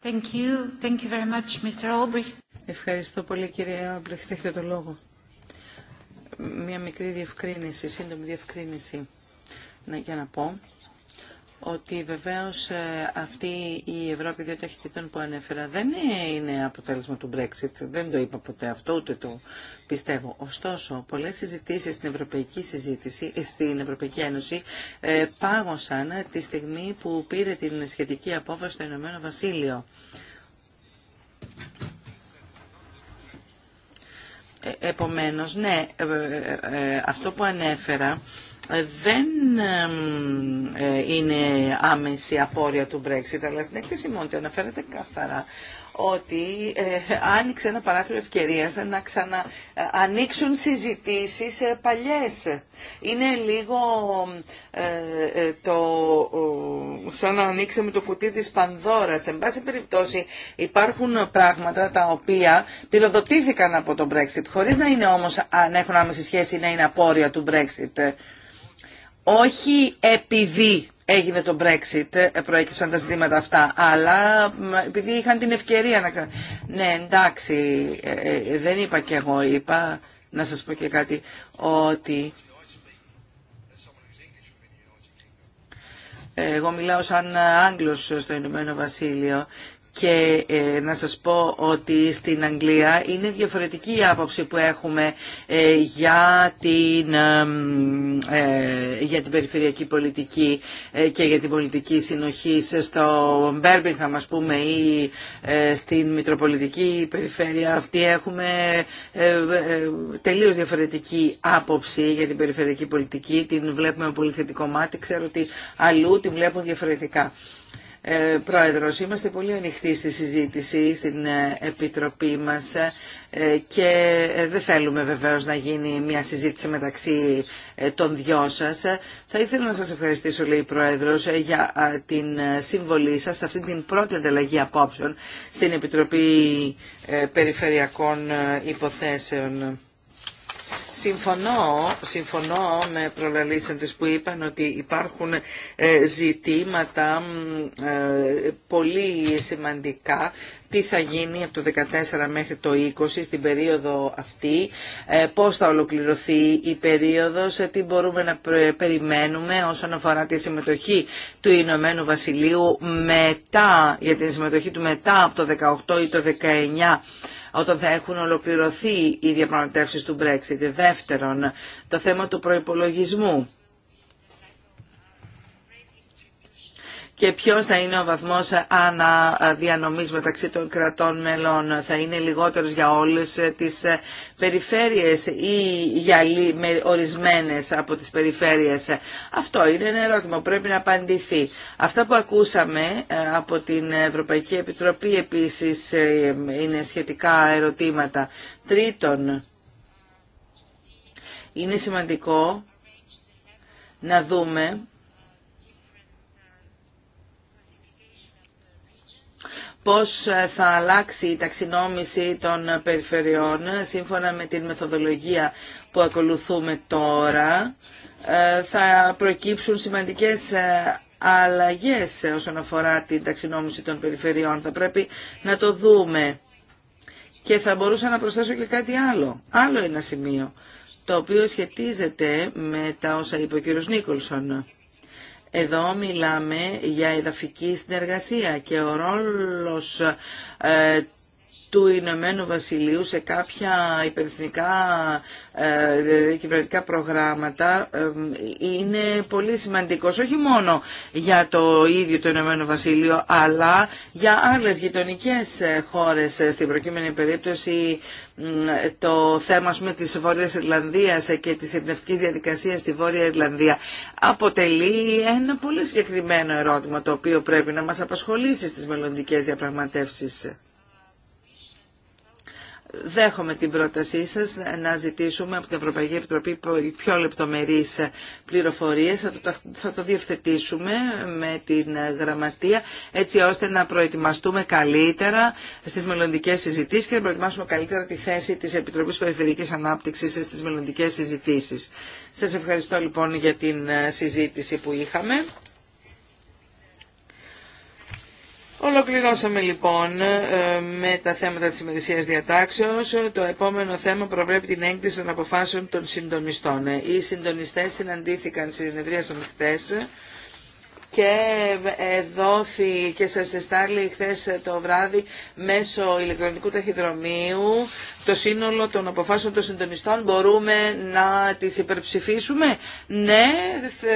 Thank you. Thank you very much, Mr. Ευχαριστώ πολύ κύριε Όμπριχτ, έχετε το λόγο. Μια μικρή διευκρίνηση, σύντομη διευκρίνηση να, για να πω ότι βεβαίως ε, αυτή η Ευρώπη δύο ταχυτήτων που ανέφερα δεν είναι αποτέλεσμα του Brexit. Δεν το είπα ποτέ αυτό, ούτε το πιστεύω. Ωστόσο, πολλές συζητήσεις στην Ευρωπαϊκή, συζήτηση, ε, στην Ευρωπαϊκή Ένωση ε, πάγωσαν τη στιγμή που πήρε την σχετική απόφαση στο Ηνωμένο Βασίλειο. Επομένως, ναι, αυτό που ανέφερα δεν ε, είναι άμεση απόρρια του Brexit, αλλά στην έκθεση Μόντι αναφέρεται καθαρά ότι ε, άνοιξε ένα παράθυρο ευκαιρίας να ξαναανοίξουν ε, συζητήσεις παλιές. Είναι λίγο το, σαν να ανοίξαμε το κουτί της Πανδώρας. Εν πάση περιπτώσει υπάρχουν πράγματα τα οποία πυροδοτήθηκαν από τον Brexit, χωρίς να είναι όμως αν έχουν άμεση σχέση να είναι απόρρια του Brexit όχι επειδή έγινε το Brexit, ε, προέκυψαν τα ζητήματα αυτά, αλλά επειδή είχαν την ευκαιρία να ξανα... Ναι, εντάξει, ε, ε, δεν είπα και εγώ, είπα, να σας πω και κάτι, ότι... Εγώ μιλάω σαν Άγγλος στο Ηνωμένο Βασίλειο και ε, να σας πω ότι στην Αγγλία είναι διαφορετική η άποψη που έχουμε ε, για την, ε, για την περιφερειακή πολιτική και για την πολιτική συνοχή στο θα ας πούμε ή στην Μητροπολιτική Περιφέρεια αυτή έχουμε τελείως διαφορετική άποψη για την περιφερειακή πολιτική την βλέπουμε με πολύ θετικό μάτι ξέρω ότι αλλού την βλέπουν διαφορετικά ε, πρόεδρος. Είμαστε πολύ ανοιχτοί στη συζήτηση στην ε, Επιτροπή μας ε, και δεν θέλουμε βεβαίως να γίνει μια συζήτηση μεταξύ των δυο σας. Θα ήθελα να σας ευχαριστήσω, λέει η Πρόεδρος, για την συμβολή σας σε αυτή την πρώτη ανταλλαγή απόψεων στην Επιτροπή Περιφερειακών Υποθέσεων. Συμφωνώ, συμφωνώ με προλαλήσαντες που είπαν ότι υπάρχουν ε, ζητήματα ε, πολύ σημαντικά τι θα γίνει από το 14 μέχρι το 20 στην περίοδο αυτή, ε, πώς θα ολοκληρωθεί η περίοδος, τι μπορούμε να περιμένουμε όσον αφορά τη συμμετοχή του Ηνωμένου Βασιλείου μετά, για τη συμμετοχή του μετά από το 18 ή το 19 όταν θα έχουν ολοκληρωθεί οι διαπραγματεύσεις του Brexit. Δεύτερον, το θέμα του προϋπολογισμού και ποιος θα είναι ο βαθμός αναδιανομής μεταξύ των κρατών μελών. Θα είναι λιγότερος για όλες τις περιφέρειες ή για ορισμένες από τις περιφέρειες. Αυτό είναι ένα ερώτημα που πρέπει να απαντηθεί. Αυτά που ακούσαμε ε, από την Ευρωπαϊκή Επιτροπή επίσης ε, είναι σχετικά ερωτήματα. Τρίτον, είναι σημαντικό να δούμε πώς ε, θα αλλάξει η ταξινόμηση των ε, περιφερειών ε, σύμφωνα με την μεθοδολογία που ακολουθούμε τώρα θα προκύψουν σημαντικές αλλαγές όσον αφορά την ταξινόμηση των περιφερειών. Θα πρέπει να το δούμε. Και θα μπορούσα να προσθέσω και κάτι άλλο. Άλλο ένα σημείο, το οποίο σχετίζεται με τα όσα είπε ο κύριος Νίκολσον. Εδώ μιλάμε για εδαφική συνεργασία και ο ρόλος ε, του Ηνωμένου Βασιλείου σε κάποια υπερθνικά ε, κυβερνητικά προγράμματα ε, είναι πολύ σημαντικός όχι μόνο για το ίδιο το Ηνωμένο Βασίλειο αλλά για άλλες γειτονικές χώρες στην προκείμενη περίπτωση το θέμα με της Βόρειας Ιρλανδίας και της ειρνευτικής διαδικασίας στη Βόρεια Ιρλανδία αποτελεί ένα πολύ συγκεκριμένο ερώτημα το οποίο πρέπει να μας απασχολήσει στις μελλοντικές διαπραγματεύσεις. Δέχομαι την πρότασή σας να ζητήσουμε από την Ευρωπαϊκή Επιτροπή πιο λεπτομερείς πληροφορίες. Θα το, θα το διευθετήσουμε με την γραμματεία έτσι ώστε να προετοιμαστούμε καλύτερα στις μελλοντικέ συζητήσεις και να προετοιμάσουμε καλύτερα τη θέση της Επιτροπής Περιφερειακής Ανάπτυξης στις μελλοντικέ συζητήσεις. Σας ευχαριστώ λοιπόν για την ε, συζήτηση που είχαμε. Ολοκληρώσαμε λοιπόν ε, με τα θέματα της ημερησίας διατάξεως. Το επόμενο θέμα προβλέπει την έγκριση των αποφάσεων των συντονιστών. Ε, οι συντονιστές συναντήθηκαν, συνεδρίασαν χτες και δόθη και σας εστάλει χθε το βράδυ μέσω ηλεκτρονικού ταχυδρομείου το σύνολο των αποφάσεων των συντονιστών μπορούμε να τις υπερψηφίσουμε. Ναι,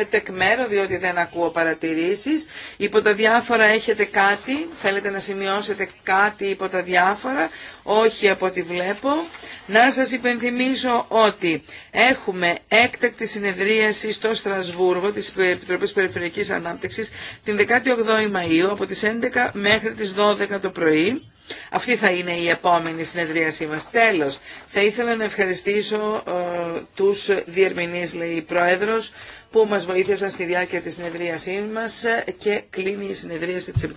τεκμέρο διότι δεν ακούω παρατηρήσεις. Υπό τα διάφορα έχετε κάτι, θέλετε να σημειώσετε κάτι υπό τα διάφορα. Όχι από ό,τι βλέπω. Να σας υπενθυμίσω ότι έχουμε έκτακτη συνεδρίαση στο Στρασβούργο της Επιτροπής Περιφερειακής Ανάπτυξης την 18η Μαΐου από τις 11 μέχρι τις 12 το πρωί. Αυτή θα είναι η επόμενη συνεδρίασή μας. Τέλος, θα ήθελα να ευχαριστήσω ε, τους διερμηνείς, λέει η Πρόεδρος, που μας βοήθησαν στη διάρκεια της συνεδρίασή μας ε, και κλείνει η συνεδρίαση της Επιτροπής.